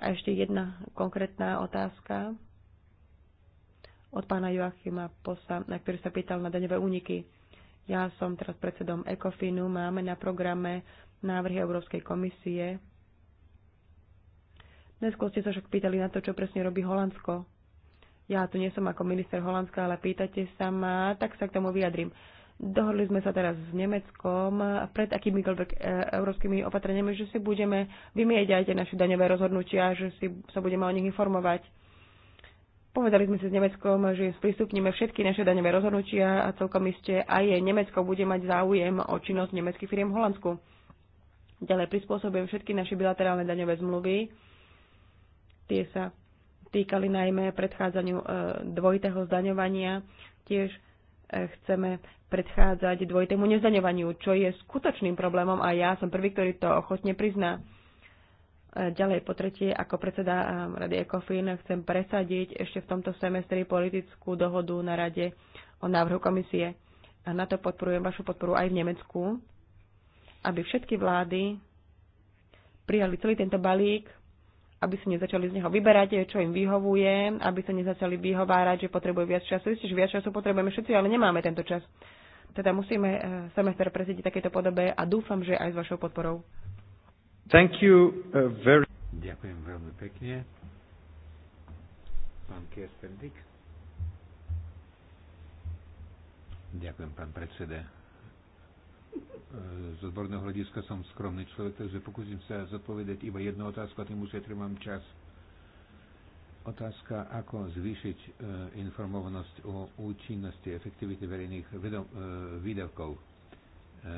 A ešte jedna konkrétna otázka od pána Joachima Posa, na ktorý sa pýtal na daňové úniky. Ja som teraz predsedom ECOFINu, máme na programe návrhy Európskej komisie. Neskôr ste sa však pýtali na to, čo presne robí Holandsko. Ja tu nie som ako minister Holandska, ale pýtate sa ma, tak sa k tomu vyjadrím. Dohodli sme sa teraz s Nemeckom pred akýmikoľvek e, európskymi opatreniami, že si budeme vymieť tie naše daňové rozhodnutia, že si sa budeme o nich informovať Povedali sme si s Nemeckom, že sprístupníme všetky naše daňové rozhodnutia a celkom iste aj Nemecko bude mať záujem o činnosť nemeckých firiem v Holandsku. Ďalej prispôsobujem všetky naše bilaterálne daňové zmluvy. Tie sa týkali najmä predchádzaniu e, dvojitého zdaňovania. Tiež e, chceme predchádzať dvojitému nezdaňovaniu, čo je skutočným problémom a ja som prvý, ktorý to ochotne prizná. Ďalej po tretie, ako predseda eh, Rady ECOFIN chcem presadiť ešte v tomto semestri politickú dohodu na Rade o návrhu komisie. A na to podporujem vašu podporu aj v Nemecku, aby všetky vlády prijali celý tento balík, aby si nezačali z neho vyberať, čo im vyhovuje, aby sa nezačali vyhovárať, že potrebujú viac času. Isté, že viac času potrebujeme všetci, ale nemáme tento čas. Teda musíme eh, semester presediť takéto podobe a dúfam, že aj s vašou podporou. Thank you uh, very... Ďakujem veľmi pekne. Pán Kiesterdik. Ďakujem, pán predseda. E, Z odborného hľadiska som skromný človek, takže pokúsim sa zodpovedať iba jednu otázku a tým už mám čas. Otázka, ako zvýšiť e, informovanosť o účinnosti a efektivite verejných e, výdavkov E, e,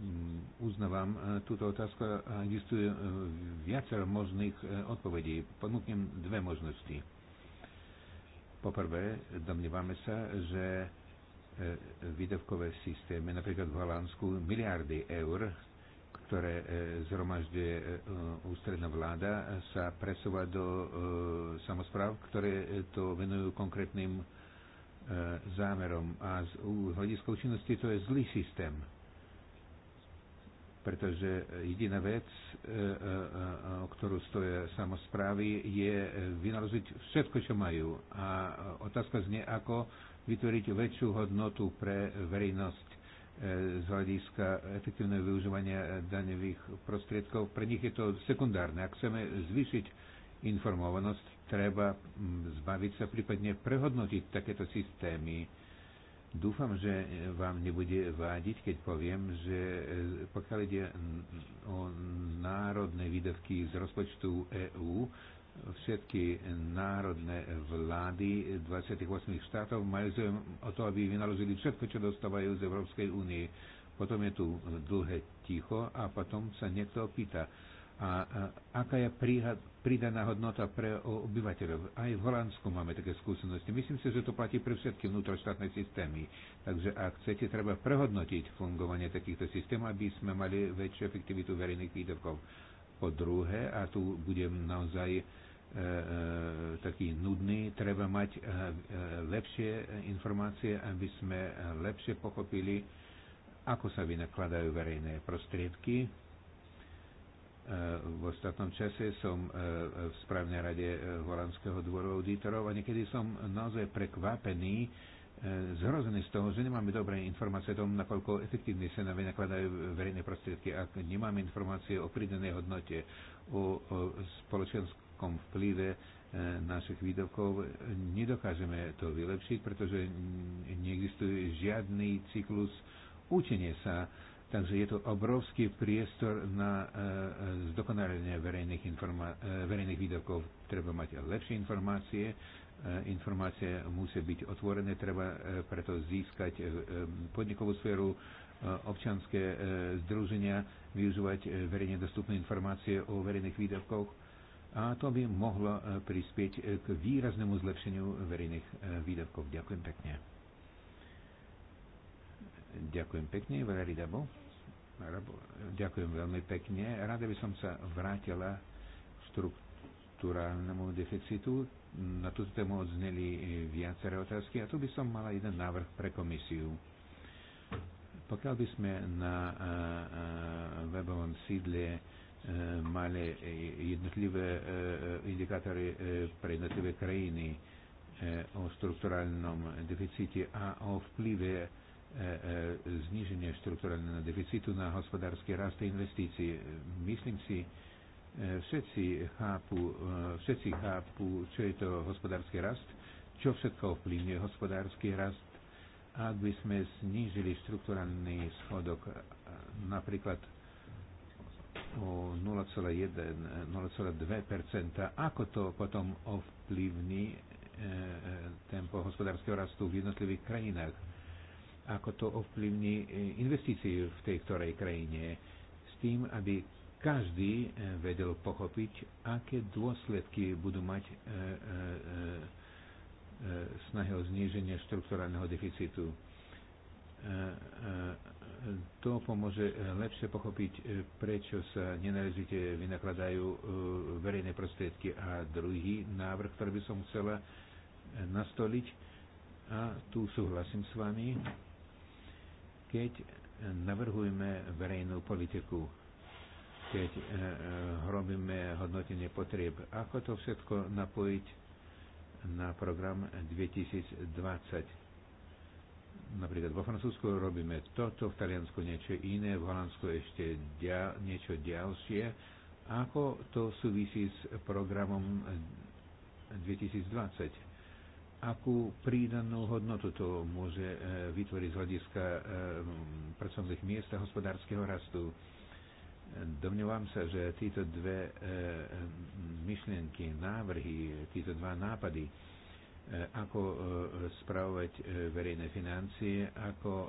mm, uznávam e, túto otázku a existuje viacero možných odpovedí. Ponúknem dve možnosti. Poprvé, domnievame sa, že výdavkové systémy, napríklad v Holandsku, miliardy eur, ktoré zhromažďuje ústredná vláda, sa presúva do samozpráv, ktoré to venujú konkrétnym E, zámerom a z hľadiska účinnosti to je zlý systém. Pretože jediná vec, e, e, o ktorú stoja samozprávy, je vynaložiť všetko, čo majú. A otázka znie, ako vytvoriť väčšiu hodnotu pre verejnosť z hľadiska efektívneho využívania daňových prostriedkov. Pre nich je to sekundárne. Ak chceme zvýšiť informovanosť, treba mm, zbaviť sa, prípadne prehodnotiť takéto systémy. Dúfam, že e, vám nebude vádiť, keď poviem, že e, pokiaľ ide o národné výdavky z rozpočtu EÚ, všetky národné vlády 28 štátov majú zaujím o to, aby vynaložili všetko, čo dostávajú z Európskej únie. Potom je tu dlhé ticho a potom sa niekto pýta a, aká je pridaná hodnota pre obyvateľov. Aj v Holandsku máme také skúsenosti. Myslím si, že to platí pre všetky vnútroštátne systémy. Takže ak chcete, treba prehodnotiť fungovanie takýchto systémov, aby sme mali väčšiu efektivitu verejných výdavkov. Po druhé, a tu budem naozaj e, e, taký nudný, treba mať e, e, lepšie informácie, aby sme lepšie pochopili, ako sa vynakladajú verejné prostriedky, E, v ostatnom čase som e, v správnej rade e, Holandského dvoru auditorov a niekedy som naozaj prekvapený, zhrozený z toho, že nemáme dobré informácie o tom, nakoľko efektívne sa nám nakladajú verejné prostriedky, ak nemáme informácie o pridanej hodnote, o, o spoločenskom vplyve našich výdokov, nedokážeme to vylepšiť, pretože neexistuje žiadny cyklus učenie sa Takže je to obrovský priestor na e, e, zdokonalenie verejných, informa- e, verejných výdavkov. Treba mať lepšie informácie, informácie musia byť otvorené, treba preto získať podnikovú sféru, občanské združenia, využívať verejne dostupné informácie o verejných výdavkoch a to by mohlo prispieť k výraznému zlepšeniu verejných výdavkov. Ďakujem pekne. Ďakujem pekne, Valery Dabo. Ďakujem veľmi pekne. Rada by som sa vrátila k štruktúrálnemu deficitu. Na túto tému odzneli viaceré otázky a tu by som mala jeden návrh pre komisiu. Pokiaľ by sme na webovom sídle e, mali jednotlivé e, e, indikátory pre jednotlivé krajiny o štruktúrálnom deficite a o vplyve E, e, zniženie štruktúrálneho deficitu na hospodársky rast a investície. Myslím si, e, všetci chápu, všetci chápu, čo je to hospodársky rast, čo všetko ovplyvňuje hospodársky rast. Ak by sme znížili štruktúrálny schodok napríklad o 0,1-0,2%, ako to potom ovplyvní tempo hospodárskeho rastu v jednotlivých krajinách? ako to ovplyvní e, investície v tej ktorej krajine, s tým, aby každý e, vedel pochopiť, aké dôsledky budú mať e, snahy o zníženie štrukturálneho deficitu. To pomôže lepšie pochopiť, prečo sa nenáležite vynakladajú verejné prostriedky. A druhý návrh, ktorý by som chcela nastoliť, a tu súhlasím s vami, keď navrhujeme verejnú politiku, keď e, e, robíme hodnotenie potrieb. Ako to všetko napojiť na program 2020? Napríklad vo Francúzsku robíme toto, v Taliansku niečo iné, v Holandsku ešte dia, niečo ďalšie. Ako to súvisí s programom 2020? akú prídanú hodnotu to môže e, vytvoriť z hľadiska e, pracovných miest a hospodárskeho rastu. Domnievam sa, že títo dve e, myšlienky, návrhy, títo dva nápady, ako spravovať verejné financie, ako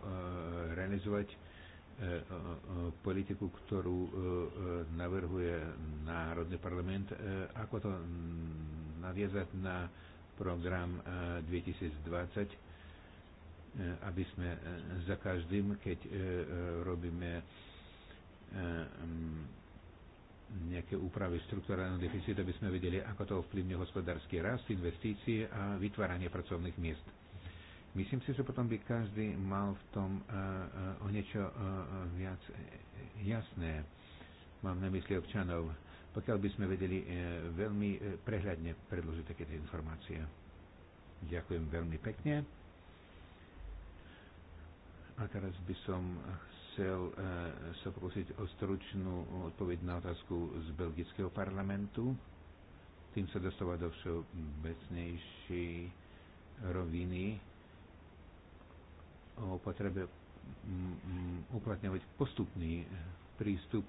realizovať politiku, ktorú navrhuje Národný parlament, ako to naviazať na program 2020, eh, eh, aby sme eh, za každým, keď robíme mm, nejaké úpravy štruktúrálneho deficitu, aby sme vedeli, ako to vplyvne hospodársky rast, investície a vytváranie pracovných miest. Myslím si, že potom by každý mal v tom o niečo viac jasné. Mám na mysli občanov pokiaľ by sme vedeli e, veľmi e, prehľadne predložiť takéto informácie. Ďakujem veľmi pekne. A teraz by som chcel e, sa pokúsiť o stručnú odpoveď na otázku z belgického parlamentu. Tým sa dostáva do všeobecnejšej roviny o potrebe uplatňovať postupný prístup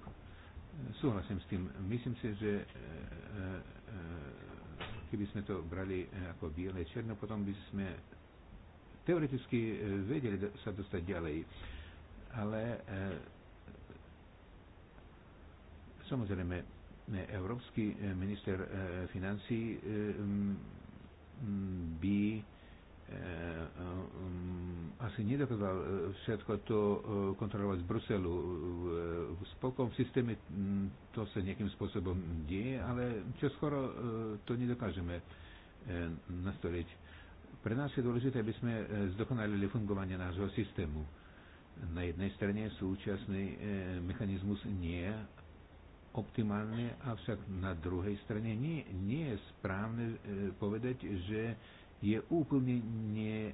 Súhlasím s tým. Myslím si, že e, e, e, keby sme to brali ako biele černo, potom by sme teoreticky vedeli sa dostať ďalej. Ale samozrejme, európsky minister financí by E, e, asi nedokázal e, všetko to kontrolovať z Bruselu. V spolkom systéme to sa nejakým spôsobom deje, ale čo skoro to nedokážeme nastoliť. Pre nás je dôležité, aby sme zdokonalili fungovanie nášho systému. Na jednej strane súčasný mechanizmus nie je optimálny, avšak na druhej strane nie, nie je správne povedať, že je úplne ne, e,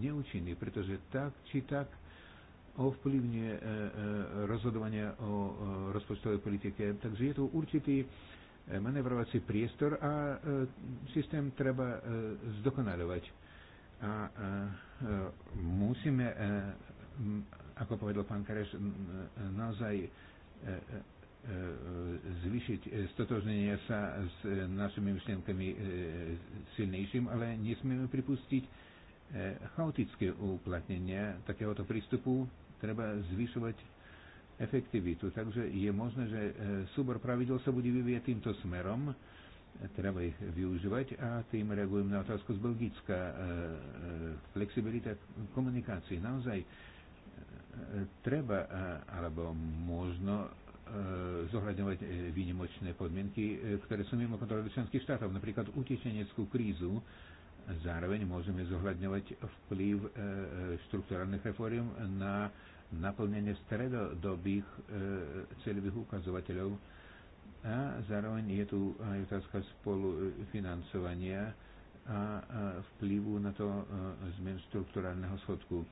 neúčinný, pretože tak či tak ovplyvňuje e, e, rozhodovanie o rozpočtovej politike. Takže je tu určitý manevrovací priestor a systém treba zdokonalovať. A musíme, ako povedal pán Kareš, naozaj zvýšiť e, stotožnenie sa s e, našimi myšlienkami e, silnejším, ale nesmieme pripustiť chaotické uplatnenie takéhoto prístupu. Treba zvyšovať efektivitu. Takže je možné, že súbor pravidel sa bude vyvieť týmto smerom. Treba ich využívať a tým reagujem na otázku z Belgická. Flexibilita komunikácie. Naozaj treba alebo možno E, zohľadňovať e, výnimočné podmienky, e, ktoré sú mimo kontroly členských štátov, napríklad utečeneckú krízu. Zároveň môžeme zohľadňovať vplyv štruktúrálnych reform na naplnenie stredodobých celových ukazovateľov. A zároveň je tu aj otázka spolufinancovania a vplyvu na to zmen štruktúrálneho schodku.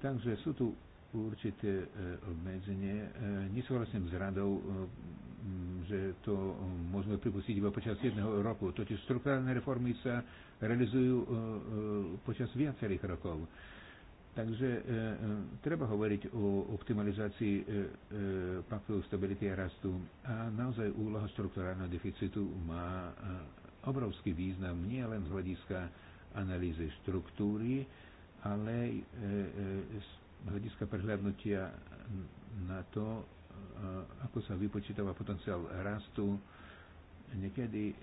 Takže sú tu určité e, obmedzenie. E, nesúhlasím s radou, e, že to môžeme pripustiť iba počas jedného roku. Totiž strukturálne reformy sa realizujú počas viacerých rokov. Takže e, treba hovoriť o optimalizácii e, e, paktu stability a rastu. A naozaj úloha strukturálneho deficitu má e, obrovský význam nie len z hľadiska analýzy štruktúry, ale e, e, hľadiska prehľadnutia na to, e, ako sa vypočítava potenciál rastu, niekedy e,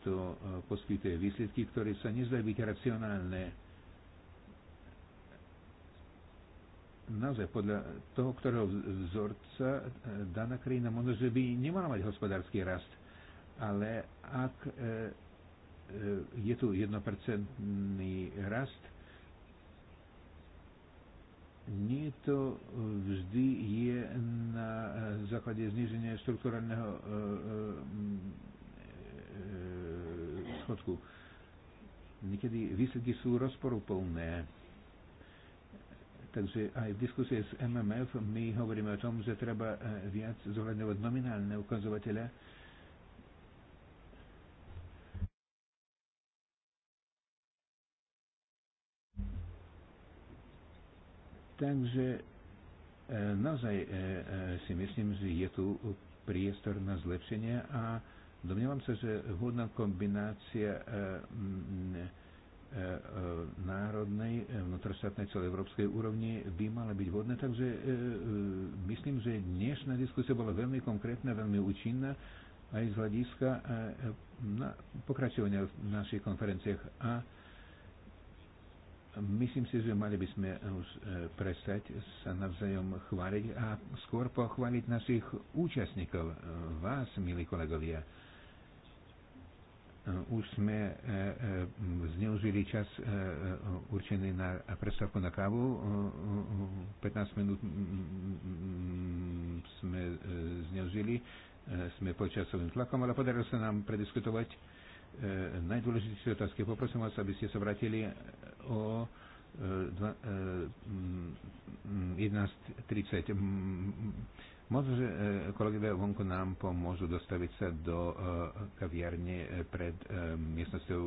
to e, poskytuje výsledky, ktoré sa nezdajú byť racionálne. Naozaj podľa toho, ktorého vzorca daná krajina možno, že by nemala mať hospodársky rast, ale ak je tu jednopercentný rast, nie to e, vždy je na e, základe zniženia štruktúrálneho e, schodku. Niekedy výsledky sú rozporuplné. Takže aj v diskusie s MMF my hovoríme o tom, že treba viac zohľadňovať nominálne ukazovatele, Takže e, naozaj e, e, si myslím, že je tu priestor na zlepšenie a domnievam sa, že vhodná kombinácia národnej, vnútroštátnej, celoevropskej úrovni by mala byť vhodná. Takže myslím, že dnešná diskusia bola veľmi konkrétna, veľmi účinná aj z hľadiska pokračovania v našich konferenciách. A Myslím si, že mali by sme už e, prestať sa navzájom chváliť a skôr pochváliť našich účastníkov, e, vás, milí kolegovia. E, už sme zneužili čas určený na prestávku na kávu. 15 minút sme zneužili. Sme pod časovým tlakom, ale podarilo sa nám prediskutovať E, najdôležitejšie otázky. Poprosím vás, aby ste sa vrátili e, o 11.30. E, mm, mm, mm, Možno, že kolegovia vonku nám pomôžu dostaviť sa do kaviarne pred miestnosťou